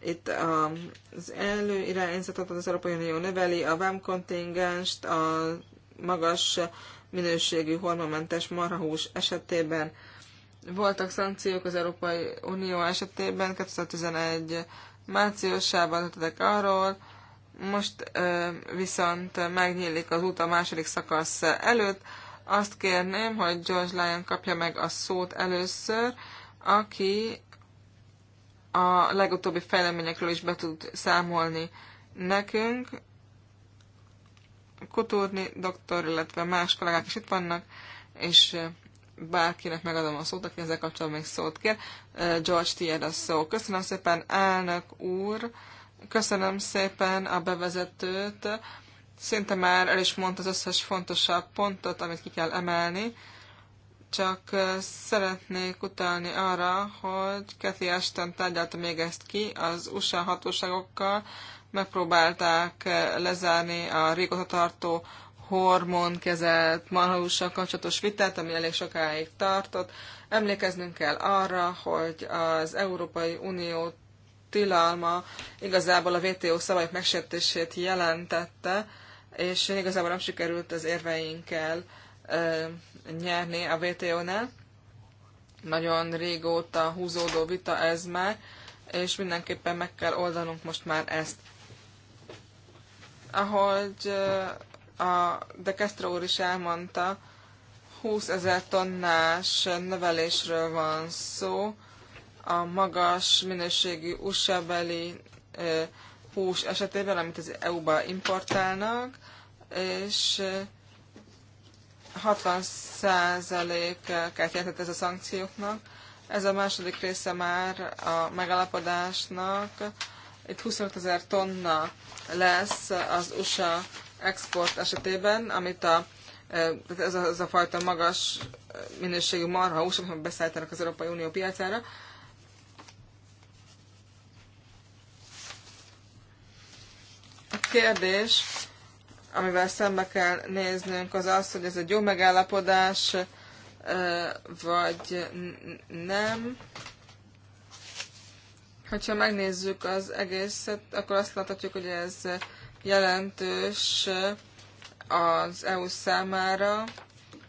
itt az előirányzatot az Európai Unió növeli, a vámkontingenst, a magas minőségű hormonmentes marhahús esetében. Voltak szankciók az Európai Unió esetében, 2011 márciusában tettek arról, most viszont megnyílik az út a második szakasz előtt. Azt kérném, hogy George Lyon kapja meg a szót először, aki a legutóbbi fejleményekről is be tud számolni nekünk, Kotorni doktor, illetve más kollégák is itt vannak, és bárkinek megadom a szót, aki ezzel kapcsolatban még szót kér. George, tiéd a szó. Köszönöm szépen, elnök úr, köszönöm szépen a bevezetőt. Szinte már el is mondta az összes fontosabb pontot, amit ki kell emelni, csak szeretnék utalni arra, hogy Kathy Ashton tárgyalta még ezt ki az USA hatóságokkal, megpróbálták eh, lezárni a régóta tartó hormonkezelt marhahússal kapcsolatos vitát, ami elég sokáig tartott. Emlékeznünk kell arra, hogy az Európai Unió tilalma igazából a WTO szabályok megsértését jelentette, és igazából nem sikerült az érveinkkel ö, eh, nyerni a WTO-nál. Nagyon régóta húzódó vita ez már, és mindenképpen meg kell oldanunk most már ezt ahogy a De Castro úr is elmondta, 20 ezer tonnás növelésről van szó, a magas minőségű usa hús esetében, amit az EU-ba importálnak, és 60%-át jelentett ez a szankcióknak. Ez a második része már a megalapodásnak, itt 25 ezer tonna lesz az USA export esetében, amit a, e, ez, a, ez a fajta magas minőségű marhahús, amit beszállítanak az Európai Unió piacára. A kérdés, amivel szembe kell néznünk, az az, hogy ez egy jó megállapodás, e, vagy nem. Hogyha megnézzük az egészet, akkor azt láthatjuk, hogy ez jelentős az EU számára.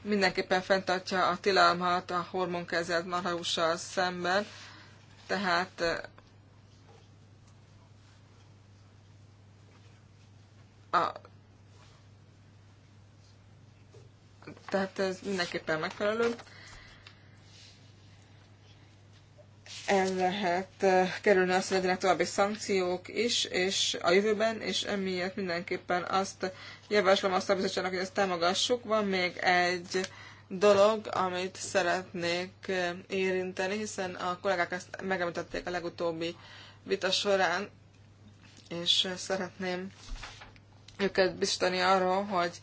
Mindenképpen fenntartja a tilalmat a hormonkezelt marhaussal szemben, tehát a tehát ez mindenképpen megfelelő. el lehet eh, kerülni azt, hogy legyenek további szankciók is, és a jövőben, és emiatt mindenképpen azt javaslom azt a bizottságnak, hogy ezt támogassuk. Van még egy dolog, amit szeretnék eh, érinteni, hiszen a kollégák ezt megemlítették a legutóbbi vita során, és eh, szeretném őket biztani arról, hogy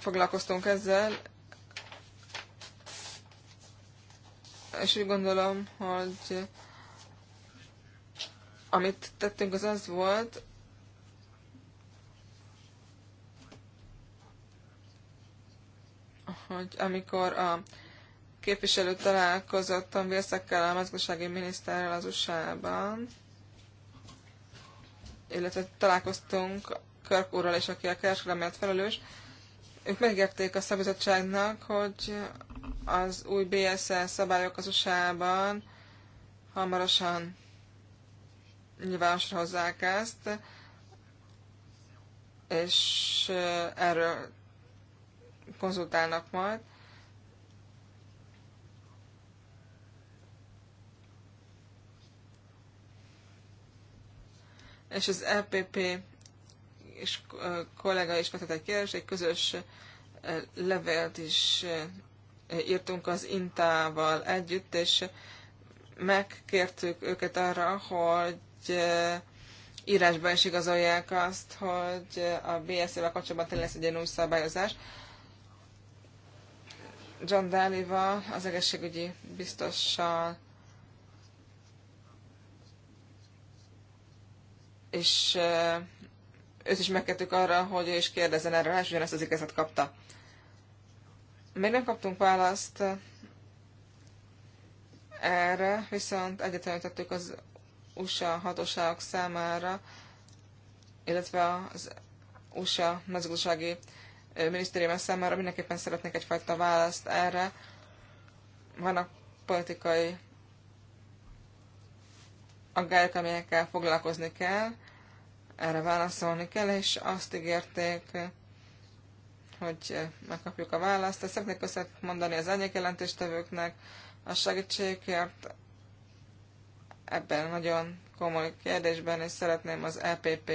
foglalkoztunk ezzel, és úgy gondolom, hogy amit tettünk, az az volt, hogy amikor a képviselő találkozott a Vérszekkel, a mezgazdasági miniszterrel az USA-ban, illetve találkoztunk Körk úrral is, aki a kereskedelmért felelős, ők megérték a szabizottságnak, hogy az új BSL szabályok az USA-ban hamarosan nyilvánosra hozzák ezt, és erről konzultálnak majd. És az EPP és kollega is feltett egy kérdést, egy közös levelet is írtunk az Intával együtt, és megkértük őket arra, hogy írásban is igazolják azt, hogy a BSZ-vel kapcsolatban tényleg lesz egy ilyen új szabályozás. John daly az egészségügyi biztossal, és őt is megkettük arra, hogy ő is kérdezzen erről, és ugyanezt az igazat kapta. Még nem kaptunk választ erre, viszont egyetemítettük az USA hatóságok számára, illetve az USA mezőgazdasági minisztérium számára mindenképpen szeretnék egyfajta választ erre. Vannak politikai aggályok, amelyekkel foglalkozni kell, erre válaszolni kell, és azt ígérték, hogy megkapjuk a választ. Ezt szeretnék köszönet mondani az enyék jelentéstevőknek a segítségért ebben nagyon komoly kérdésben, és szeretném az EPP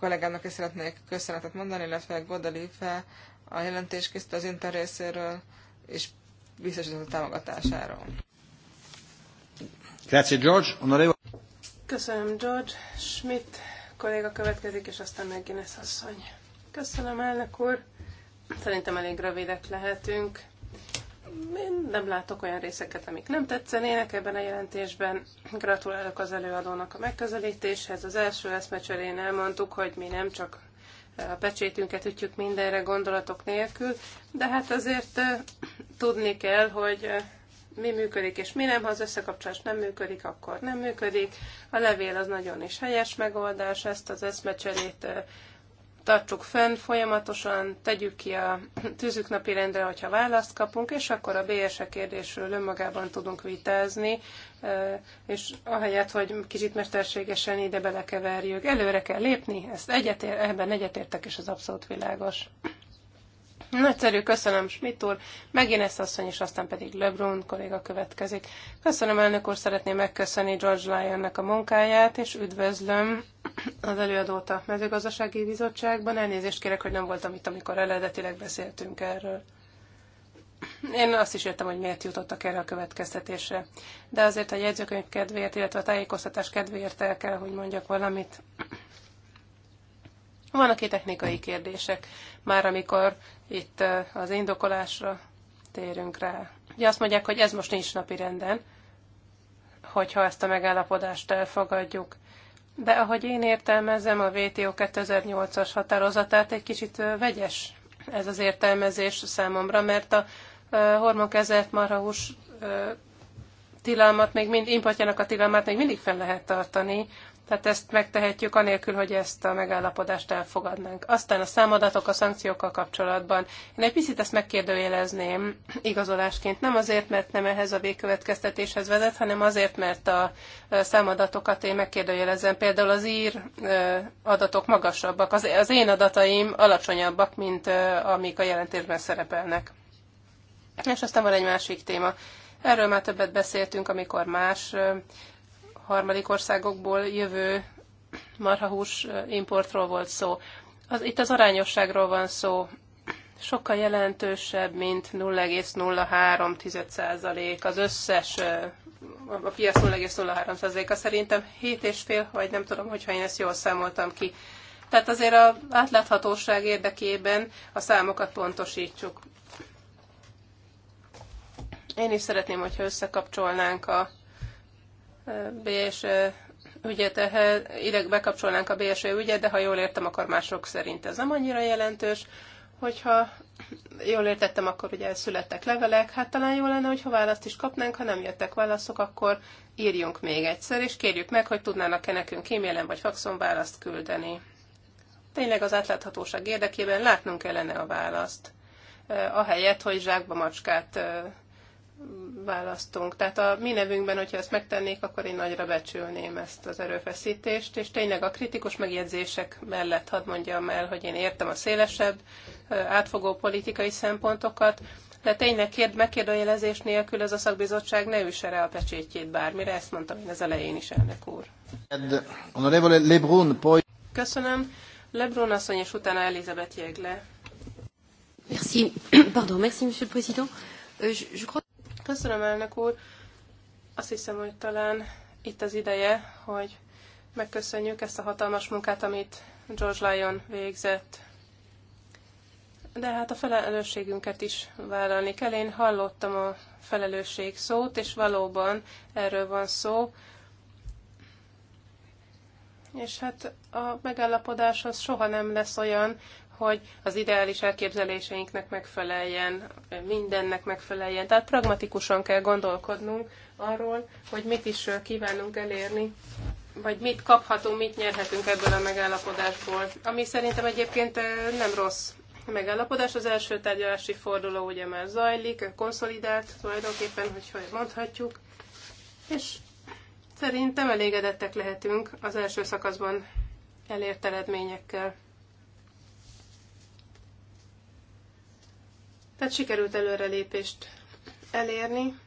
kollégámnak is szeretnék köszönetet mondani, illetve Godelife a jelentés készítő az Inter részéről, és biztosított a támogatásáról. Grazie George. Onorevole... Köszönöm, George. Schmidt kolléga következik, és aztán meg Guinness asszony. Köszönöm, elnök úr. Szerintem elég rövidek lehetünk. Én nem látok olyan részeket, amik nem tetszenének ebben a jelentésben. Gratulálok az előadónak a megközelítéshez. Az első eszmecserén elmondtuk, hogy mi nem csak a pecsétünket ütjük mindenre gondolatok nélkül, de hát azért tudni kell, hogy mi működik és mi nem, ha az összekapcsolás nem működik, akkor nem működik. A levél az nagyon is helyes megoldás, ezt az eszmecserét tartsuk fenn folyamatosan, tegyük ki a tűzük napi rendre, hogyha választ kapunk, és akkor a BSE kérdésről önmagában tudunk vitázni, és ahelyett, hogy kicsit mesterségesen ide belekeverjük, előre kell lépni, ezt egyetér, ebben egyetértek, és az abszolút világos. Nagyszerű, köszönöm Schmidt úr, megint ezt asszony, és aztán pedig Lebrun kolléga következik. Köszönöm elnök úr, szeretném megköszönni George Lyonnek a munkáját, és üdvözlöm az előadót a mezőgazdasági bizottságban. Elnézést kérek, hogy nem voltam itt, amikor eredetileg beszéltünk erről. Én azt is értem, hogy miért jutottak erre a következtetésre. De azért a jegyzőkönyv kedvéért, illetve a tájékoztatás kedvéért el kell, hogy mondjak valamit. Vannak itt technikai kérdések, már amikor itt az indokolásra térünk rá. Ugye azt mondják, hogy ez most nincs napi renden, hogyha ezt a megállapodást elfogadjuk. De ahogy én értelmezem a WTO 2008-as határozatát, egy kicsit vegyes ez az értelmezés számomra, mert a hormonkezelt marhahús tilalmat még mind, importjának a tilalmát még mindig fel lehet tartani, tehát ezt megtehetjük anélkül, hogy ezt a megállapodást elfogadnánk. Aztán a számadatok a szankciókkal kapcsolatban. Én egy picit ezt megkérdőjelezném igazolásként. Nem azért, mert nem ehhez a végkövetkeztetéshez vezet, hanem azért, mert a számadatokat én megkérdőjelezem. Például az ír adatok magasabbak, az én adataim alacsonyabbak, mint amik a jelentésben szerepelnek. És aztán van egy másik téma. Erről már többet beszéltünk, amikor más harmadik országokból jövő marhahús importról volt szó. Az, itt az arányosságról van szó. Sokkal jelentősebb, mint 0,03% az összes a piac 0,03%-a szerintem 7,5, vagy nem tudom, hogyha én ezt jól számoltam ki. Tehát azért a átláthatóság érdekében a számokat pontosítsuk. Én is szeretném, hogyha összekapcsolnánk a és ügyet ehhez, ide bekapcsolnánk a BSE ügyet, de ha jól értem, akkor mások szerint ez nem annyira jelentős. Hogyha jól értettem, akkor ugye születtek levelek, hát talán jó lenne, hogyha választ is kapnánk, ha nem jöttek válaszok, akkor írjunk még egyszer, és kérjük meg, hogy tudnának-e nekünk e-mailen vagy faxon választ küldeni. Tényleg az átláthatóság érdekében látnunk kellene a választ, ahelyett, hogy zsákba macskát választunk. Tehát a mi nevünkben, hogyha ezt megtennék, akkor én nagyra becsülném ezt az erőfeszítést, és tényleg a kritikus megjegyzések mellett hadd mondjam el, hogy én értem a szélesebb, átfogó politikai szempontokat, de tényleg kérd, megkérdőjelezés nélkül ez a szakbizottság ne üsse rá a pecsétjét bármire, ezt mondtam én az elején is, elnök úr. Köszönöm. Lebrun asszony, és utána Elizabeth Jegle. Merci. Pardon, merci, monsieur le président. Euh, je, je crois... Köszönöm, elnök úr. Azt hiszem, hogy talán itt az ideje, hogy megköszönjük ezt a hatalmas munkát, amit George Lyon végzett. De hát a felelősségünket is vállalni kell. Én hallottam a felelősség szót, és valóban erről van szó. És hát a megállapodás az soha nem lesz olyan, hogy az ideális elképzeléseinknek megfeleljen, mindennek megfeleljen. Tehát pragmatikusan kell gondolkodnunk arról, hogy mit is kívánunk elérni, vagy mit kaphatunk, mit nyerhetünk ebből a megállapodásból. Ami szerintem egyébként eh, nem rossz megállapodás. Az első tárgyalási forduló ugye már zajlik, konszolidált tulajdonképpen, hogy mondhatjuk. És szerintem elégedettek lehetünk az első szakaszban elért eredményekkel. Tehát sikerült előrelépést elérni,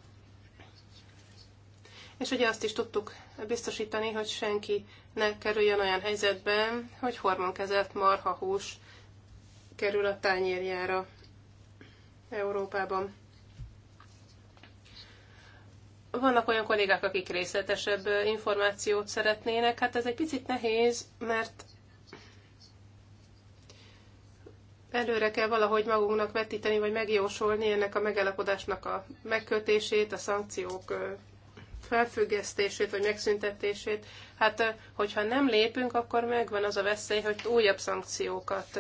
és ugye azt is tudtuk biztosítani, hogy senki ne kerüljön olyan helyzetbe, hogy hormonkezelt marhahús kerül a tányérjára Európában. Vannak olyan kollégák, akik részletesebb információt szeretnének. Hát ez egy picit nehéz, mert előre kell valahogy magunknak vetíteni, vagy megjósolni ennek a megállapodásnak a megkötését, a szankciók felfüggesztését, vagy megszüntetését. Hát, hogyha nem lépünk, akkor megvan az a veszély, hogy újabb szankciókat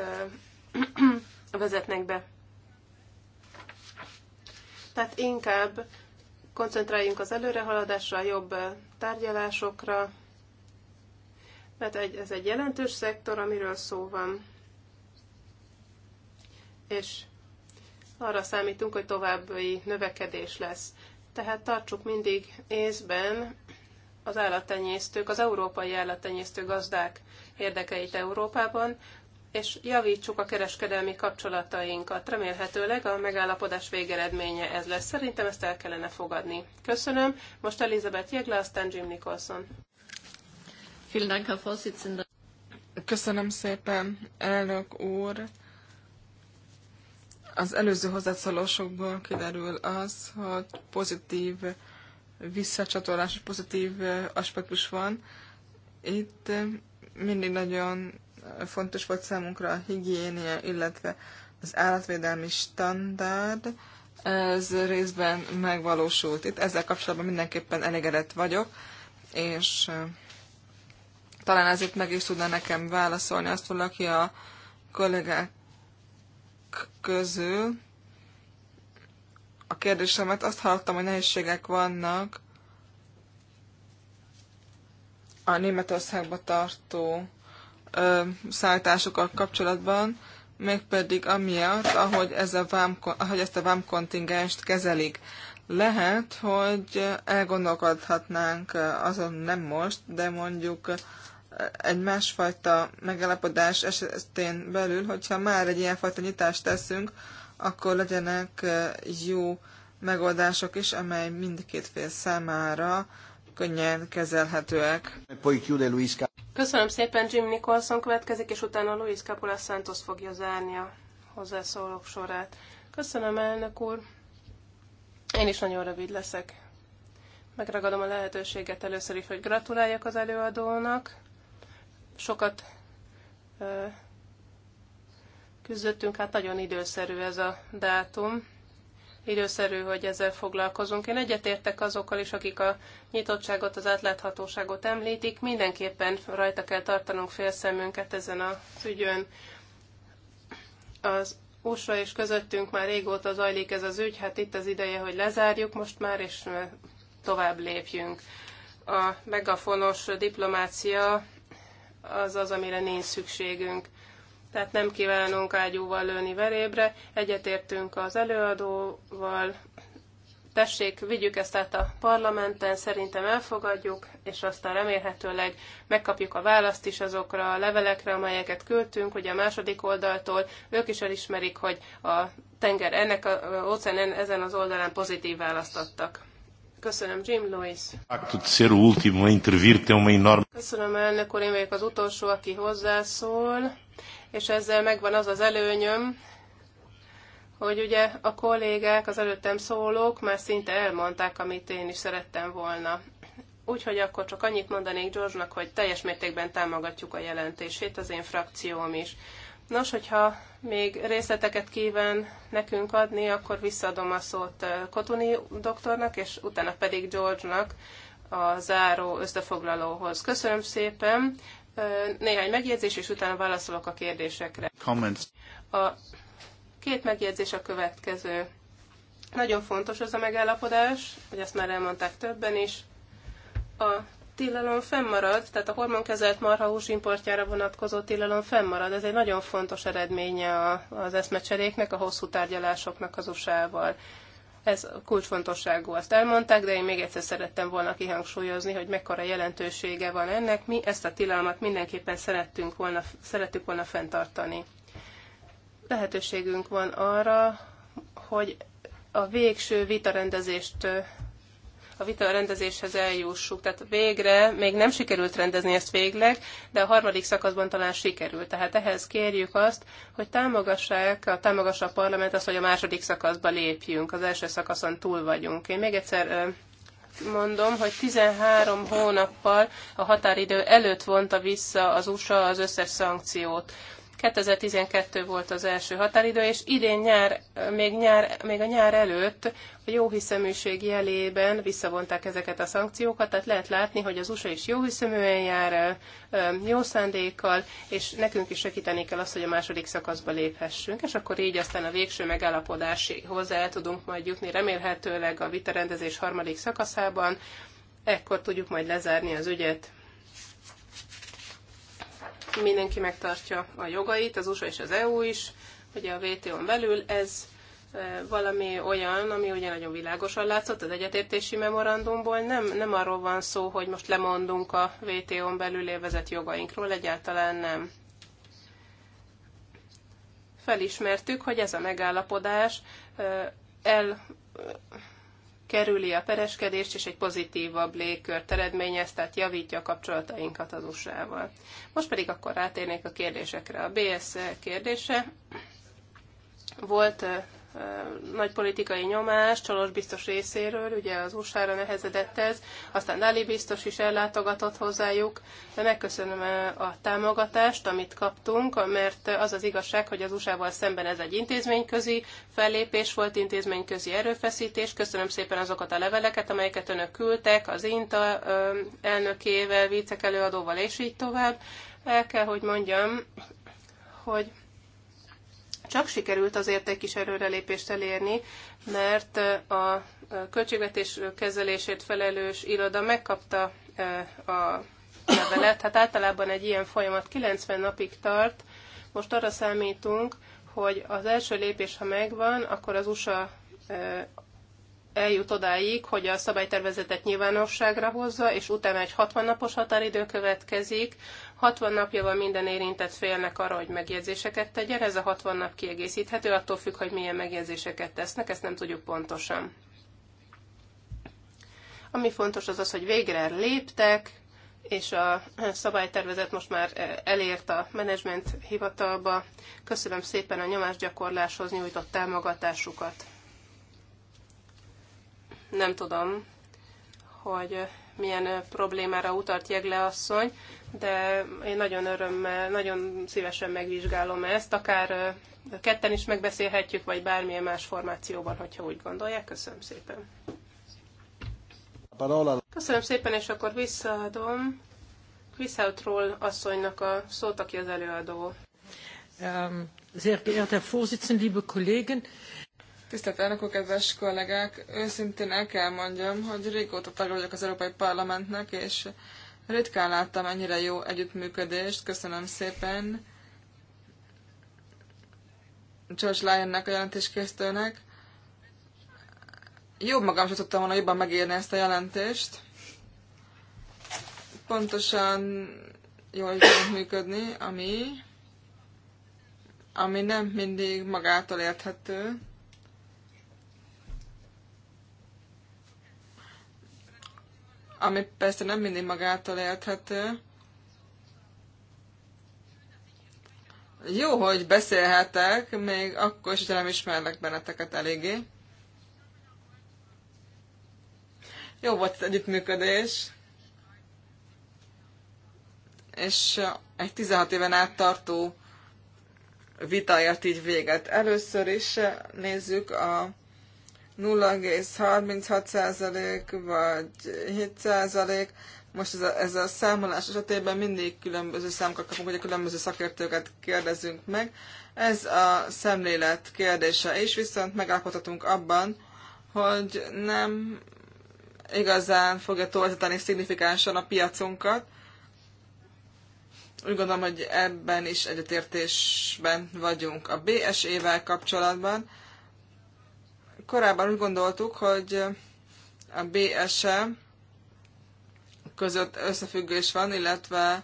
vezetnek be. Tehát inkább koncentráljunk az előrehaladásra, a jobb tárgyalásokra, mert ez egy jelentős szektor, amiről szó van és arra számítunk, hogy további növekedés lesz. Tehát tartsuk mindig észben az állattenyésztők, az európai állattenyésztő gazdák érdekeit Európában, és javítsuk a kereskedelmi kapcsolatainkat. Remélhetőleg a megállapodás végeredménye ez lesz. Szerintem ezt el kellene fogadni. Köszönöm. Most Elizabeth Jegle, aztán Jim Nicholson. Köszönöm szépen, elnök úr. Az előző hozzászólásokból kiderül az, hogy pozitív visszacsatolás, pozitív aspektus van. Itt mindig nagyon fontos volt számunkra a higiénia, illetve az állatvédelmi standard. Ez részben megvalósult. Itt ezzel kapcsolatban mindenképpen elégedett vagyok, és talán ezért meg is tudna nekem válaszolni azt valaki a kollégák közül a kérdésemet azt hallottam, hogy nehézségek vannak a Németországba tartó ö, szállításokkal kapcsolatban, mégpedig amiatt, ahogy, ez a vám, ahogy ezt a kontingenst kezelik. Lehet, hogy elgondolkodhatnánk azon nem most, de mondjuk egy másfajta megállapodás esetén belül, hogyha már egy ilyenfajta nyitást teszünk, akkor legyenek jó megoldások is, amely mindkét fél számára könnyen kezelhetőek. Köszönöm szépen, Jim Nicholson következik, és utána Luis Capula Santos fogja zárni a hozzászólók sorát. Köszönöm, elnök úr. Én is nagyon rövid leszek. Megragadom a lehetőséget először is, hogy gratuláljak az előadónak sokat küzdöttünk, hát nagyon időszerű ez a dátum. Időszerű, hogy ezzel foglalkozunk. Én egyetértek azokkal is, akik a nyitottságot, az átláthatóságot említik. Mindenképpen rajta kell tartanunk félszemünket ezen a ügyön. Az USA és közöttünk már régóta zajlik ez az ügy, hát itt az ideje, hogy lezárjuk most már, és tovább lépjünk. A megafonos diplomácia az az, amire nincs szükségünk. Tehát nem kívánunk ágyúval lőni verébre, egyetértünk az előadóval, tessék, vigyük ezt át a parlamenten, szerintem elfogadjuk, és aztán remélhetőleg megkapjuk a választ is azokra a levelekre, amelyeket küldtünk, ugye a második oldaltól, ők is elismerik, hogy a tenger ennek a óceán ezen az oldalán pozitív választ adtak. Köszönöm, Jim Lewis. Facto ser último a intervir tem uma enorme... Köszönöm, elnök úr, én vagyok az utolsó, aki hozzászól, és ezzel megvan az az előnyöm, hogy ugye a kollégák, az előttem szólók már szinte elmondták, amit én is szerettem volna. Úgyhogy akkor csak annyit mondanék George-nak, hogy teljes mértékben támogatjuk a jelentését, az én frakcióm is. Nos, hogyha még részleteket kíván nekünk adni, akkor visszaadom a szót eh, Kotuni doktornak, és utána pedig George-nak a záró összefoglalóhoz. Köszönöm szépen. Eh, néhány megjegyzés, és utána válaszolok a kérdésekre. Comments. A két megjegyzés a következő. Nagyon fontos az a megállapodás, hogy ezt már elmondták többen is. A tilalom fennmarad, tehát a hormonkezelt marhahús importjára vonatkozó tilalom fennmarad. Ez egy nagyon fontos eredménye az eszmecseréknek, a hosszú tárgyalásoknak az USA-val. Ez kulcsfontosságú, azt elmondták, de én még egyszer szerettem volna kihangsúlyozni, hogy mekkora jelentősége van ennek. Mi ezt a tilalmat mindenképpen szerettünk volna, szerettük volna fenntartani. Lehetőségünk van arra, hogy a végső vitarendezést a vita rendezéshez eljussuk. Tehát végre még nem sikerült rendezni ezt végleg, de a harmadik szakaszban talán sikerült. Tehát ehhez kérjük azt, hogy támogassák, a, támogassa a parlament azt, hogy a második szakaszba lépjünk. Az első szakaszon túl vagyunk. Én még egyszer mondom, hogy 13 hónappal a határidő előtt vonta vissza az USA az összes szankciót. 2012 volt az első határidő, és idén nyár, még, nyár, még a nyár előtt a jóhiszeműség jelében visszavonták ezeket a szankciókat, tehát lehet látni, hogy az USA is jóhiszeműen jár el, jó szándékkal, és nekünk is segíteni kell azt, hogy a második szakaszba léphessünk, és akkor így aztán a végső megállapodáshoz el tudunk majd jutni, remélhetőleg a vitarendezés harmadik szakaszában, ekkor tudjuk majd lezárni az ügyet mindenki megtartja a jogait, az USA és az EU is, ugye a WTO-n belül, ez valami olyan, ami ugye nagyon világosan látszott az egyetértési memorandumból, nem, nem arról van szó, hogy most lemondunk a WTO-n belül élvezett jogainkról, egyáltalán nem. Felismertük, hogy ez a megállapodás el kerüli a pereskedést, és egy pozitívabb légkört eredményez, tehát javítja a kapcsolatainkat az USA-val. Most pedig akkor rátérnék a kérdésekre. A BSZ e kérdése volt nagy politikai nyomás Csolos biztos részéről, ugye az USA-ra nehezedett ez, aztán Dali biztos is ellátogatott hozzájuk. de Megköszönöm a támogatást, amit kaptunk, mert az az igazság, hogy az USA-val szemben ez egy intézményközi fellépés volt, intézményközi erőfeszítés. Köszönöm szépen azokat a leveleket, amelyeket önök küldtek, az INTA elnökével, vicekelőadóval és így tovább. El kell, hogy mondjam, hogy csak sikerült azért egy kis erőrelépést elérni, mert a költségvetés kezelését felelős iroda megkapta e, a levelet. Hát általában egy ilyen folyamat 90 napig tart. Most arra számítunk, hogy az első lépés, ha megvan, akkor az USA e, eljut odáig, hogy a szabálytervezetet nyilvánosságra hozza, és utána egy 60 napos határidő következik, 60 napja van minden érintett félnek arra, hogy megjegyzéseket tegyen. Ez a 60 nap kiegészíthető, attól függ, hogy milyen megjegyzéseket tesznek, ezt nem tudjuk pontosan. Ami fontos az az, hogy végre léptek, és a szabálytervezet most már elért a menedzsment hivatalba. Köszönöm szépen a nyomásgyakorláshoz nyújtott támogatásukat. Nem tudom, hogy milyen problémára utalt Jegle asszony, de én nagyon örömmel, nagyon szívesen megvizsgálom ezt, akár ketten is megbeszélhetjük, vagy bármilyen más formációban, hogyha úgy gondolják. Köszönöm szépen. Köszönöm szépen, és akkor visszaadom Kviszeltról asszonynak a szót, aki az előadó. Ähm, sehr geehrter Vorsitzender, liebe Kollegen! Tisztelt elnök kedves kollégák! Őszintén el kell mondjam, hogy régóta tagja vagyok az Európai Parlamentnek, és ritkán láttam ennyire jó együttműködést. Köszönöm szépen George Lyonnek, a jelentéskésztőnek. Jó magam sem tudtam volna jobban megírni ezt a jelentést. Pontosan jól tudunk működni, ami, ami nem mindig magától érthető ami persze nem mindig magától érthető. Jó, hogy beszélhetek, még akkor is, hogy nem ismerlek benneteket eléggé. Jó volt az együttműködés. És egy 16 éven át tartó vitáját így véget. Először is nézzük a 0,36% vagy 7%. Most ez a, ez a számolás esetében mindig különböző számokat kapunk, hogy a különböző szakértőket kérdezünk meg. Ez a szemlélet kérdése is, viszont megállapodhatunk abban, hogy nem igazán fogja torzítani szignifikánsan a piacunkat. Úgy gondolom, hogy ebben is egyetértésben vagyunk a BSE-vel kapcsolatban Korábban úgy gondoltuk, hogy a BSE között összefüggés van, illetve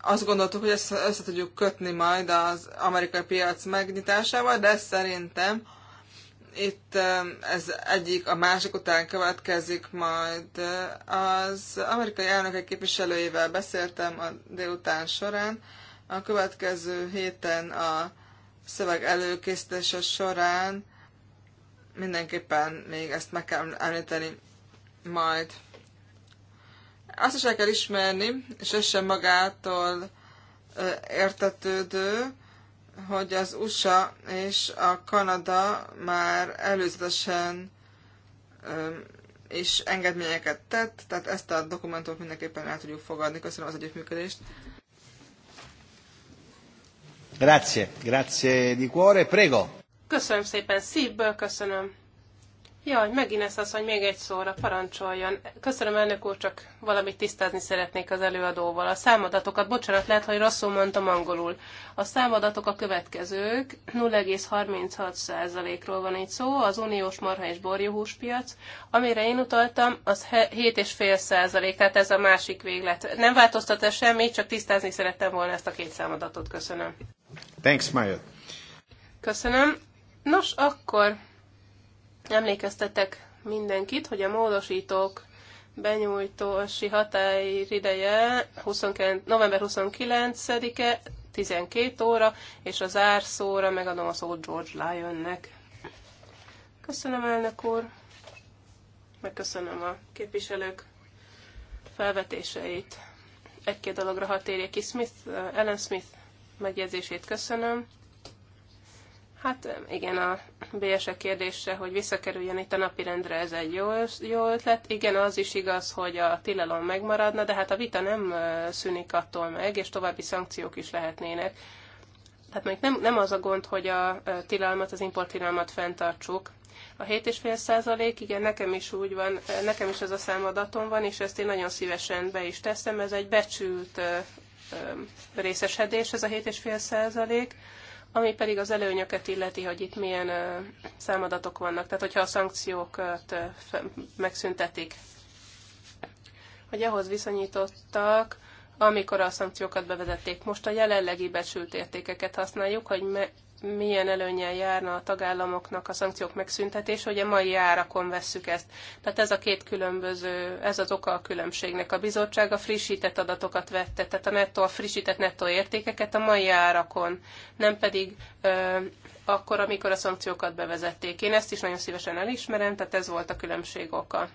azt gondoltuk, hogy ezt össze tudjuk kötni majd az amerikai piac megnyitásával, de szerintem itt ez egyik a másik után következik majd. Az amerikai elnökek képviselőjével beszéltem a délután során. A következő héten a szöveg előkészítése során mindenképpen még ezt meg kell említeni majd. Azt is el kell ismerni, és ez sem magától értetődő, hogy az USA és a Kanada már előzetesen és engedményeket tett, tehát ezt a dokumentumot mindenképpen el tudjuk fogadni. Köszönöm az együttműködést. Grazie, grazie di cuore, prego. Köszönöm szépen, szívből köszönöm. Jaj, megint ez az, hogy még egy szóra parancsoljon. Köszönöm, elnök úr, csak valamit tisztázni szeretnék az előadóval. A számadatokat, bocsánat, lehet, hogy rosszul mondtam angolul. A számadatok a következők. 0,36%-ról van itt szó, az uniós marha és piac. Amire én utaltam, az 7,5%, tehát ez a másik véglet. Nem változtat ez semmi, csak tisztázni szerettem volna ezt a két számadatot. Köszönöm. Thanks, Maya. Köszönöm. Nos, akkor Emlékeztetek mindenkit, hogy a módosítók benyújtósi határideje 29, november 29-e 12 óra, és a zárszóra megadom a szót George Lyonnek. Köszönöm, elnök úr, megköszönöm a képviselők felvetéseit. Egy-két dologra hat ki. Smith, Ellen Smith megjegyzését köszönöm. Hát igen, a BSE kérdése, hogy visszakerüljön itt a napirendre, ez egy jó, jó ötlet. Igen, az is igaz, hogy a tilalom megmaradna, de hát a vita nem szűnik attól meg, és további szankciók is lehetnének. Tehát még nem, nem az a gond, hogy a tilalmat, az importtilalmat fenntartsuk. A 7,5 százalék, igen, nekem is úgy van, nekem is ez a számadatom van, és ezt én nagyon szívesen be is teszem. Ez egy becsült részesedés, ez a 7,5 százalék ami pedig az előnyöket illeti, hogy itt milyen számadatok vannak, tehát hogyha a szankciókat megszüntetik, hogy ahhoz viszonyítottak, amikor a szankciókat bevezették. Most a jelenlegi becsült értékeket használjuk, hogy me- milyen előnyel járna a tagállamoknak a szankciók megszüntetés, hogy a mai árakon vesszük ezt. Tehát ez a két különböző, ez az oka a különbségnek. A bizottság a frissített adatokat vette, tehát a, netto, a frissített nettó értékeket a mai árakon, nem pedig ö, akkor, amikor a szankciókat bevezették. Én ezt is nagyon szívesen elismerem, tehát ez volt a különbség oka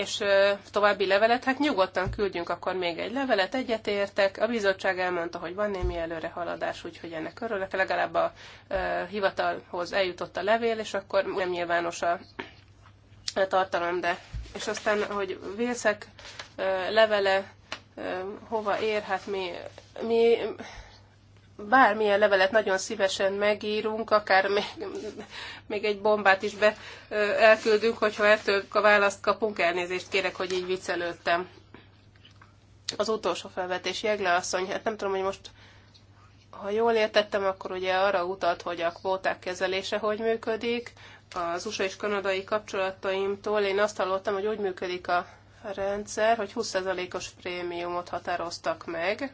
és további levelet, hát nyugodtan küldjünk akkor még egy levelet, egyetértek. A bizottság elmondta, hogy van némi előrehaladás, úgyhogy ennek örülök. Legalább a hivatalhoz eljutott a levél, és akkor nem nyilvános a tartalom, de és aztán, hogy vészek levele hova ér, hát mi, mi bármilyen levelet nagyon szívesen megírunk, akár még, még egy bombát is be elküldünk, hogyha ettől a választ kapunk, elnézést kérek, hogy így viccelődtem. Az utolsó felvetés, Jegle asszony, hát nem tudom, hogy most ha jól értettem, akkor ugye arra utalt, hogy a kvóták kezelése hogy működik, az USA és kanadai kapcsolataimtól én azt hallottam, hogy úgy működik a rendszer, hogy 20%-os prémiumot határoztak meg,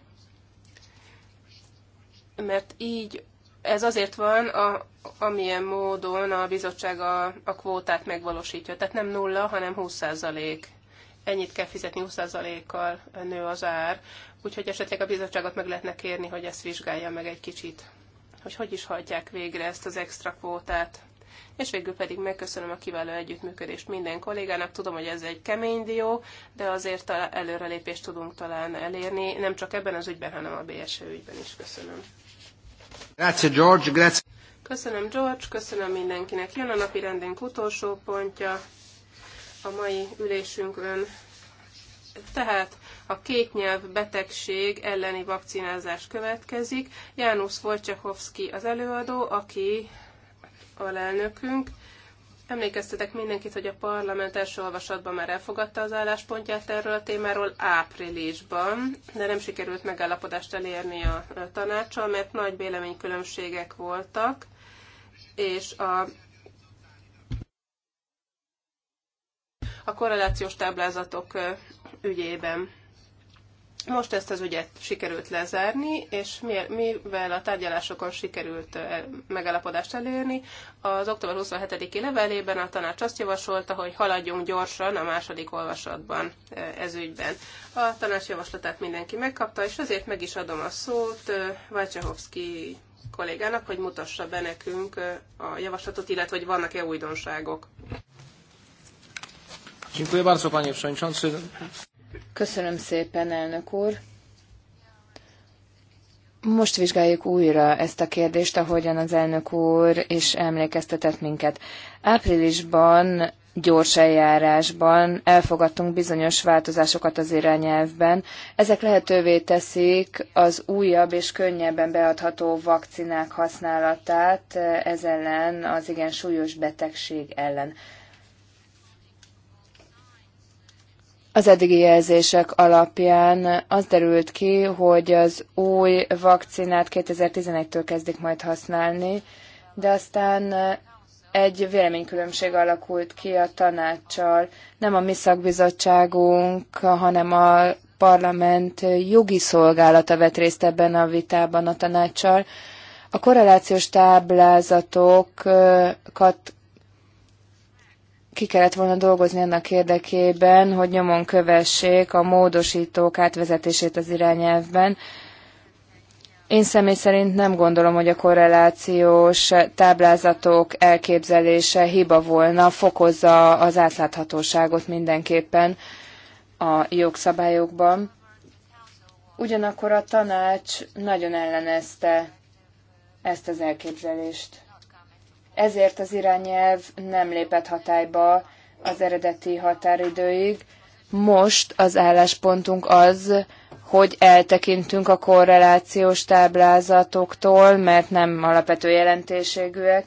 mert így ez azért van, a, amilyen módon a bizottság a, a kvótát megvalósítja. Tehát nem nulla, hanem 20 százalék. Ennyit kell fizetni 20 százalékkal nő az ár. Úgyhogy esetleg a bizottságot meg lehetne kérni, hogy ezt vizsgálja meg egy kicsit. Hogy hogy is hagyják végre ezt az extra kvótát. És végül pedig megköszönöm a kiváló együttműködést minden kollégának. Tudom, hogy ez egy kemény dió, de azért előrelépést tudunk talán elérni, nem csak ebben az ügyben, hanem a BSE ügyben is. Köszönöm. Grazie George, grazie. Köszönöm George, köszönöm mindenkinek. Jön a napi rendünk utolsó pontja a mai ülésünkön. Tehát a kétnyelv betegség elleni vakcinázás következik. János Wojciechowski az előadó, aki alelnökünk. Emlékeztetek mindenkit, hogy a parlament első olvasatban már elfogadta az álláspontját erről a témáról áprilisban, de nem sikerült megállapodást elérni a tanácssal, mert nagy véleménykülönbségek voltak, és a a korrelációs táblázatok ügyében. Most ezt az ügyet sikerült lezárni, és mivel a tárgyalásokon sikerült megállapodást elérni, az október 27-i levelében a tanács azt javasolta, hogy haladjunk gyorsan a második olvasatban ez ügyben. A tanács javaslatát mindenki megkapta, és azért meg is adom a szót Vajcsehovszki kollégának, hogy mutassa be nekünk a javaslatot, illetve hogy vannak-e újdonságok. Dziękuję bardzo, panie przewodniczący. Köszönöm szépen, elnök úr. Most vizsgáljuk újra ezt a kérdést, ahogyan az elnök úr is emlékeztetett minket. Áprilisban gyors eljárásban elfogadtunk bizonyos változásokat az irányelvben. Ezek lehetővé teszik az újabb és könnyebben beadható vakcinák használatát eh, ez ellen, az igen súlyos betegség ellen. Az eddigi jelzések alapján az derült ki, hogy az új vakcinát 2011-től kezdik majd használni, de aztán egy véleménykülönbség alakult ki a tanácssal. Nem a mi szakbizottságunk, hanem a parlament jogi szolgálata vett részt ebben a vitában a tanácssal. A korrelációs táblázatokat ki kellett volna dolgozni annak érdekében, hogy nyomon kövessék a módosítók átvezetését az irányelvben. Én személy szerint nem gondolom, hogy a korrelációs táblázatok elképzelése hiba volna, fokozza az átláthatóságot mindenképpen a jogszabályokban. Ugyanakkor a tanács nagyon ellenezte ezt az elképzelést ezért az irányelv nem lépett hatályba az eredeti határidőig. Most az álláspontunk az, hogy eltekintünk a korrelációs táblázatoktól, mert nem alapvető jelentőségűek.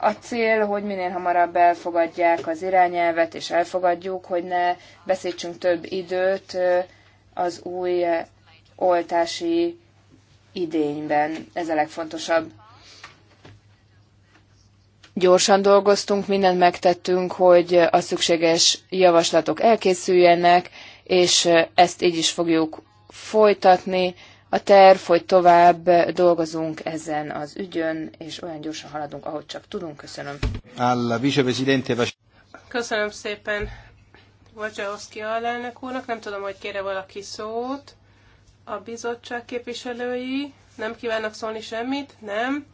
A cél, hogy minél hamarabb elfogadják az irányelvet, és elfogadjuk, hogy ne beszítsünk több időt az új oltási idényben. Ez a legfontosabb gyorsan dolgoztunk, mindent megtettünk, hogy a szükséges javaslatok elkészüljenek, és ezt így is fogjuk folytatni. A terv, hogy tovább dolgozunk ezen az ügyön, és olyan gyorsan haladunk, ahogy csak tudunk. Köszönöm. Alla vicepresidente Köszönöm szépen Wojciechowski alelnök úrnak. Nem tudom, hogy kére valaki szót. A bizottság képviselői nem kívánnak szólni semmit? Nem.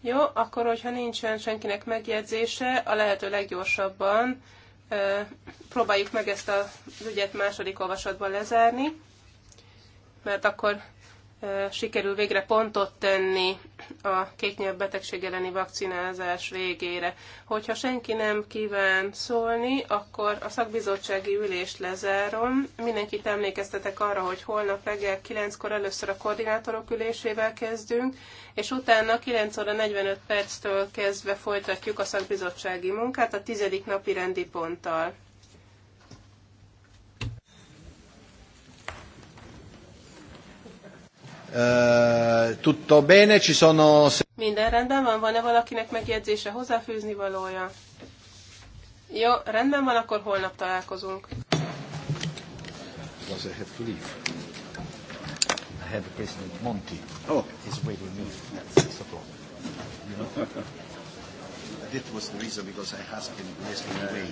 Jó, akkor, hogyha nincsen senkinek megjegyzése, a lehető leggyorsabban e, próbáljuk meg ezt az ügyet második olvasatban lezárni, mert akkor e, sikerül végre pontot tenni a kéknyelv betegség elleni vakcinázás végére. Hogyha senki nem kíván szólni, akkor a szakbizottsági ülést lezárom. Mindenkit emlékeztetek arra, hogy holnap reggel 9-kor először a koordinátorok ülésével kezdünk, és utána 9 óra 45 perctől kezdve folytatjuk a szakbizottsági munkát a tizedik napi rendi ponttal. Eh, tutto bene, ci sono... Minden rendben van? Van-e valakinek megjegyzése, hozzáfűzni valója? Jó, rendben van, akkor holnap találkozunk. Does I have head of business, Monty, oh. is waiting me at 6 o'clock. You know? that was the reason because I asked him yesterday